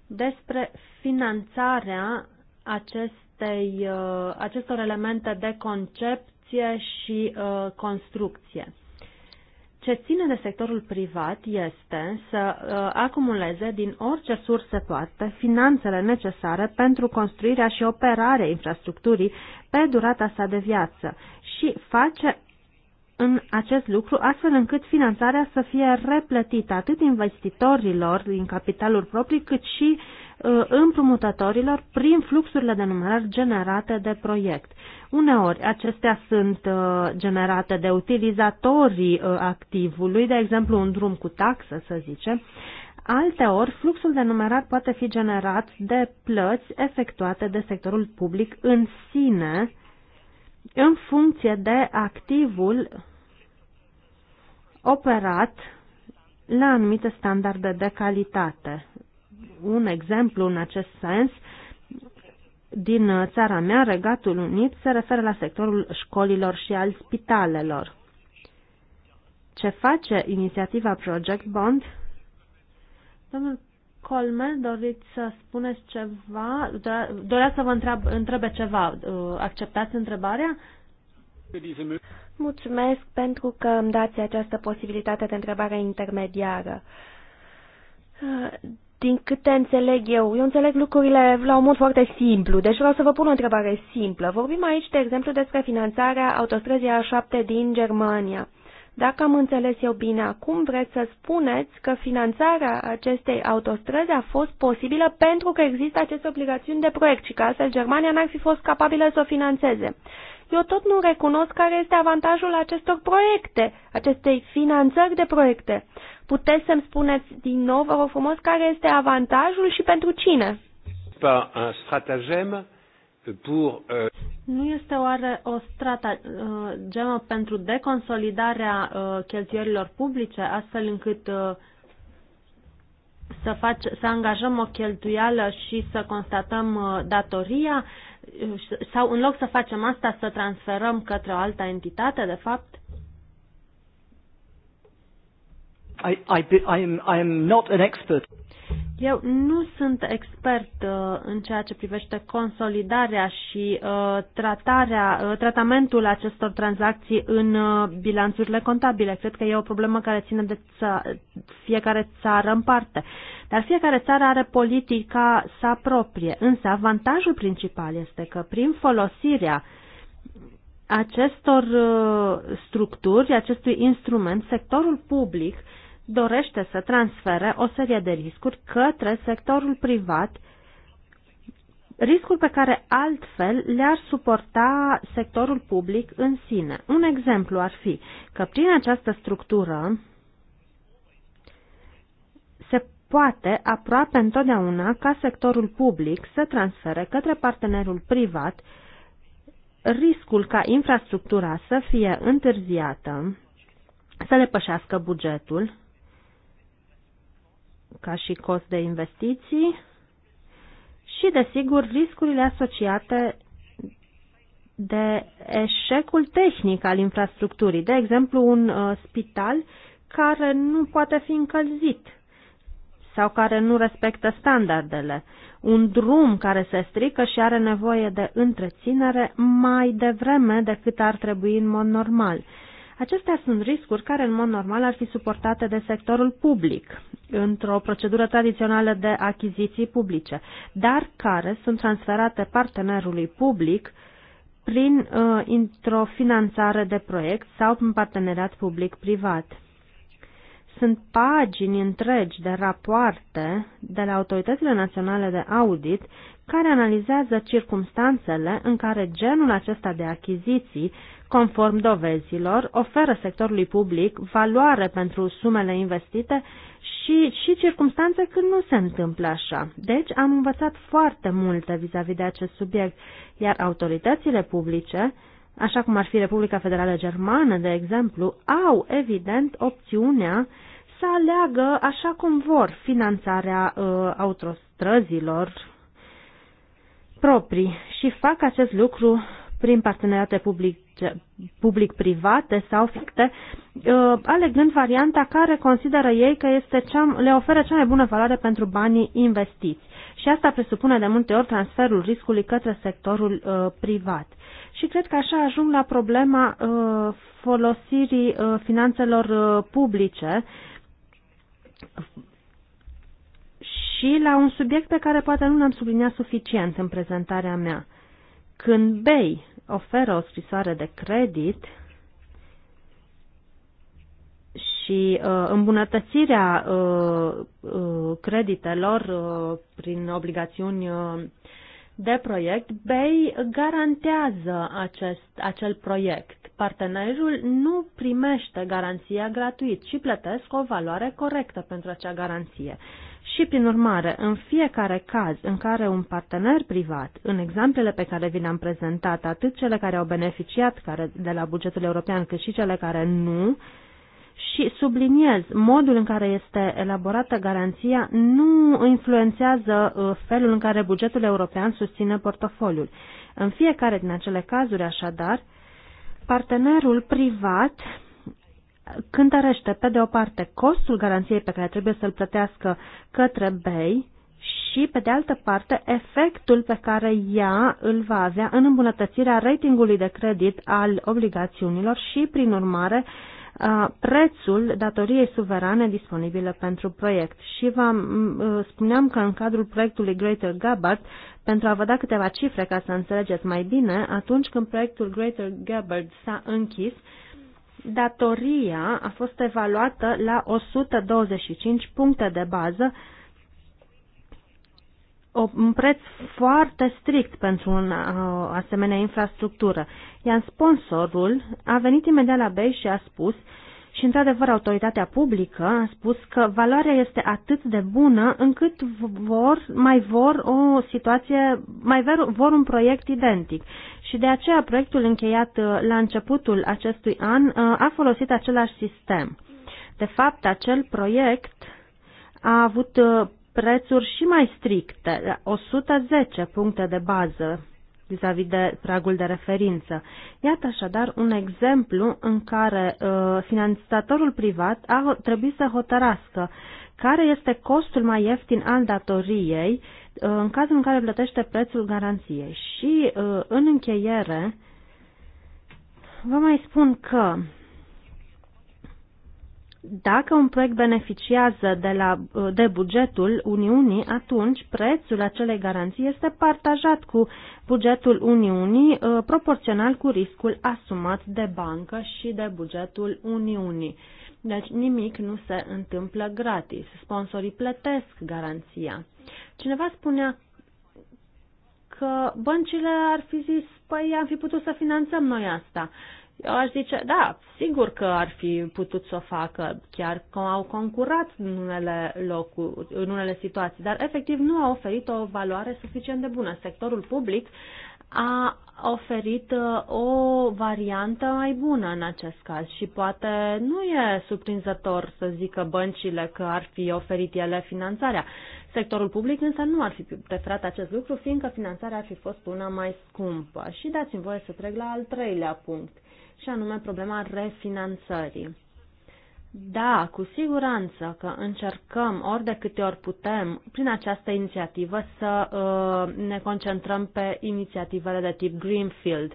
despre finanțarea acestei, uh, acestor elemente de concepție și uh, construcție. Ce ține de sectorul privat este să uh, acumuleze din orice sursă poate finanțele necesare pentru construirea și operarea infrastructurii pe durata sa de viață și face în acest lucru, astfel încât finanțarea să fie replătită atât investitorilor din capitalul propriu, cât și uh, împrumutătorilor prin fluxurile de numerar generate de proiect. Uneori, acestea sunt uh, generate de utilizatorii uh, activului, de exemplu un drum cu taxă, să zicem, Alteori, fluxul de numerar poate fi generat de plăți efectuate de sectorul public în sine, în funcție de activul operat la anumite standarde de calitate. Un exemplu în acest sens din țara mea, Regatul Unit, se referă la sectorul școlilor și al spitalelor. Ce face inițiativa Project Bond? Domnul Colmel, doriți să spuneți ceva? Dorea să vă întreab, întrebe ceva. Uh, acceptați întrebarea? Mulțumesc pentru că îmi dați această posibilitate de întrebare intermediară. Uh, din câte înțeleg eu, eu înțeleg lucrurile la un mod foarte simplu, deci vreau să vă pun o întrebare simplă. Vorbim aici, de exemplu, despre finanțarea autostrăzii A7 din Germania. Dacă am înțeles eu bine acum, vreți să spuneți că finanțarea acestei autostrăzi a fost posibilă pentru că există aceste obligațiuni de proiect și că astfel Germania n-ar fi fost capabilă să o financeze. Eu tot nu recunosc care este avantajul acestor proiecte, acestei finanțări de proiecte. Puteți să-mi spuneți din nou, vă rog frumos, care este avantajul și pentru cine? un uh, stratagem pour, euh, Nu este oare o stratagemă uh, pentru deconsolidarea uh, cheltuielilor publice, astfel încât uh, să, face, să angajăm o cheltuială și să constatăm uh, datoria? Uh, sau în loc să facem asta, să transferăm către o altă entitate, de fapt? I, I, I, am, I am not an expert. Eu nu sunt expert uh, în ceea ce privește consolidarea și uh, tratarea, uh, tratamentul acestor tranzacții în uh, bilanțurile contabile. Cred că e o problemă care ține de ța- fiecare țară în parte. Dar fiecare țară are politica sa proprie. Însă avantajul principal este că prin folosirea acestor uh, structuri, acestui instrument, sectorul public uh, dorește să transfere o serie de riscuri către sectorul privat, riscuri pe care altfel le-ar suporta sectorul public în sine. Un exemplu ar fi că prin această structură se poate aproape întotdeauna ca sectorul public să transfere către partenerul privat riscul ca infrastructura să fie întârziată, să depășească bugetul ca și cost de investiții și, desigur, riscurile asociate de eșecul tehnic al infrastructurii. De exemplu, un uh, spital care nu poate fi încălzit sau care nu respectă standardele, un drum care se strică și are nevoie de întreținere mai devreme decât ar trebui în mod normal. Acestea sunt riscuri care în mod normal ar fi suportate de sectorul public într-o procedură tradițională de achiziții publice, dar care sunt transferate partenerului public prin uh, într-o finanțare de proiect sau prin parteneriat public-privat. Sunt pagini întregi de rapoarte de la autoritățile naționale de audit care analizează circumstanțele în care genul acesta de achiziții, conform dovezilor, oferă sectorului public valoare pentru sumele investite și, și circumstanțe când nu se întâmplă așa. Deci am învățat foarte multe vis-a-vis -vis de acest subiect, iar autoritățile publice, așa cum ar fi Republica Federală Germană, de exemplu, au, evident, opțiunea să aleagă așa cum vor finanțarea uh, autostrăzilor proprii și fac acest lucru prin parteneriate public-private public sau ficte, uh, alegând varianta care consideră ei că este cea, le oferă cea mai bună valoare pentru banii investiți. Și asta presupune de multe ori transferul riscului către sectorul uh, privat. Și cred că așa ajung la problema uh, folosirii uh, finanțelor uh, publice și la un subiect pe care poate nu l-am subliniat suficient în prezentarea mea. Când BEI oferă o scrisoare de credit și uh, îmbunătățirea uh, uh, creditelor uh, prin obligațiuni uh, de proiect, BEI garantează acest, acel proiect. Partenerul nu primește garanția gratuit, ci plătesc o valoare corectă pentru acea garanție. Uh, și, prin urmare, în fiecare caz în care un partener privat, în exemplele pe care vi le-am prezentat, atât cele care au beneficiat care, de la bugetul european, cât și cele care nu, și subliniez, modul în care este elaborată garanția nu influențează uh, felul în care bugetul european susține portofoliul. În fiecare din acele cazuri, așadar, partenerul privat cântărește, pe de o parte, costul garanției pe care trebuie să-l plătească către bei și, pe de altă parte, efectul pe care ea îl va avea în îmbunătățirea ratingului de credit al obligațiunilor și, prin urmare, prețul datoriei suverane disponibile pentru proiect. Și vă spuneam că în cadrul proiectului Greater Gabbard, pentru a vă da câteva cifre ca să înțelegeți mai bine, atunci când proiectul Greater Gabbard s-a închis, datoria a fost evaluată la 125 puncte de bază, un preț foarte strict pentru un uh, asemenea infrastructură. Iar sponsorul a venit imediat la Bay și a spus și, într-adevăr, autoritatea publică a spus că valoarea este atât de bună încât vor, mai vor o situație, mai vor, vor un proiect identic. Și de aceea proiectul încheiat uh, la începutul acestui an uh, a folosit același sistem. De fapt, acel proiect a avut uh, prețuri și mai stricte, 110 puncte de bază vis-a-vis -vis de pragul de referință. Iată așadar un exemplu în care uh, finanțatorul privat a trebuit să hotărască care este costul mai ieftin al datoriei uh, în cazul în care plătește prețul garanției. Și uh, în încheiere vă mai spun că dacă un proiect beneficiază de, la, de bugetul Uniunii, atunci prețul acelei garanții este partajat cu bugetul Uniunii uh, proporțional cu riscul asumat de bancă și de bugetul Uniunii. Deci nimic nu se întâmplă gratis. Sponsorii plătesc garanția. Cineva spunea că băncile ar fi zis, păi am fi putut să finanțăm noi asta. Eu aș zice, da, sigur că ar fi putut să o facă, chiar că au concurat în unele, locuri, în unele situații, dar efectiv nu a oferit o valoare suficient de bună. Sectorul public a oferit uh, o variantă mai bună în acest caz și poate nu e surprinzător să zică băncile că ar fi oferit ele finanțarea. Sectorul public însă nu ar fi preferat acest lucru, fiindcă finanțarea ar fi fost una mai scumpă. Și dați-mi voie să trec la al treilea punct și anume problema refinanțării. Da, cu siguranță că încercăm ori de câte ori putem prin această inițiativă să uh, ne concentrăm pe inițiativele de tip Greenfield.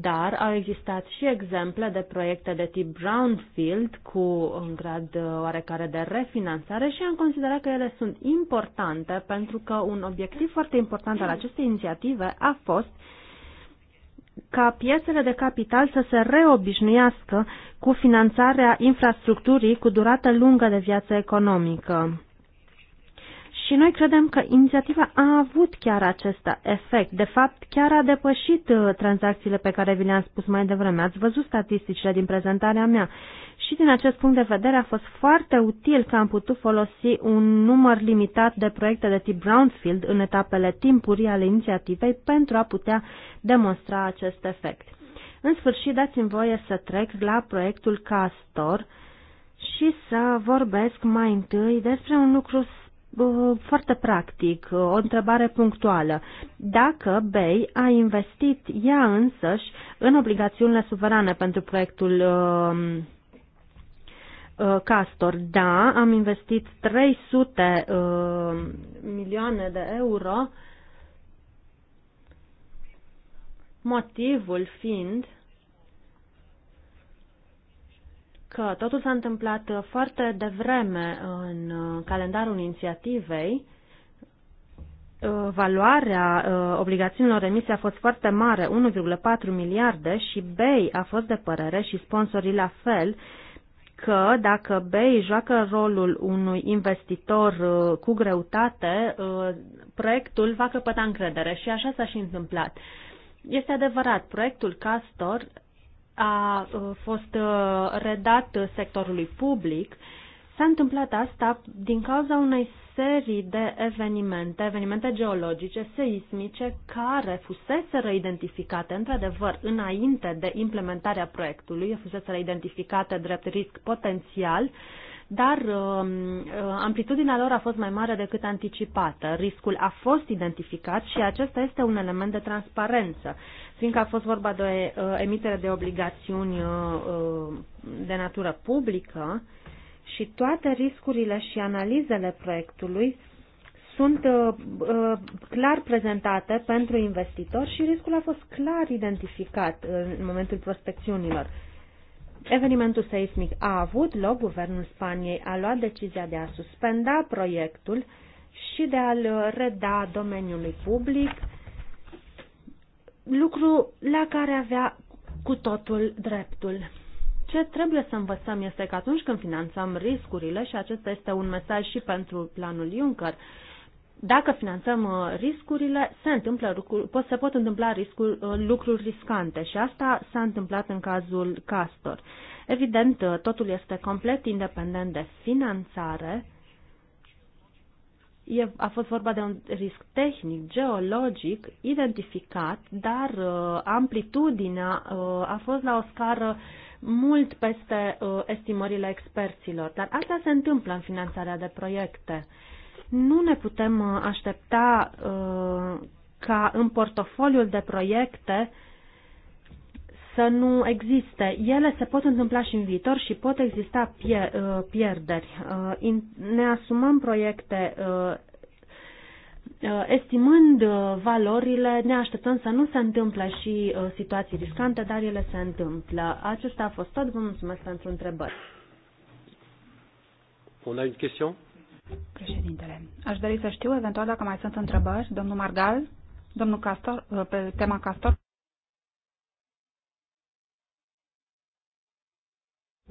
Dar au existat și exemple de proiecte de tip Brownfield cu un grad uh, oarecare de refinanțare și am considerat că ele sunt importante pentru că un obiectiv foarte important al acestei inițiative a fost uh, ca piețele de capital să se reobișnuiască cu finanțarea infrastructurii cu durată lungă de viață economică. Și noi credem că inițiativa a avut chiar acest efect. De fapt, chiar a depășit uh, tranzacțiile pe care vi le-am spus mai devreme. Ați văzut statisticile din prezentarea mea. Și din acest punct de vedere a fost foarte util că am putut folosi un număr limitat de proiecte de tip Brownfield în etapele timpurii ale inițiativei pentru a putea demonstra acest efect. În sfârșit, dați-mi voie să trec la proiectul Castor și să vorbesc mai întâi despre un lucru Uh, foarte practic, uh, o întrebare punctuală. Dacă BEI a investit ea însăși în obligațiunile suverane pentru proiectul um, uh, Castor, da, am investit 300 milioane de euro, motivul fiind uh, că totul s-a întâmplat uh, foarte devreme în uh, calendarul inițiativei. Uh, valoarea obligațiunilor emise a fost foarte mare, 1,4 miliarde, și BEI a fost de părere și sponsorii la fel, că dacă BEI joacă rolul unui investitor cu greutate, proiectul va căpăta încredere și așa s-a și întâmplat. Este adevărat, proiectul Castor a fost redat sectorului public, S-a întâmplat asta din cauza unei serii de evenimente, evenimente geologice, seismice, care fuseseră identificate, într-adevăr, înainte de implementarea proiectului, fuseseră identificate drept risc potențial dar um, uh, amplitudinea lor a fost mai mare decât anticipată. Riscul a fost identificat și acesta este un element de transparență, fiindcă a fost vorba de uh, emitere de obligațiuni uh, de natură publică și toate riscurile și analizele proiectului sunt uh, clar prezentate pentru investitori și riscul a fost clar identificat în momentul prospecțiunilor. Evenimentul seismic a avut loc, guvernul Spaniei a luat decizia de a suspenda proiectul și de a-l reda domeniului public, lucru la care avea cu totul dreptul. Ce trebuie să învățăm este că atunci când finanțăm riscurile, și acesta este un mesaj și pentru planul Juncker, dacă finanțăm uh, riscurile, se, întâmplă, se pot întâmpla riscuri, uh, lucruri riscante și asta s-a întâmplat în cazul Castor. Evident, uh, totul este complet independent de finanțare. E, a fost vorba de un risc tehnic, geologic, identificat, dar uh, amplitudinea uh, a fost la o scară mult peste uh, estimările experților. Dar asta se întâmplă în finanțarea de proiecte. Uh, nu ne putem uh, aștepta uh, ca în portofoliul de proiecte să nu existe. Ele se pot întâmpla și în viitor și pot exista uh, pierderi. Ne asumăm proiecte estimând valorile, ne așteptăm să nu se întâmple și situații riscante, dar ele se întâmplă. Acesta a fost tot. Vă mulțumesc pentru întrebări. On a une question Președintele, aș dori să știu eventual dacă mai sunt întrebări. Domnul Margal, domnul Castor, uh, pe tema Castor.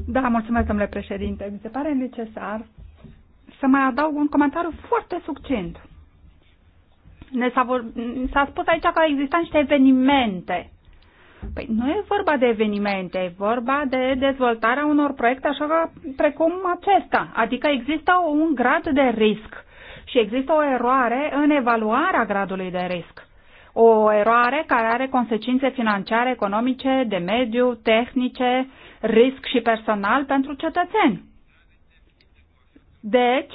Da, mulțumesc, domnule președinte. Mi se pare necesar să mai adaug un comentariu foarte succint. Ne s-a, vor... spus aici că au existat niște evenimente Păi nu e vorba de evenimente, e vorba de dezvoltarea unor proiecte așa ca, precum acesta. Adică există un grad de risc și există o eroare în evaluarea gradului de risc. O eroare care are consecințe financiare, economice, de mediu, tehnice, risc și personal pentru cetățeni. Deci,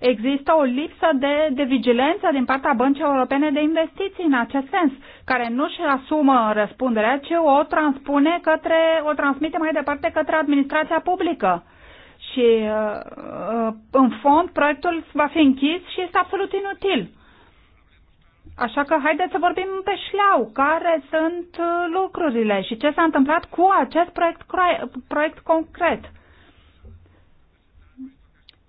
există o lipsă de, de vigilență din partea Băncii Europene de Investiții în acest sens, care nu și asumă răspunderea, ci o transpune către, o transmite mai departe către administrația publică. Și uh, uh, în fond proiectul va fi închis și este absolut inutil. Așa că haideți să vorbim pe șleau care sunt uh, lucrurile și ce s-a întâmplat cu acest proiect, proiect concret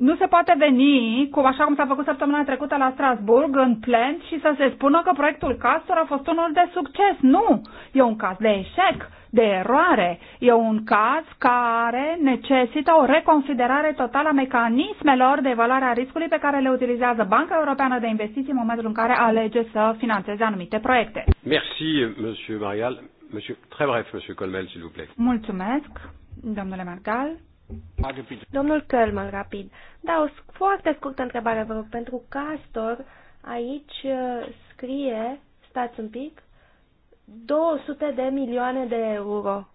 nu se poate veni, cum așa cum s-a făcut săptămâna trecută la Strasburg, în plen și să se spună că proiectul Castor a fost unul de succes. Nu! E un caz de eșec, de eroare. E un caz care necesită o reconsiderare totală a mecanismelor de evaluare a riscului pe care le utilizează Banca Europeană de Investiții în momentul în care alege să financeze anumite proiecte. Merci, monsieur Marial. Monsieur, très bref, monsieur Colmel, s'il vous plaît. Mulțumesc, domnule Margal. Domnul Kölmel, rapid. Da, o foarte scurtă întrebare, vă rog, pentru Castor, aici uh, scrie, stați un pic, 200 de milioane de euro.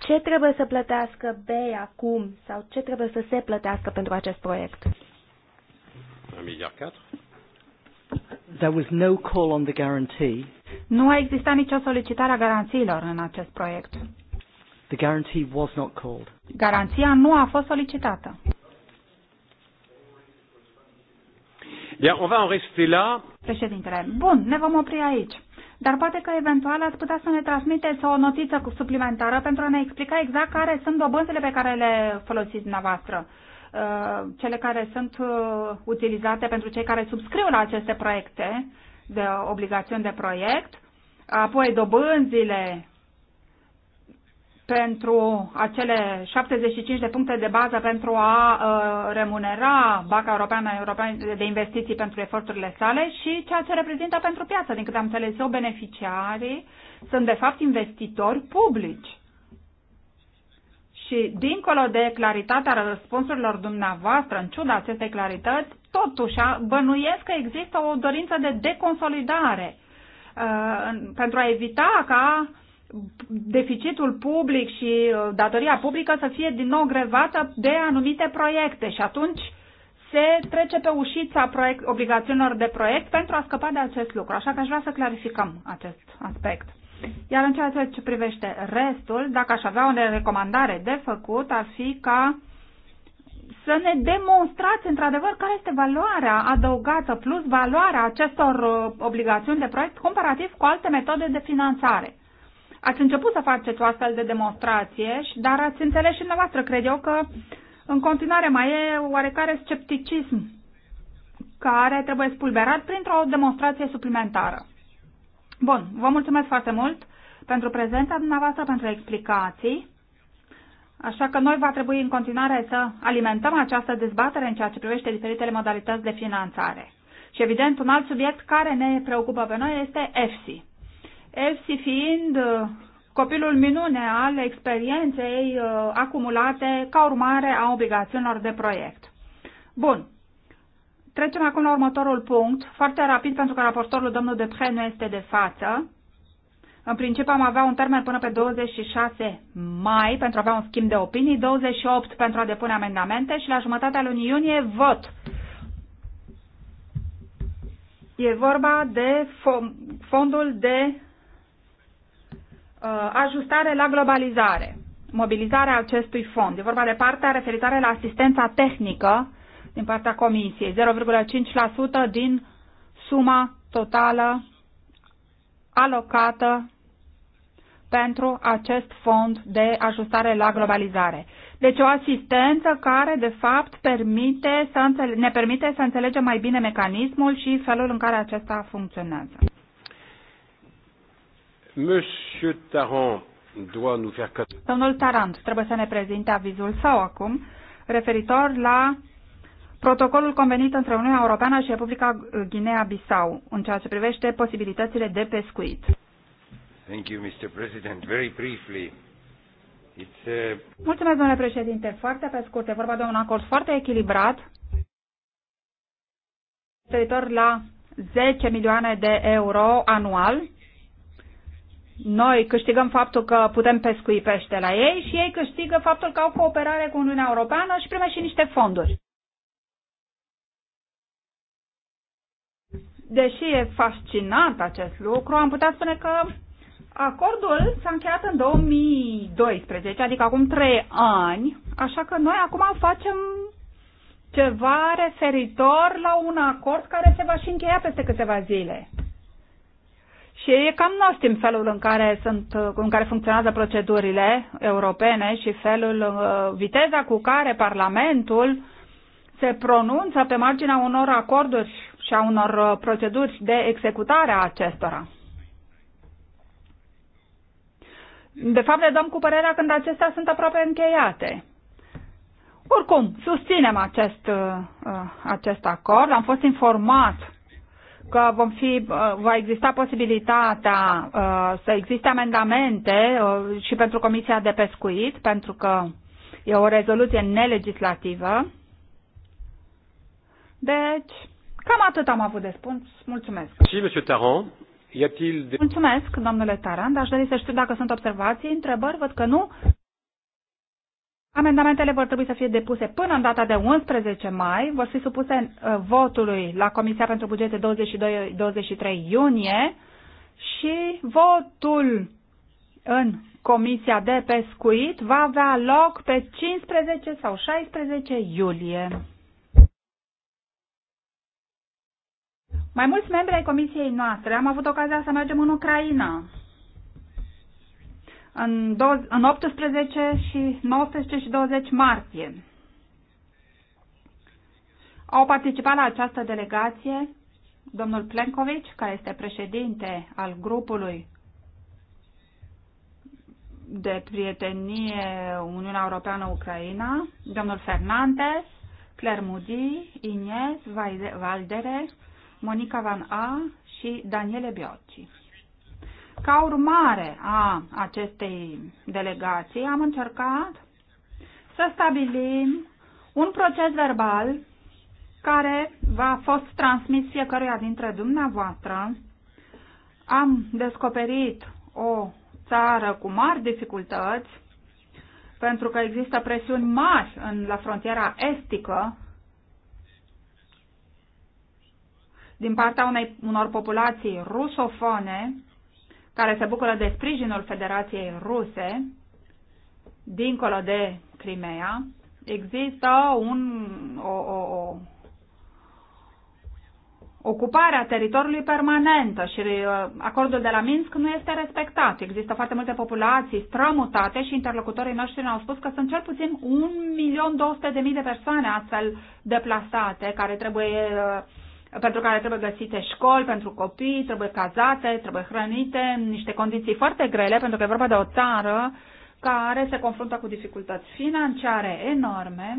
Ce trebuie să plătească BEI acum sau ce trebuie să se plătească pentru acest proiect? miliard. There was no call on the guarantee. Nu a existat nicio solicitare a garanțiilor în acest proiect. The guarantee was not called. Garanția nu a fost solicitată. Bien, on va en rester là. Președintele, bun, ne vom opri aici. Dar poate că eventual ați putea să ne transmiteți o notiță cu suplimentară pentru a ne explica exact care sunt dobânzile pe care le folosiți dumneavoastră. Uh, cele care sunt uh, utilizate pentru cei care subscriu la aceste proiecte de obligațiuni de proiect, apoi dobânzile pentru acele 75 de puncte de bază pentru a uh, remunera Banca Europeană European de Investiții pentru eforturile sale și ceea ce reprezintă pentru piață. Din câte am înțeles eu, beneficiarii sunt de fapt investitori publici. Și dincolo de claritatea răspunsurilor dumneavoastră, în ciuda acestei clarități, totuși bănuiesc că există o dorință de deconsolidare uh, pentru a evita ca deficitul public și uh, datoria publică să fie din nou grevată de anumite proiecte și atunci se trece pe ușița proiect, obligațiunilor de proiect pentru a scăpa de acest lucru. Așa că aș vrea să clarificăm acest aspect. Iar în ceea ce privește restul, dacă aș avea o recomandare de făcut, ar fi ca să ne demonstrați într-adevăr care este valoarea adăugată plus valoarea acestor uh, obligațiuni de proiect comparativ cu alte metode de finanțare. Ați început să faceți o astfel de demonstrație, dar ați înțeles și dumneavoastră, cred eu, că în continuare mai e oarecare scepticism care trebuie spulberat printr-o demonstrație suplimentară. Bun, vă mulțumesc foarte mult pentru prezența dumneavoastră, pentru explicații. Așa că noi va trebui în continuare să alimentăm această dezbatere în ceea ce privește diferitele modalități de finanțare. Și evident, un alt subiect care ne preocupă pe noi este EFSI. Elsie fiind uh, copilul minune al experienței uh, acumulate ca urmare a obligațiunilor de proiect. Bun. Trecem acum la următorul punct, foarte rapid pentru că raportorul domnul Depre nu este de față. În principiu am avea un termen până pe 26 mai pentru a avea un schimb de opinii, 28 pentru a depune amendamente și la jumătatea lunii iunie vot. E vorba de fondul de Uh, ajustare la globalizare, mobilizarea acestui fond. E vorba de partea referitoare la asistența tehnică din partea Comisiei, 0,5% din suma totală alocată pentru acest fond de ajustare la globalizare. Deci o asistență care, de fapt, permite să ne permite să înțelegem mai bine mecanismul și felul în care acesta funcționează. Monsieur Tarant doit nous faire... Domnul Tarant trebuie să ne prezinte avizul său acum referitor la protocolul convenit între Uniunea Europeană și Republica Guinea-Bissau în ceea ce privește posibilitățile de pescuit. Thank you, Mr. President. Very briefly, It's a... Mulțumesc, domnule președinte. Foarte pe scurt, e vorba de un acord foarte echilibrat referitor la 10 milioane de euro anual noi câștigăm faptul că putem pescui pește la ei și ei câștigă faptul că au cooperare cu Uniunea Europeană și primește și niște fonduri. Deși e fascinant acest lucru, am putea spune că acordul s-a încheiat în 2012, adică acum trei ani, așa că noi acum facem ceva referitor la un acord care se va și încheia peste câteva zile și e cam nostim felul în care, sunt, în care funcționează procedurile europene și felul, uh, viteza cu care Parlamentul se pronunță pe marginea unor acorduri și a unor uh, proceduri de executare a acestora. De fapt, le dăm cu părerea când acestea sunt aproape încheiate. Oricum, susținem acest, uh, acest acord. Am fost informat că vom fi, uh, va exista posibilitatea uh, să existe amendamente uh, și pentru Comisia de Pescuit, pentru că e o rezoluție nelegislativă. Deci, cam atât am avut de spus. Mulțumesc. Și, monsieur Taran, Mulțumesc, domnule Taran, dar aș dori să știu dacă sunt observații, întrebări, văd că nu. Amendamentele vor trebui să fie depuse până în data de 11 mai, vor fi supuse uh, votului la Comisia pentru Bugete 22-23 iunie și votul în Comisia de Pescuit va avea loc pe 15 sau 16 iulie. Mai mulți membri ai comisiei noastre am avut ocazia să mergem în Ucraina în, 20, în 18 și 19 și 20 martie. Au participat la această delegație domnul Plenković, care este președinte al grupului de prietenie Uniunea Europeană-Ucraina, domnul Fernandez, Claire Moody, Ines Valdere, Monica Van A și Daniele Biocci. Ca urmare a acestei delegații, am încercat să stabilim un proces verbal care v-a fost transmis fiecăruia dintre dumneavoastră. Am descoperit o țară cu mari dificultăți, pentru că există presiuni mari în, la frontiera estică din partea unei, unor populații rusofone care se bucură de sprijinul Federației Ruse, dincolo de Crimea, există un, o, o, o ocupare a teritoriului permanentă și uh, acordul de la Minsk nu este respectat. Există foarte multe populații strămutate și interlocutorii noștri ne-au spus că sunt cel puțin 1.200.000 de persoane astfel deplasate care trebuie uh, pentru care trebuie găsite școli pentru copii, trebuie cazate, trebuie hrănite, niște condiții foarte grele, pentru că e vorba de o țară care se confruntă cu dificultăți financiare enorme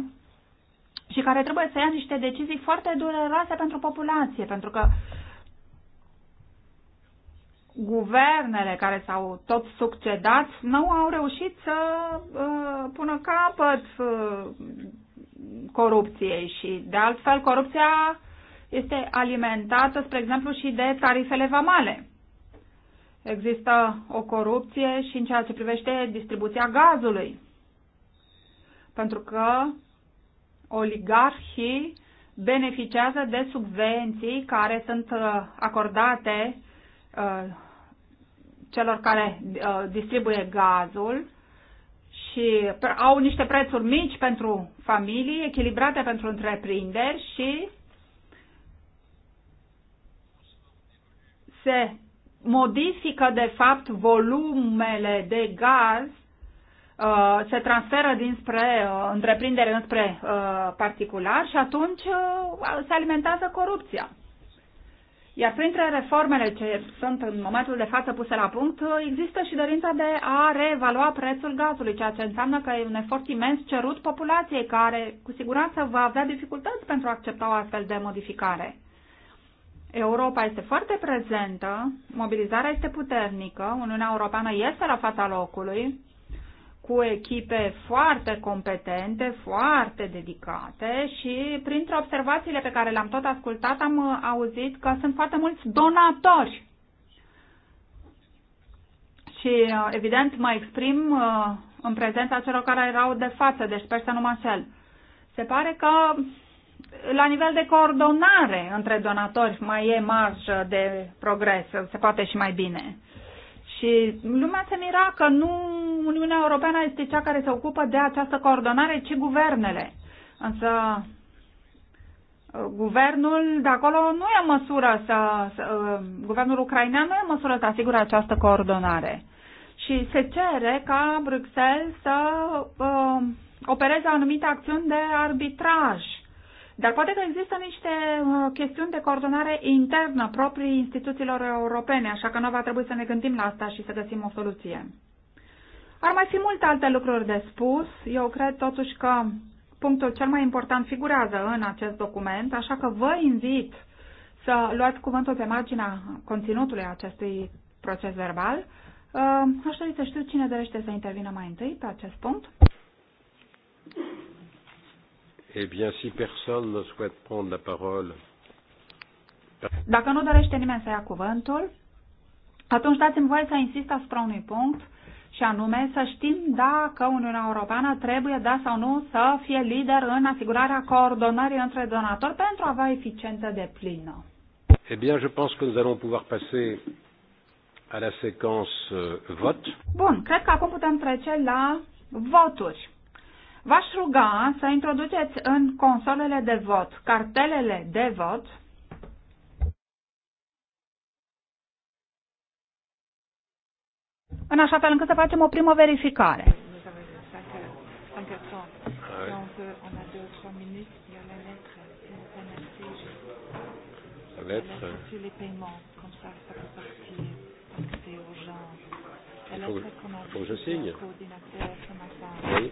și care trebuie să ia niște decizii foarte dureroase pentru populație, pentru că guvernele care s-au tot succedat nu au reușit să uh, pună capăt uh, corupției și de altfel corupția este alimentată, spre exemplu, și de tarifele vamale. Există o corupție și în ceea ce privește distribuția gazului. Pentru că oligarhii beneficiază de subvenții care sunt uh, acordate uh, celor care uh, distribuie gazul și au niște prețuri mici pentru familii, echilibrate pentru întreprinderi și se modifică de fapt volumele de gaz uh, se transferă dinspre uh, întreprindere înspre uh, particular și atunci se alimentează corupția. Iar printre reformele ce sunt în momentul de față puse la punct, există și dorința de a reevalua prețul gazului, ceea ce înseamnă că e un efort imens cerut populației, care cu siguranță va avea dificultăți pentru a accepta o astfel de modificare. Europa este foarte prezentă, mobilizarea este puternică, Uniunea Europeană este la fața locului, cu echipe foarte competente, foarte dedicate și printre observațiile pe care le-am tot ascultat am uh, auzit că sunt foarte mulți donatori. Și uh, evident mă exprim uh, în prezența celor care erau de față, deci sper să nu mă înșel. Se pare că la nivel de coordonare între donatori mai e marjă de progres, se poate și mai bine. Și lumea se mira că nu Uniunea Europeană este cea care se ocupă de această coordonare, ci guvernele. Însă guvernul de acolo nu e măsură să, să guvernul ucrainean nu e măsură să asigure această coordonare. Și se cere ca Bruxelles să uh, opereze anumite acțiuni de arbitraj dar poate că există niște uh, chestiuni de coordonare internă proprii instituțiilor europene, așa că noi va trebui să ne gândim la asta și să găsim o soluție. Ar mai fi multe alte lucruri de spus. Eu cred totuși că punctul cel mai important figurează în acest document, așa că vă invit să luați cuvântul pe marginea conținutului acestui proces verbal. Uh, aș dori să știu cine dorește să intervină mai întâi pe acest punct. Eh bien, si personne ne souhaite prendre la parole. Dacă nu dorește nimeni să ia cuvântul, atunci dați-mi voie să insist asupra unui punct și anume să știm dacă Uniunea Europeană trebuie, da sau nu, să fie lider în asigurarea coordonării între donatori pentru a avea eficiență de plină. Eh bien, je pense que nous allons pouvoir passer à la séquence euh, vote. Bun, cred că acum putem trece la voturi. V-aș ruga să introduceți în consolele de vot cartelele de vot în așa fel încât să facem o primă verificare. Să Sur les paiements, comme faut que je signe. Oui.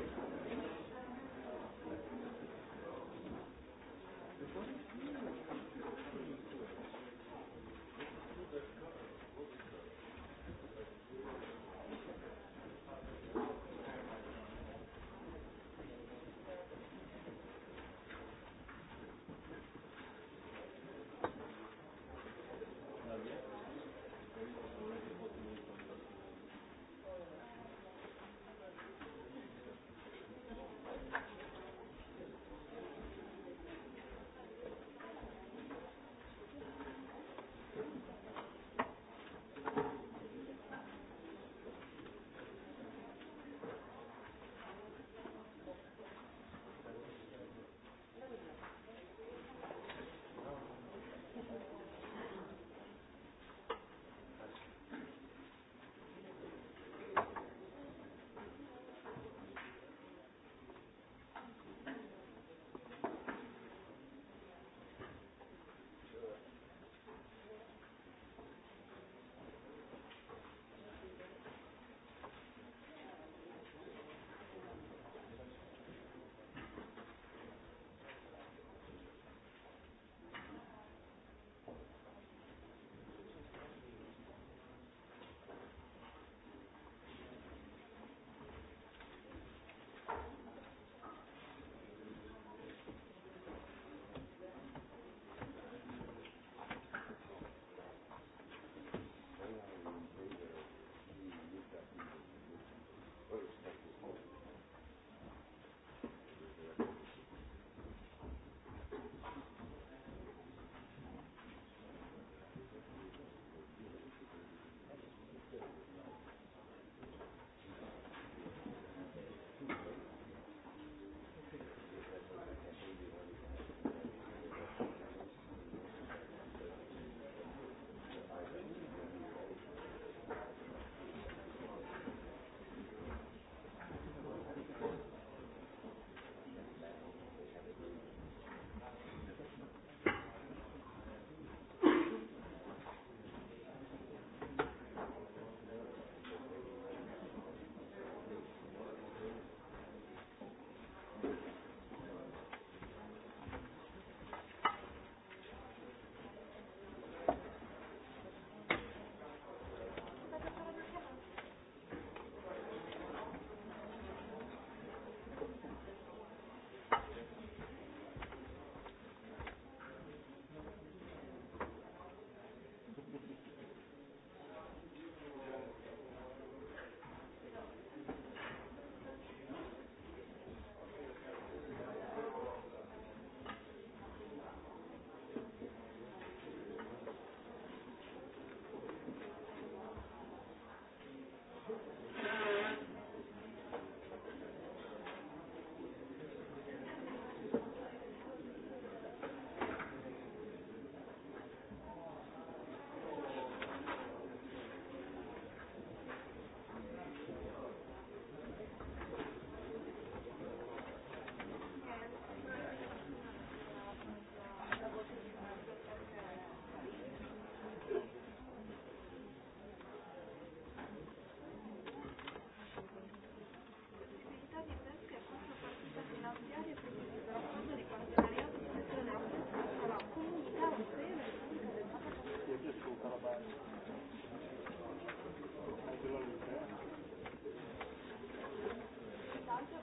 Thank you.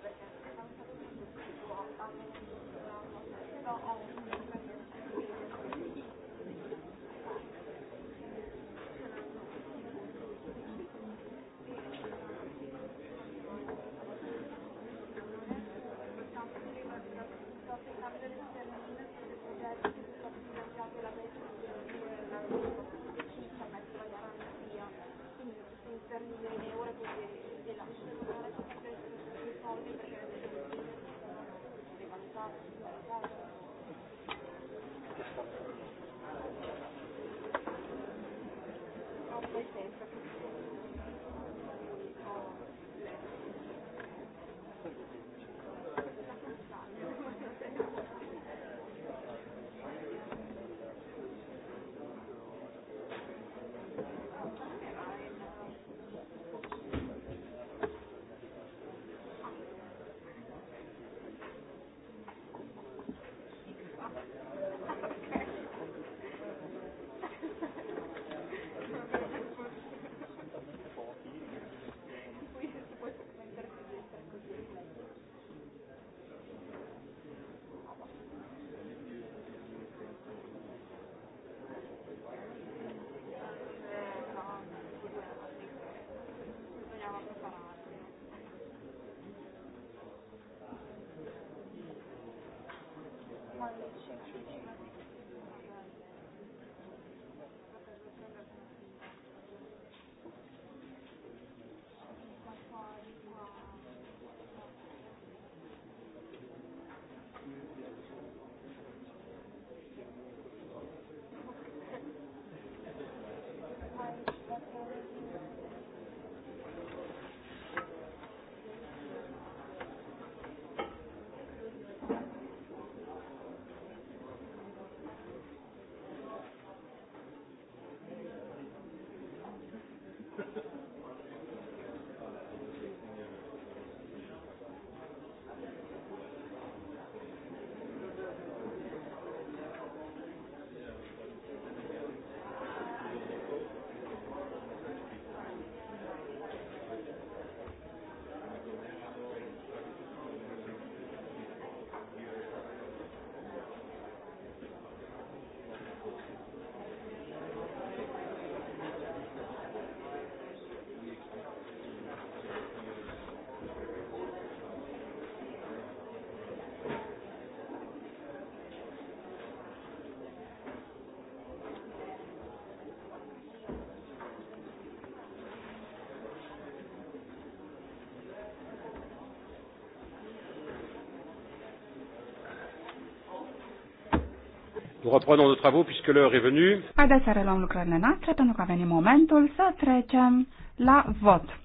reprenons nos travaux puisque l'heure est venue. Haideți să reluăm lucrările noastre pentru că a venit momentul să trecem la vot.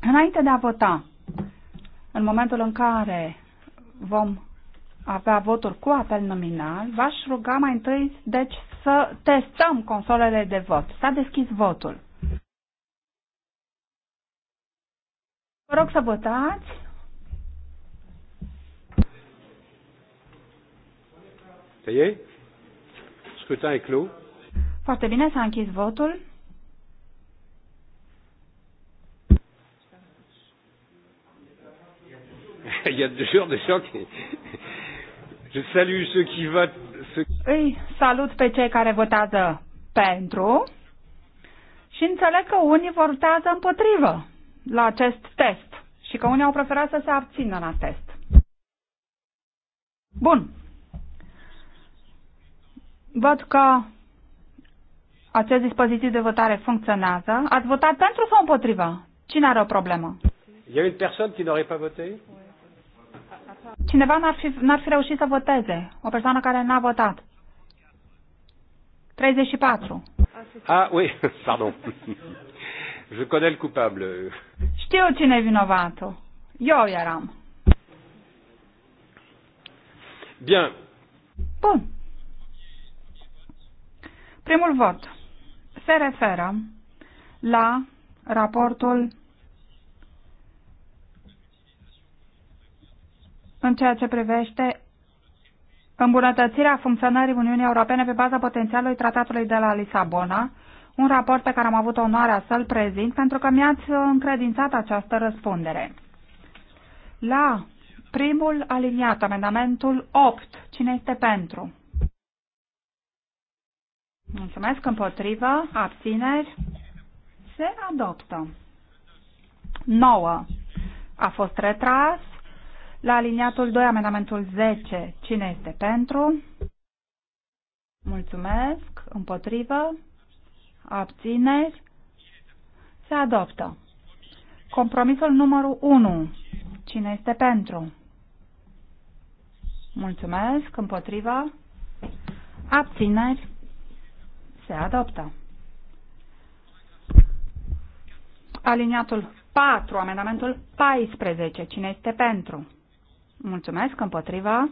Înainte de a vota, în momentul în care vom avea voturi cu apel nominal, v-aș ruga mai întâi, deci, să testăm consolele de vot. S-a deschis votul. Vă rog să votați. Ça Scrutin est clos. Foarte bine, s-a închis votul. Il y a toujours des gens qui... Je salue ceux qui votent... Ceux... Îi salut pe cei care votează pentru și înțeleg că unii votează împotrivă la acest test și că unii au preferat să se abțină la test. Bun, Văd că acest dispozitiv de votare funcționează. Ați votat pentru sau împotriva? Cine are o problemă? Il y a une personne qui n'aurait pas voté? Cineva n-ar fi, n-ar fi reușit să voteze. O persoană care n-a votat. 34. Ah, oui, pardon. Je connais le coupable. Știu cine e vinovatul. Eu eram. Bien. Bun. Primul vot se referă la raportul în ceea ce privește îmbunătățirea funcționării Uniunii Europene pe baza potențialului Tratatului de la Lisabona, un raport pe care am avut onoarea să-l prezint pentru că mi-ați încredințat această răspundere. La primul aliniat, amendamentul 8, cine este pentru? Mulțumesc împotrivă. Abțineri. Se adoptă. 9. A fost retras. La aliniatul 2, amendamentul 10. Cine este pentru? Mulțumesc. Împotrivă. Abțineri. Se adoptă. Compromisul numărul 1. Cine este pentru? Mulțumesc. împotrivă, Abțineri. Se adoptă. Aliniatul 4, amendamentul 14. Cine este pentru? Mulțumesc. Împotriva.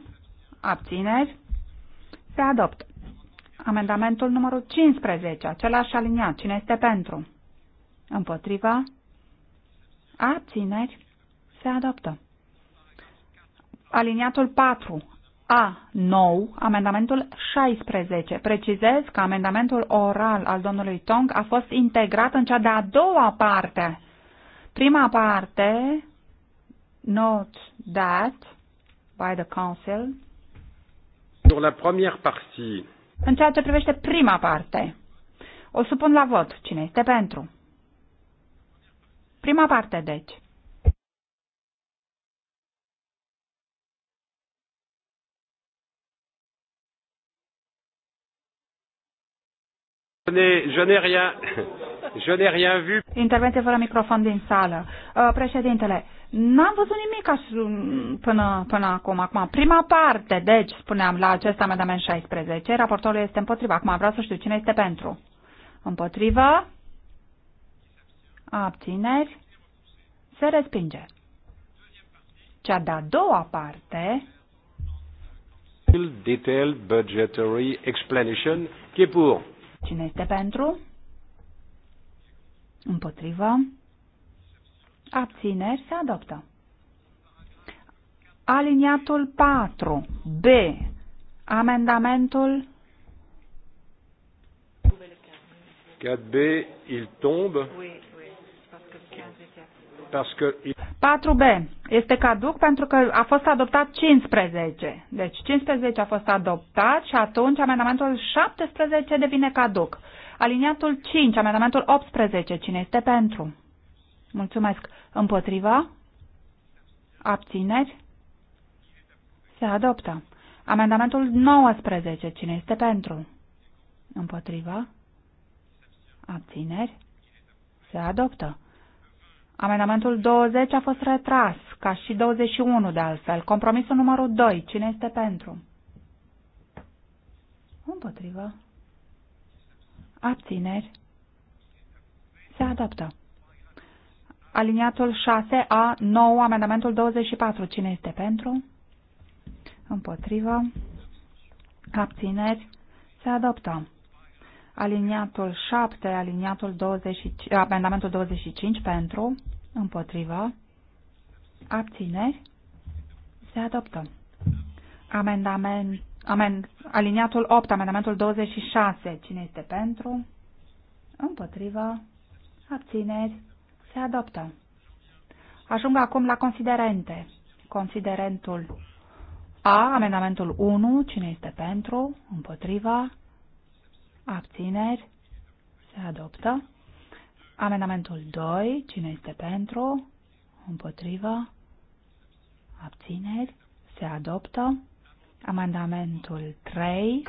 Abțineri. Se adoptă. Amendamentul numărul 15, același aliniat. Cine este pentru? Împotriva. Abțineri. Se adoptă. Aliniatul 4, a9, amendamentul 16. Precizez că amendamentul oral al domnului Tong a fost integrat în cea de-a doua parte. Prima parte, note that by the Council. Sur la première partie. În ceea ce privește prima parte, o supun la vot. Cine este pentru? Prima parte, deci. Intervenție fără microfon din sală. Uh, președintele, n-am văzut nimic până, până acum. acum. Prima parte, deci, spuneam, la acest amendament 16, raportorul este împotriva. Acum vreau să știu cine este pentru. Împotrivă? Abțineri? Se respinge. Cea de-a doua parte... detailed budgetary explanation qui est pour Cine este pentru? Împotrivă. Abțineri se adoptă. Aliniatul 4. B. Amendamentul 4B, il tombe. Oui. 4B este caduc pentru că a fost adoptat 15. Deci 15 a fost adoptat și atunci amendamentul 17 devine caduc. Aliniatul 5, amendamentul 18, cine este pentru? Mulțumesc. Împotriva? Abțineri? Se adoptă. Amendamentul 19, cine este pentru? Împotriva? Abțineri? Se adoptă. Amendamentul 20 a fost retras, ca și 21 de altfel. Compromisul numărul 2. Cine este pentru? Împotrivă. Abțineri. Se adoptă. Aliniatul 6A, 9, amendamentul 24. Cine este pentru? Împotrivă. Abțineri. Se adoptă. Aliniatul 7, aliniatul 25, amendamentul 25 pentru, împotriva, abțineri, se adoptă. Amendament, amen, aliniatul 8, amendamentul 26, cine este pentru, împotriva, abțineri, se adoptă. Ajung acum la considerente. Considerentul A, amendamentul 1, cine este pentru, împotriva, abțineri, se adoptă. Amendamentul 2, cine este pentru, împotrivă, abțineri, se adoptă. Amendamentul 3,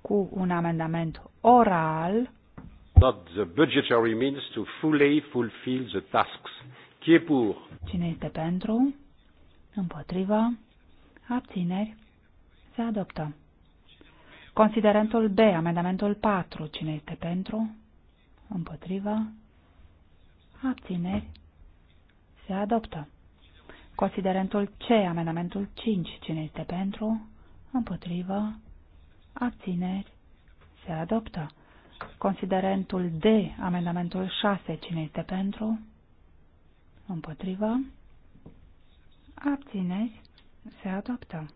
cu un amendament oral. Not the budgetary means to fully fulfill the tasks. Qui est pour? Cine este pentru? Împotrivă. Abțineri? Se adoptă. Considerentul B, amendamentul 4, cine este pentru? Împotrivă. Abțineri. Se adoptă. Considerentul C, amendamentul 5, cine este pentru? Împotrivă. Abțineri. Se adoptă. Considerentul D, amendamentul 6, cine este pentru? Împotrivă. Abțineri. Se adoptă.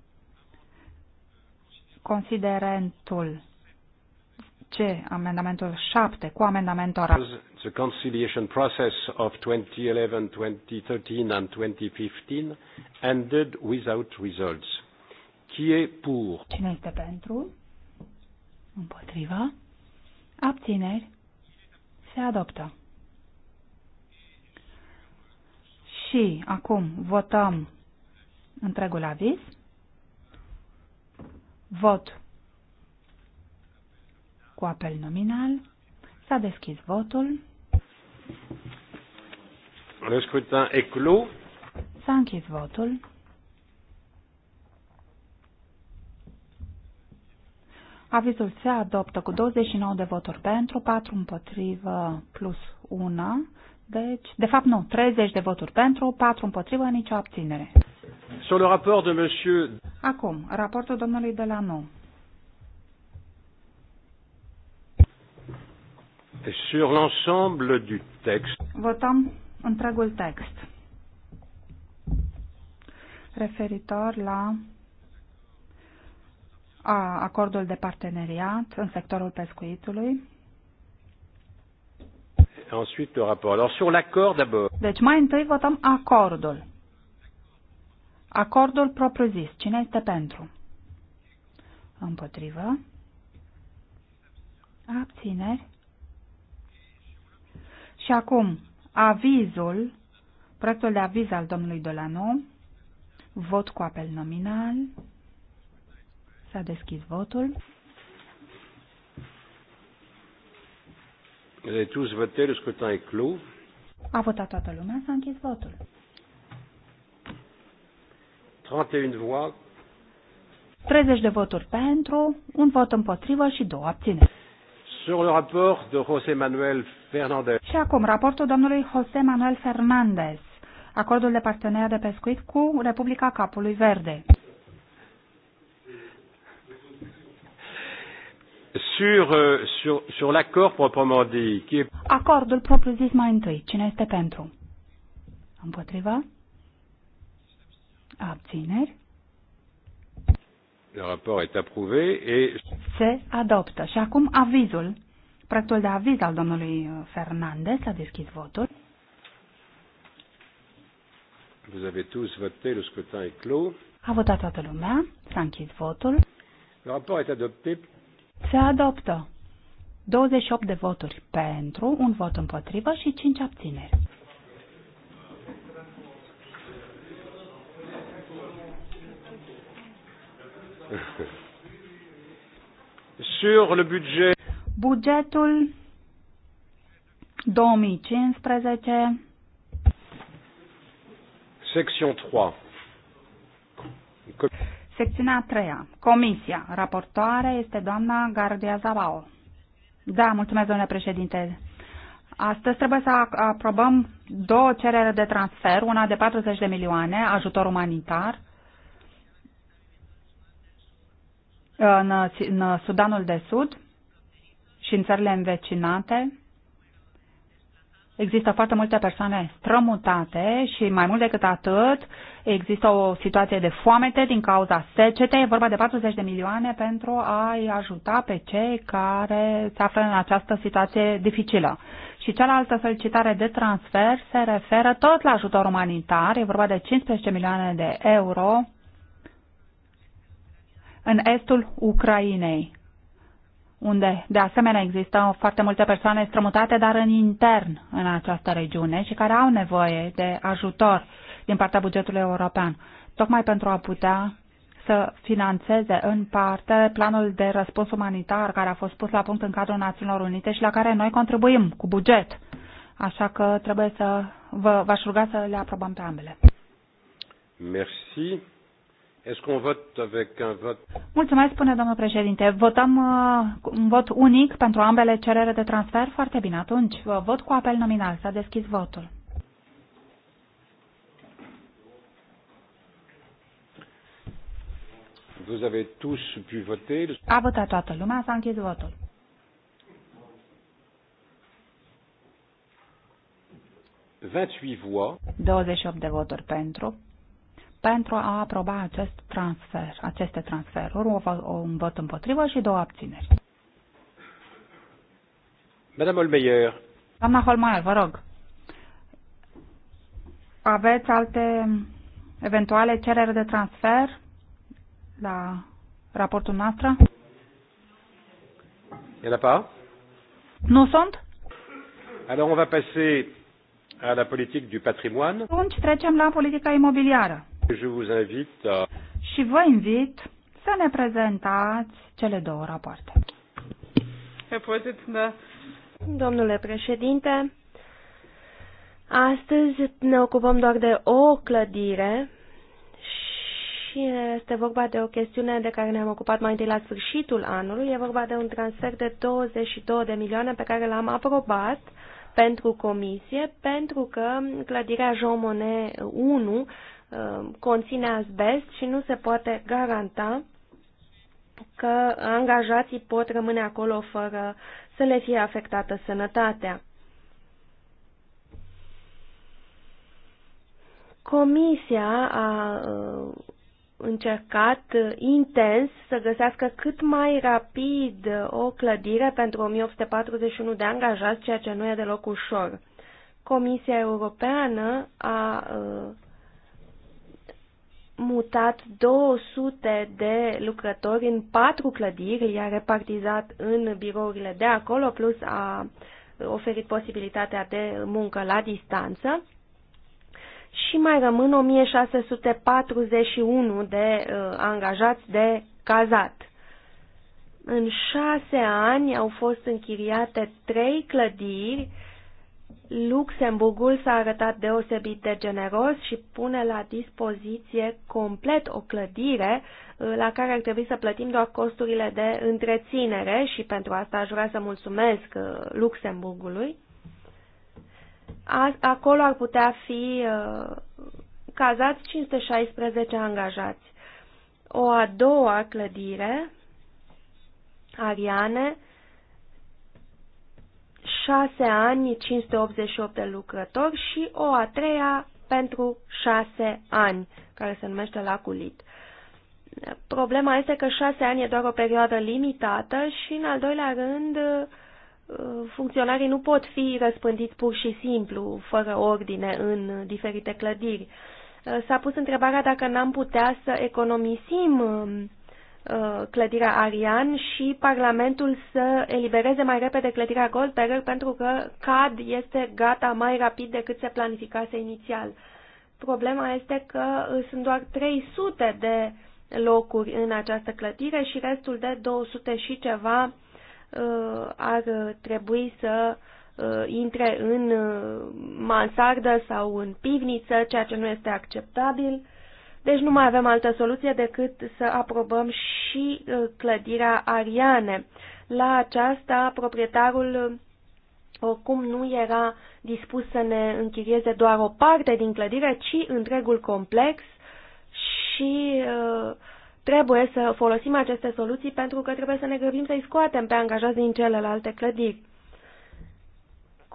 Considerentul C, amendamentul 7, cu amendamentul ora. The conciliation process of 2011, 2013 and 2015 ended without results. Qui est pour? Cine este pentru? Împotriva? Abțineri? Se adoptă. Și acum votăm întregul aviz. Vot cu apel nominal. S-a deschis votul. Le scrutin est clos. S-a închis votul. Avizul se adoptă cu 29 de voturi pentru, 4 împotrivă plus 1. Deci, de fapt nu, 30 de voturi pentru, 4 împotrivă, nicio abținere. Sur le rapport de monsieur... Acum, raportul domnului Delano. Sur l'ensemble du texte. Votăm întregul text referitor la a, acordul de parteneriat în sectorul pescuitului. Ensuite, le rapport. Alors, sur l'accord d'abord. Deci, mai întâi votăm acordul. Acordul propriu-zis. Cine este pentru? Împotrivă. Abțineri. Și acum, avizul, proiectul de aviz al domnului Dolano, vot cu apel nominal. S-a deschis votul. A votat toată lumea, s-a închis votul. 31 voix. 30 de voturi pentru, un vot împotrivă și două abțineri. Sur le rapport de José Manuel Fernández. Și acum raportul domnului José Manuel Fernández, Acordul de parteneriat de pescuit cu Republica Capului Verde. Sur, euh, sur, sur l'accord proprement dit. Qui est... Acordul propriu zis mai întâi. Cine este pentru? Împotriva? Abțineri? Le raport est approuvé et... Se adoptă. Și acum avizul. Proiectul de aviz al domnului uh, Fernandez a deschis votul. Vous avez tous voté, le scrutin est clos. A votat toată lumea, s-a închis votul. Le raport est adopté. Se adoptă. 28 de voturi pentru, un vot împotrivă și 5 abțineri. Sur le budget. Bugetul 2015. Section 3. Com Secțiunea 3. Comisia. Raportoare este doamna Gardia Zabao. Da, mulțumesc, domnule președinte. Astăzi trebuie să aprobăm două cereri de transfer, una de 40 de milioane, ajutor umanitar, în, în Sudanul de Sud și în țările învecinate, Există foarte multe persoane strămutate și mai mult decât atât, există o situație de foamete din cauza secetei. E vorba de 40 de milioane pentru a-i ajuta pe cei care se află în această situație dificilă. Și cealaltă solicitare de transfer se referă tot la ajutor umanitar. E vorba de 15 milioane de euro în estul Ucrainei, unde de asemenea există foarte multe persoane strămutate, dar în intern în această regiune și care au nevoie de ajutor din partea bugetului european, tocmai pentru a putea să financeze în parte planul de răspuns umanitar care a fost pus la punct în cadrul Națiunilor Unite și la care noi contribuim cu buget. Așa că trebuie să vă, v-aș ruga să le aprobăm pe ambele. Merci. Mulțumesc, spune domnul președinte. Votăm uh, un vot unic pentru ambele cerere de transfer? Foarte bine. Atunci, vot cu apel nominal. S-a deschis votul. Vous avez tous pu voter. A votat toată lumea, s-a închis votul. voix. 28 de voturi pentru, pentru a aproba acest transfer, aceste transferuri, un vot împotrivă și două abțineri. Madame Holmeyer. Doamna Holmeier, vă rog. Aveți alte eventuale cereri de transfer la raportul noastră? Il n'y en a pas Nu sunt. Alors on va passer à la politique du patrimoine. Atunci trecem la politica imobiliară. Je vous invite à... Și vă invit să ne prezentați cele două rapoarte. Domnule președinte, astăzi ne ocupăm doar de o clădire și este vorba de o chestiune de care ne-am ocupat mai întâi la sfârșitul anului. E vorba de un transfer de 22 de milioane pe care l-am aprobat pentru comisie, pentru că clădirea Jean Monnet 1 Um, conține asbest și nu se poate garanta că angajații pot rămâne acolo fără să le fie afectată sănătatea. Comisia a uh, încercat intens să găsească cât mai rapid o clădire pentru 1841 de angajați, ceea ce nu e deloc ușor. Comisia Europeană a uh, mutat 200 de lucrători în patru clădiri, i-a repartizat în birourile de acolo, plus a oferit posibilitatea de muncă la distanță. Și mai rămân 1641 de uh, angajați de cazat. În șase ani au fost închiriate trei clădiri, Luxemburgul s-a arătat deosebit de generos și pune la dispoziție complet o clădire uh, la care ar trebui să plătim doar costurile de întreținere și pentru asta aș vrea să mulțumesc uh, Luxemburgului. Acolo ar putea fi uh, cazați 516 angajați. O a doua clădire, Ariane, șase ani 588 de lucrători și o a treia pentru șase ani, care se numește laculit. Problema este că șase ani e doar o perioadă limitată și, în al doilea rând, funcționarii nu pot fi răspândiți pur și simplu, fără ordine, în diferite clădiri. S-a pus întrebarea dacă n-am putea să economisim Uh, clădirea Arian și Parlamentul să elibereze mai repede clădirea Goldberger pentru că CAD este gata mai rapid decât se planificase inițial. Problema este că uh, sunt doar 300 de locuri în această clădire și restul de 200 și ceva uh, ar trebui să intre în mansardă sau în pivniță, ceea ce nu este acceptabil deci nu mai avem altă soluție decât să aprobăm și uh, clădirea Ariane. La aceasta, proprietarul uh, oricum nu era dispus să ne închirieze doar o parte din clădire, ci întregul complex și uh, trebuie să folosim aceste soluții pentru că trebuie să ne grăbim să-i scoatem pe angajați din celelalte clădiri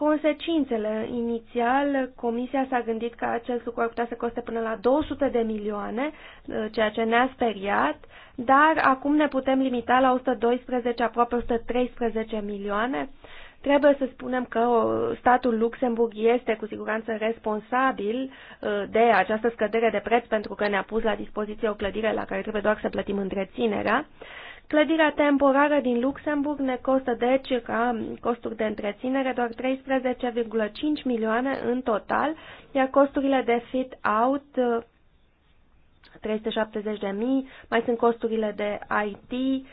consecințele. Inițial, Comisia s-a gândit că acest lucru ar putea să coste până la 200 de milioane, uh, ceea ce ne-a speriat, dar acum ne putem limita la 112, aproape 113 milioane. Trebuie să spunem că uh, statul Luxemburg este cu siguranță responsabil uh, de această scădere de preț pentru că ne-a pus la dispoziție o clădire la care trebuie doar să plătim întreținerea Clădirea temporară din Luxemburg ne costă deci ca costuri de întreținere doar 13,5 milioane în total, iar costurile de fit-out 370 de mii, mai sunt costurile de IT,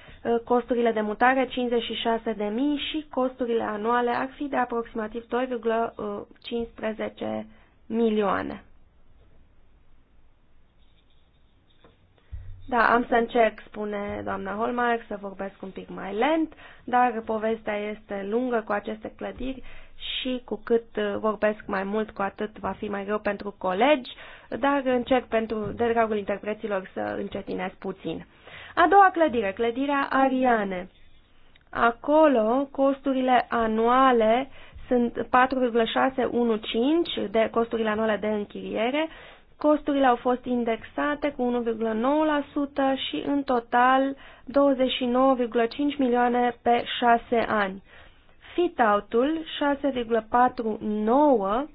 costurile de mutare 56 de mii și costurile anuale ar fi de aproximativ 2,15 uh, milioane. Da, am să încerc, spune doamna Holmark, să vorbesc un pic mai lent, dar povestea este lungă cu aceste clădiri și cu cât uh, vorbesc mai mult, cu atât va fi mai greu pentru colegi, dar încerc pentru, de dragul interpreților să încetinez puțin. A doua clădire, clădirea Ariane. Acolo costurile anuale sunt 4,615 de costurile anuale de închiriere Costurile au fost indexate cu 1,9% și în total 29,5 milioane pe 6 ani. Fit-out-ul 6,49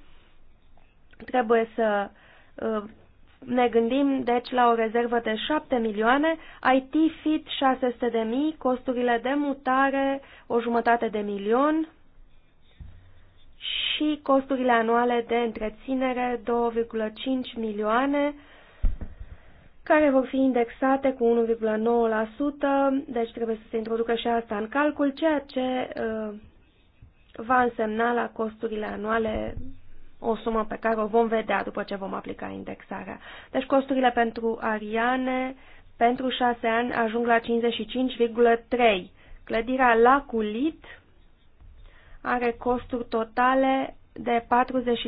trebuie să uh, ne gândim deci la o rezervă de 7 milioane, IT Fit 600 de mii, costurile de mutare o jumătate de milion, și costurile anuale de întreținere 2,5 milioane care vor fi indexate cu 1,9%, deci trebuie să se introducă și asta în calcul, ceea ce uh, va însemna la costurile anuale o sumă pe care o vom vedea după ce vom aplica indexarea. Deci costurile pentru Ariane pentru 6 ani ajung la 55,3. Clădirea la culit are costuri totale de 43,9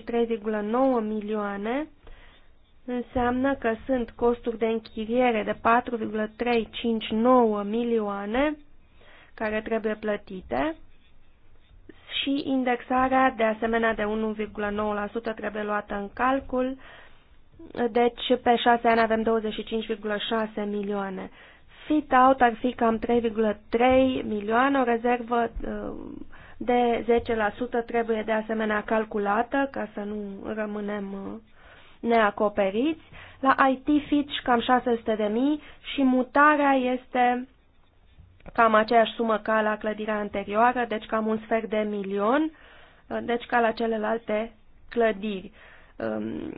milioane, înseamnă că sunt costuri de închiriere de 4,359 milioane care trebuie plătite și indexarea de asemenea de 1,9% trebuie luată în calcul, deci pe 6 ani avem 25,6 milioane. Fit-out ar fi cam 3,3 milioane, o rezervă uh, de 10% trebuie de asemenea calculată ca să nu rămânem uh, neacoperiți. La IT Fitch cam 600 de mii și mutarea este cam aceeași sumă ca la clădirea anterioară, deci cam un sfert de milion, uh, deci ca la celelalte clădiri. Um,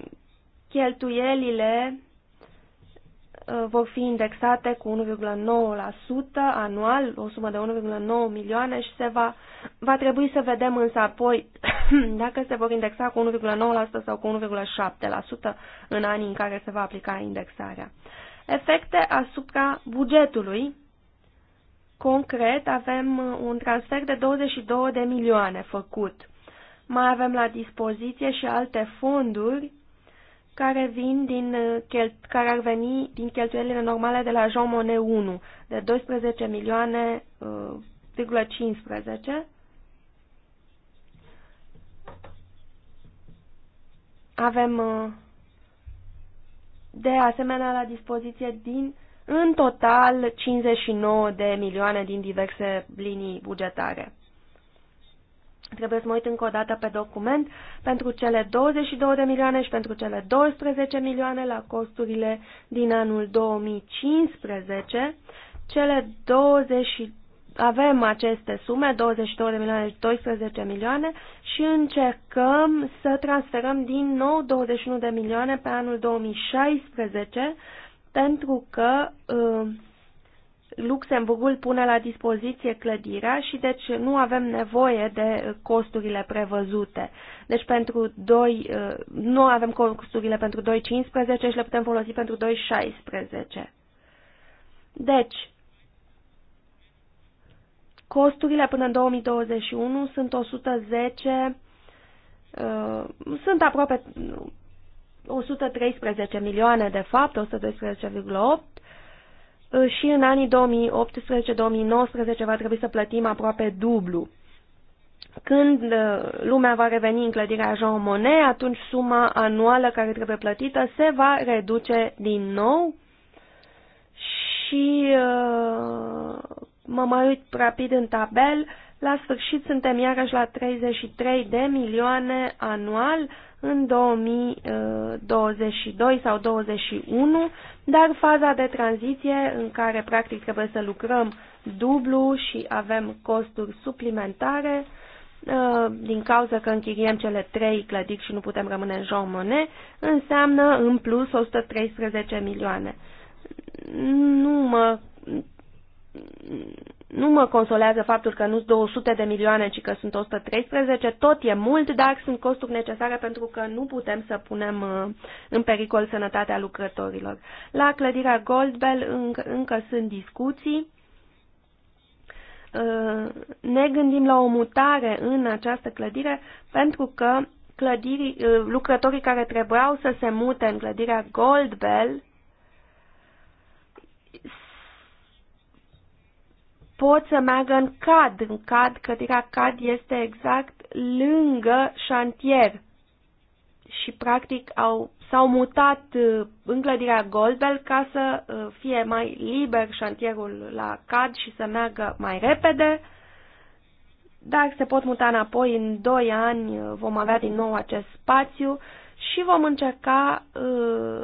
cheltuielile Uh, vor fi indexate cu 1,9% anual, o sumă de 1,9 milioane și se va, va trebui să vedem însă apoi dacă se vor indexa cu 1,9% sau cu 1,7% în anii în care se va aplica indexarea. Efecte asupra bugetului. Concret, avem un transfer de 22 de milioane făcut. Mai avem la dispoziție și alte fonduri care vin din uh, care ar veni din cheltuielile normale de la Jean Monnet 1, de 12 milioane, uh, 15. Avem uh, de asemenea la dispoziție din în total 59 de milioane din diverse linii bugetare. Trebuie să mă uit încă o dată pe document pentru cele 22 de milioane și pentru cele 12 milioane la costurile din anul 2015. Cele 20, avem aceste sume, 22 de milioane și 12 milioane și încercăm să transferăm din nou 21 de milioane pe anul 2016 pentru că uh, Luxemburgul pune la dispoziție clădirea și deci nu avem nevoie de uh, costurile prevăzute. Deci pentru 2, uh, nu avem costurile pentru 2.15 și le putem folosi pentru 2.16. Deci, costurile până în 2021 sunt 110, uh, sunt aproape 113 uh, milioane de fapt, 112,8 Uh, și în anii 2018-2019 va trebui să plătim aproape dublu. Când uh, lumea va reveni în clădirea Jean Monnet, atunci suma anuală care trebuie plătită se va reduce din nou și uh, mă mai uit rapid în tabel, la sfârșit suntem iarăși la 33 de milioane anual în 2022 sau 2021 dar faza de tranziție în care practic trebuie să lucrăm dublu și avem costuri suplimentare uh, din cauza că închiriem cele trei clădiri și nu putem rămâne în Jean Monnet, înseamnă în plus 113 milioane. Nu mă nu mă consolează faptul că nu sunt 200 de milioane, ci că sunt 113, tot e mult, dar sunt costuri necesare pentru că nu putem să punem uh, în pericol sănătatea lucrătorilor. La clădirea Goldbell încă, încă sunt discuții. Uh, ne gândim la o mutare în această clădire pentru că uh, lucrătorii care trebuiau să se mute în clădirea Goldbell pot să meargă în cad, în cad, clădirea cad este exact lângă șantier. Și practic au, s-au mutat uh, în clădirea Goldbel ca să uh, fie mai liber șantierul la cad și să meargă mai repede. Dar se pot muta înapoi în 2 ani, uh, vom avea din nou acest spațiu și vom încerca uh,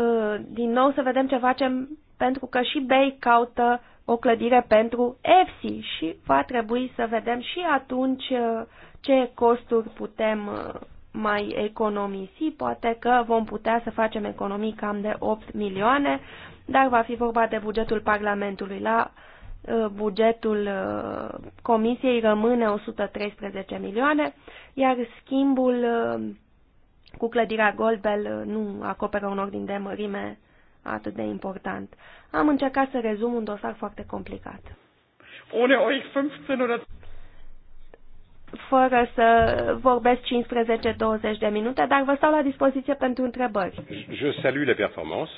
uh, din nou să vedem ce facem pentru că și Bay caută uh, o clădire pentru EFSI și va trebui să vedem și atunci uh, ce costuri putem uh, mai economisi. Poate că vom putea să facem economii cam de 8 milioane, dar va fi vorba de bugetul Parlamentului. La uh, bugetul Comisiei rămâne 113 milioane, iar schimbul cu clădirea Goldbell nu acoperă un ordin de mărime atât de important. Am încercat să rezum un dosar foarte complicat. Uneori, 15 fără să vorbesc 15-20 de minute, dar vă stau la dispoziție pentru întrebări. Je salut la performance.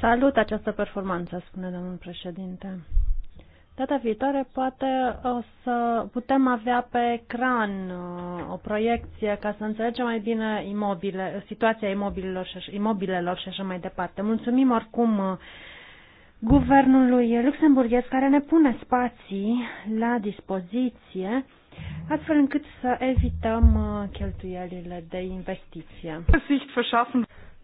Salut această performanță, spune domnul președinte. Data viitoare poate o să putem avea pe ecran uh, o proiecție ca să înțelegem mai bine imobile, situația imobililor și, imobilelor și așa mai departe. Mulțumim oricum uh, guvernului luxemburghez care ne pune spații la dispoziție astfel încât să evităm uh, cheltuielile de investiție.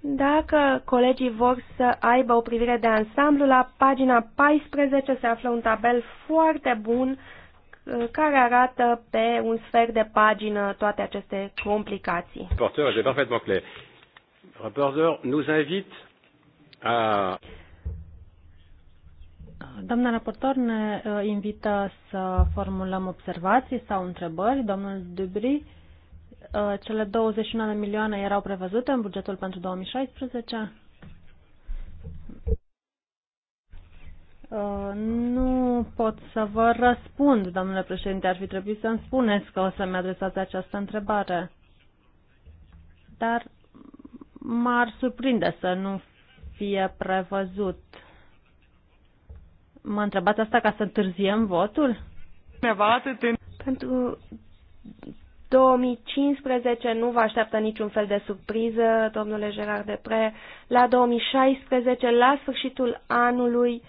Dacă colegii vor să aibă o privire de ansamblu, la pagina 14 se află un tabel foarte bun uh, care arată pe un sfert de pagină toate aceste complicații. este Doamna raportor ne uh, invită să formulăm observații sau întrebări. Domnul Dubri Uh, cele 21 de milioane erau prevăzute în bugetul pentru 2016? Uh, nu pot să vă răspund, domnule președinte. Ar fi trebuit să-mi spuneți că o să-mi adresați această întrebare. Dar m-ar surprinde să nu fie prevăzut. Mă întrebați asta ca să întârziem votul? Pentru 2015 nu vă așteaptă niciun fel de surpriză, domnule Gerard Depre. La 2016, la sfârșitul anului,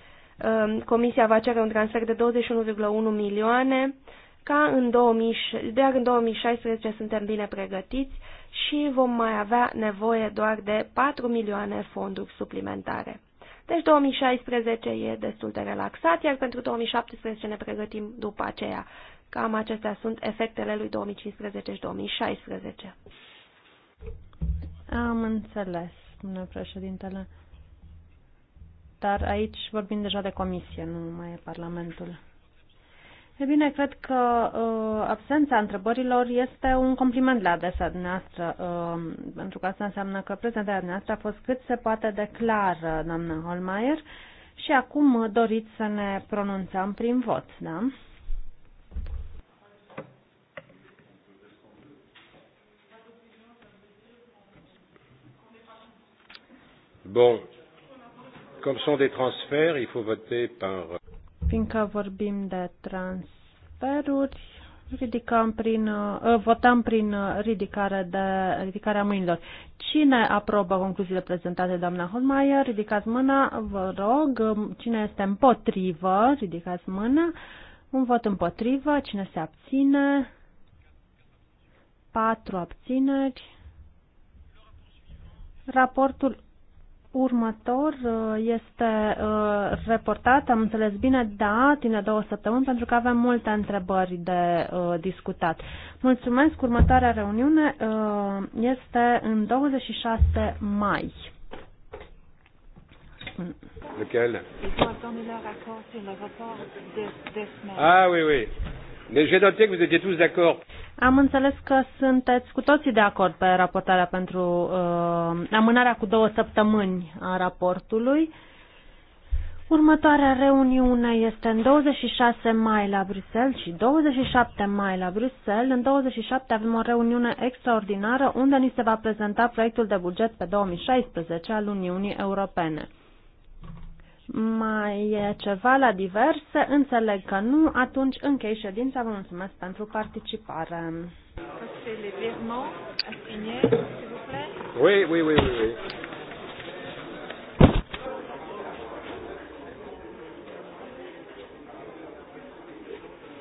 um, Comisia va cere un transfer de 21,1 milioane, ca în 2000, de în 2016 suntem bine pregătiți și vom mai avea nevoie doar de 4 milioane fonduri suplimentare. Deci 2016 e destul de relaxat, iar pentru 2017 ne pregătim după aceea. Cam acestea sunt efectele lui 2015 și 2016. Am înțeles, domnule președintele. Dar aici vorbim deja de comisie, nu mai e Parlamentul. E bine, cred că uh, absența întrebărilor este un compliment la adresa dumneavoastră, uh, pentru că asta înseamnă că prezentarea dumneavoastră a fost cât se poate de clară, doamnă Holmeier, și acum doriți să ne pronunțăm prin vot, da? Bon, comme sont des transferts, il faut voter par... Euh, Fiindcă vorbim de transferuri, ridicăm prin, uh, votăm prin uh, ridicare de, ridicarea mâinilor. Cine aprobă concluziile prezentate, doamna Holmeier? Ridicați mâna, vă rog. Um, cine este împotrivă? Ridicați mâna. Un vot împotrivă. Cine se abține? Patru abțineri. Raportul următor uh, este uh, reportat, am înțeles bine, da, tine două săptămâni, pentru că avem multe întrebări de uh, discutat. Mulțumesc, următoarea reuniune este în 26 mai. Lequel Ah oui, oui. Deci, Am înțeles că sunteți cu toții de acord pe raportarea pentru uh, amânarea cu două săptămâni a raportului. Următoarea reuniune este în 26 mai la Bruxelles și 27 mai la Bruxelles. În 27 avem o reuniune extraordinară unde ni se va prezenta proiectul de buget pe 2016 al Uniunii Europene. Mai e ceva la diverse? Înțeleg că nu. Atunci închei ședința. Vă mulțumesc pentru participare. Oui, oui, oui, oui. oui.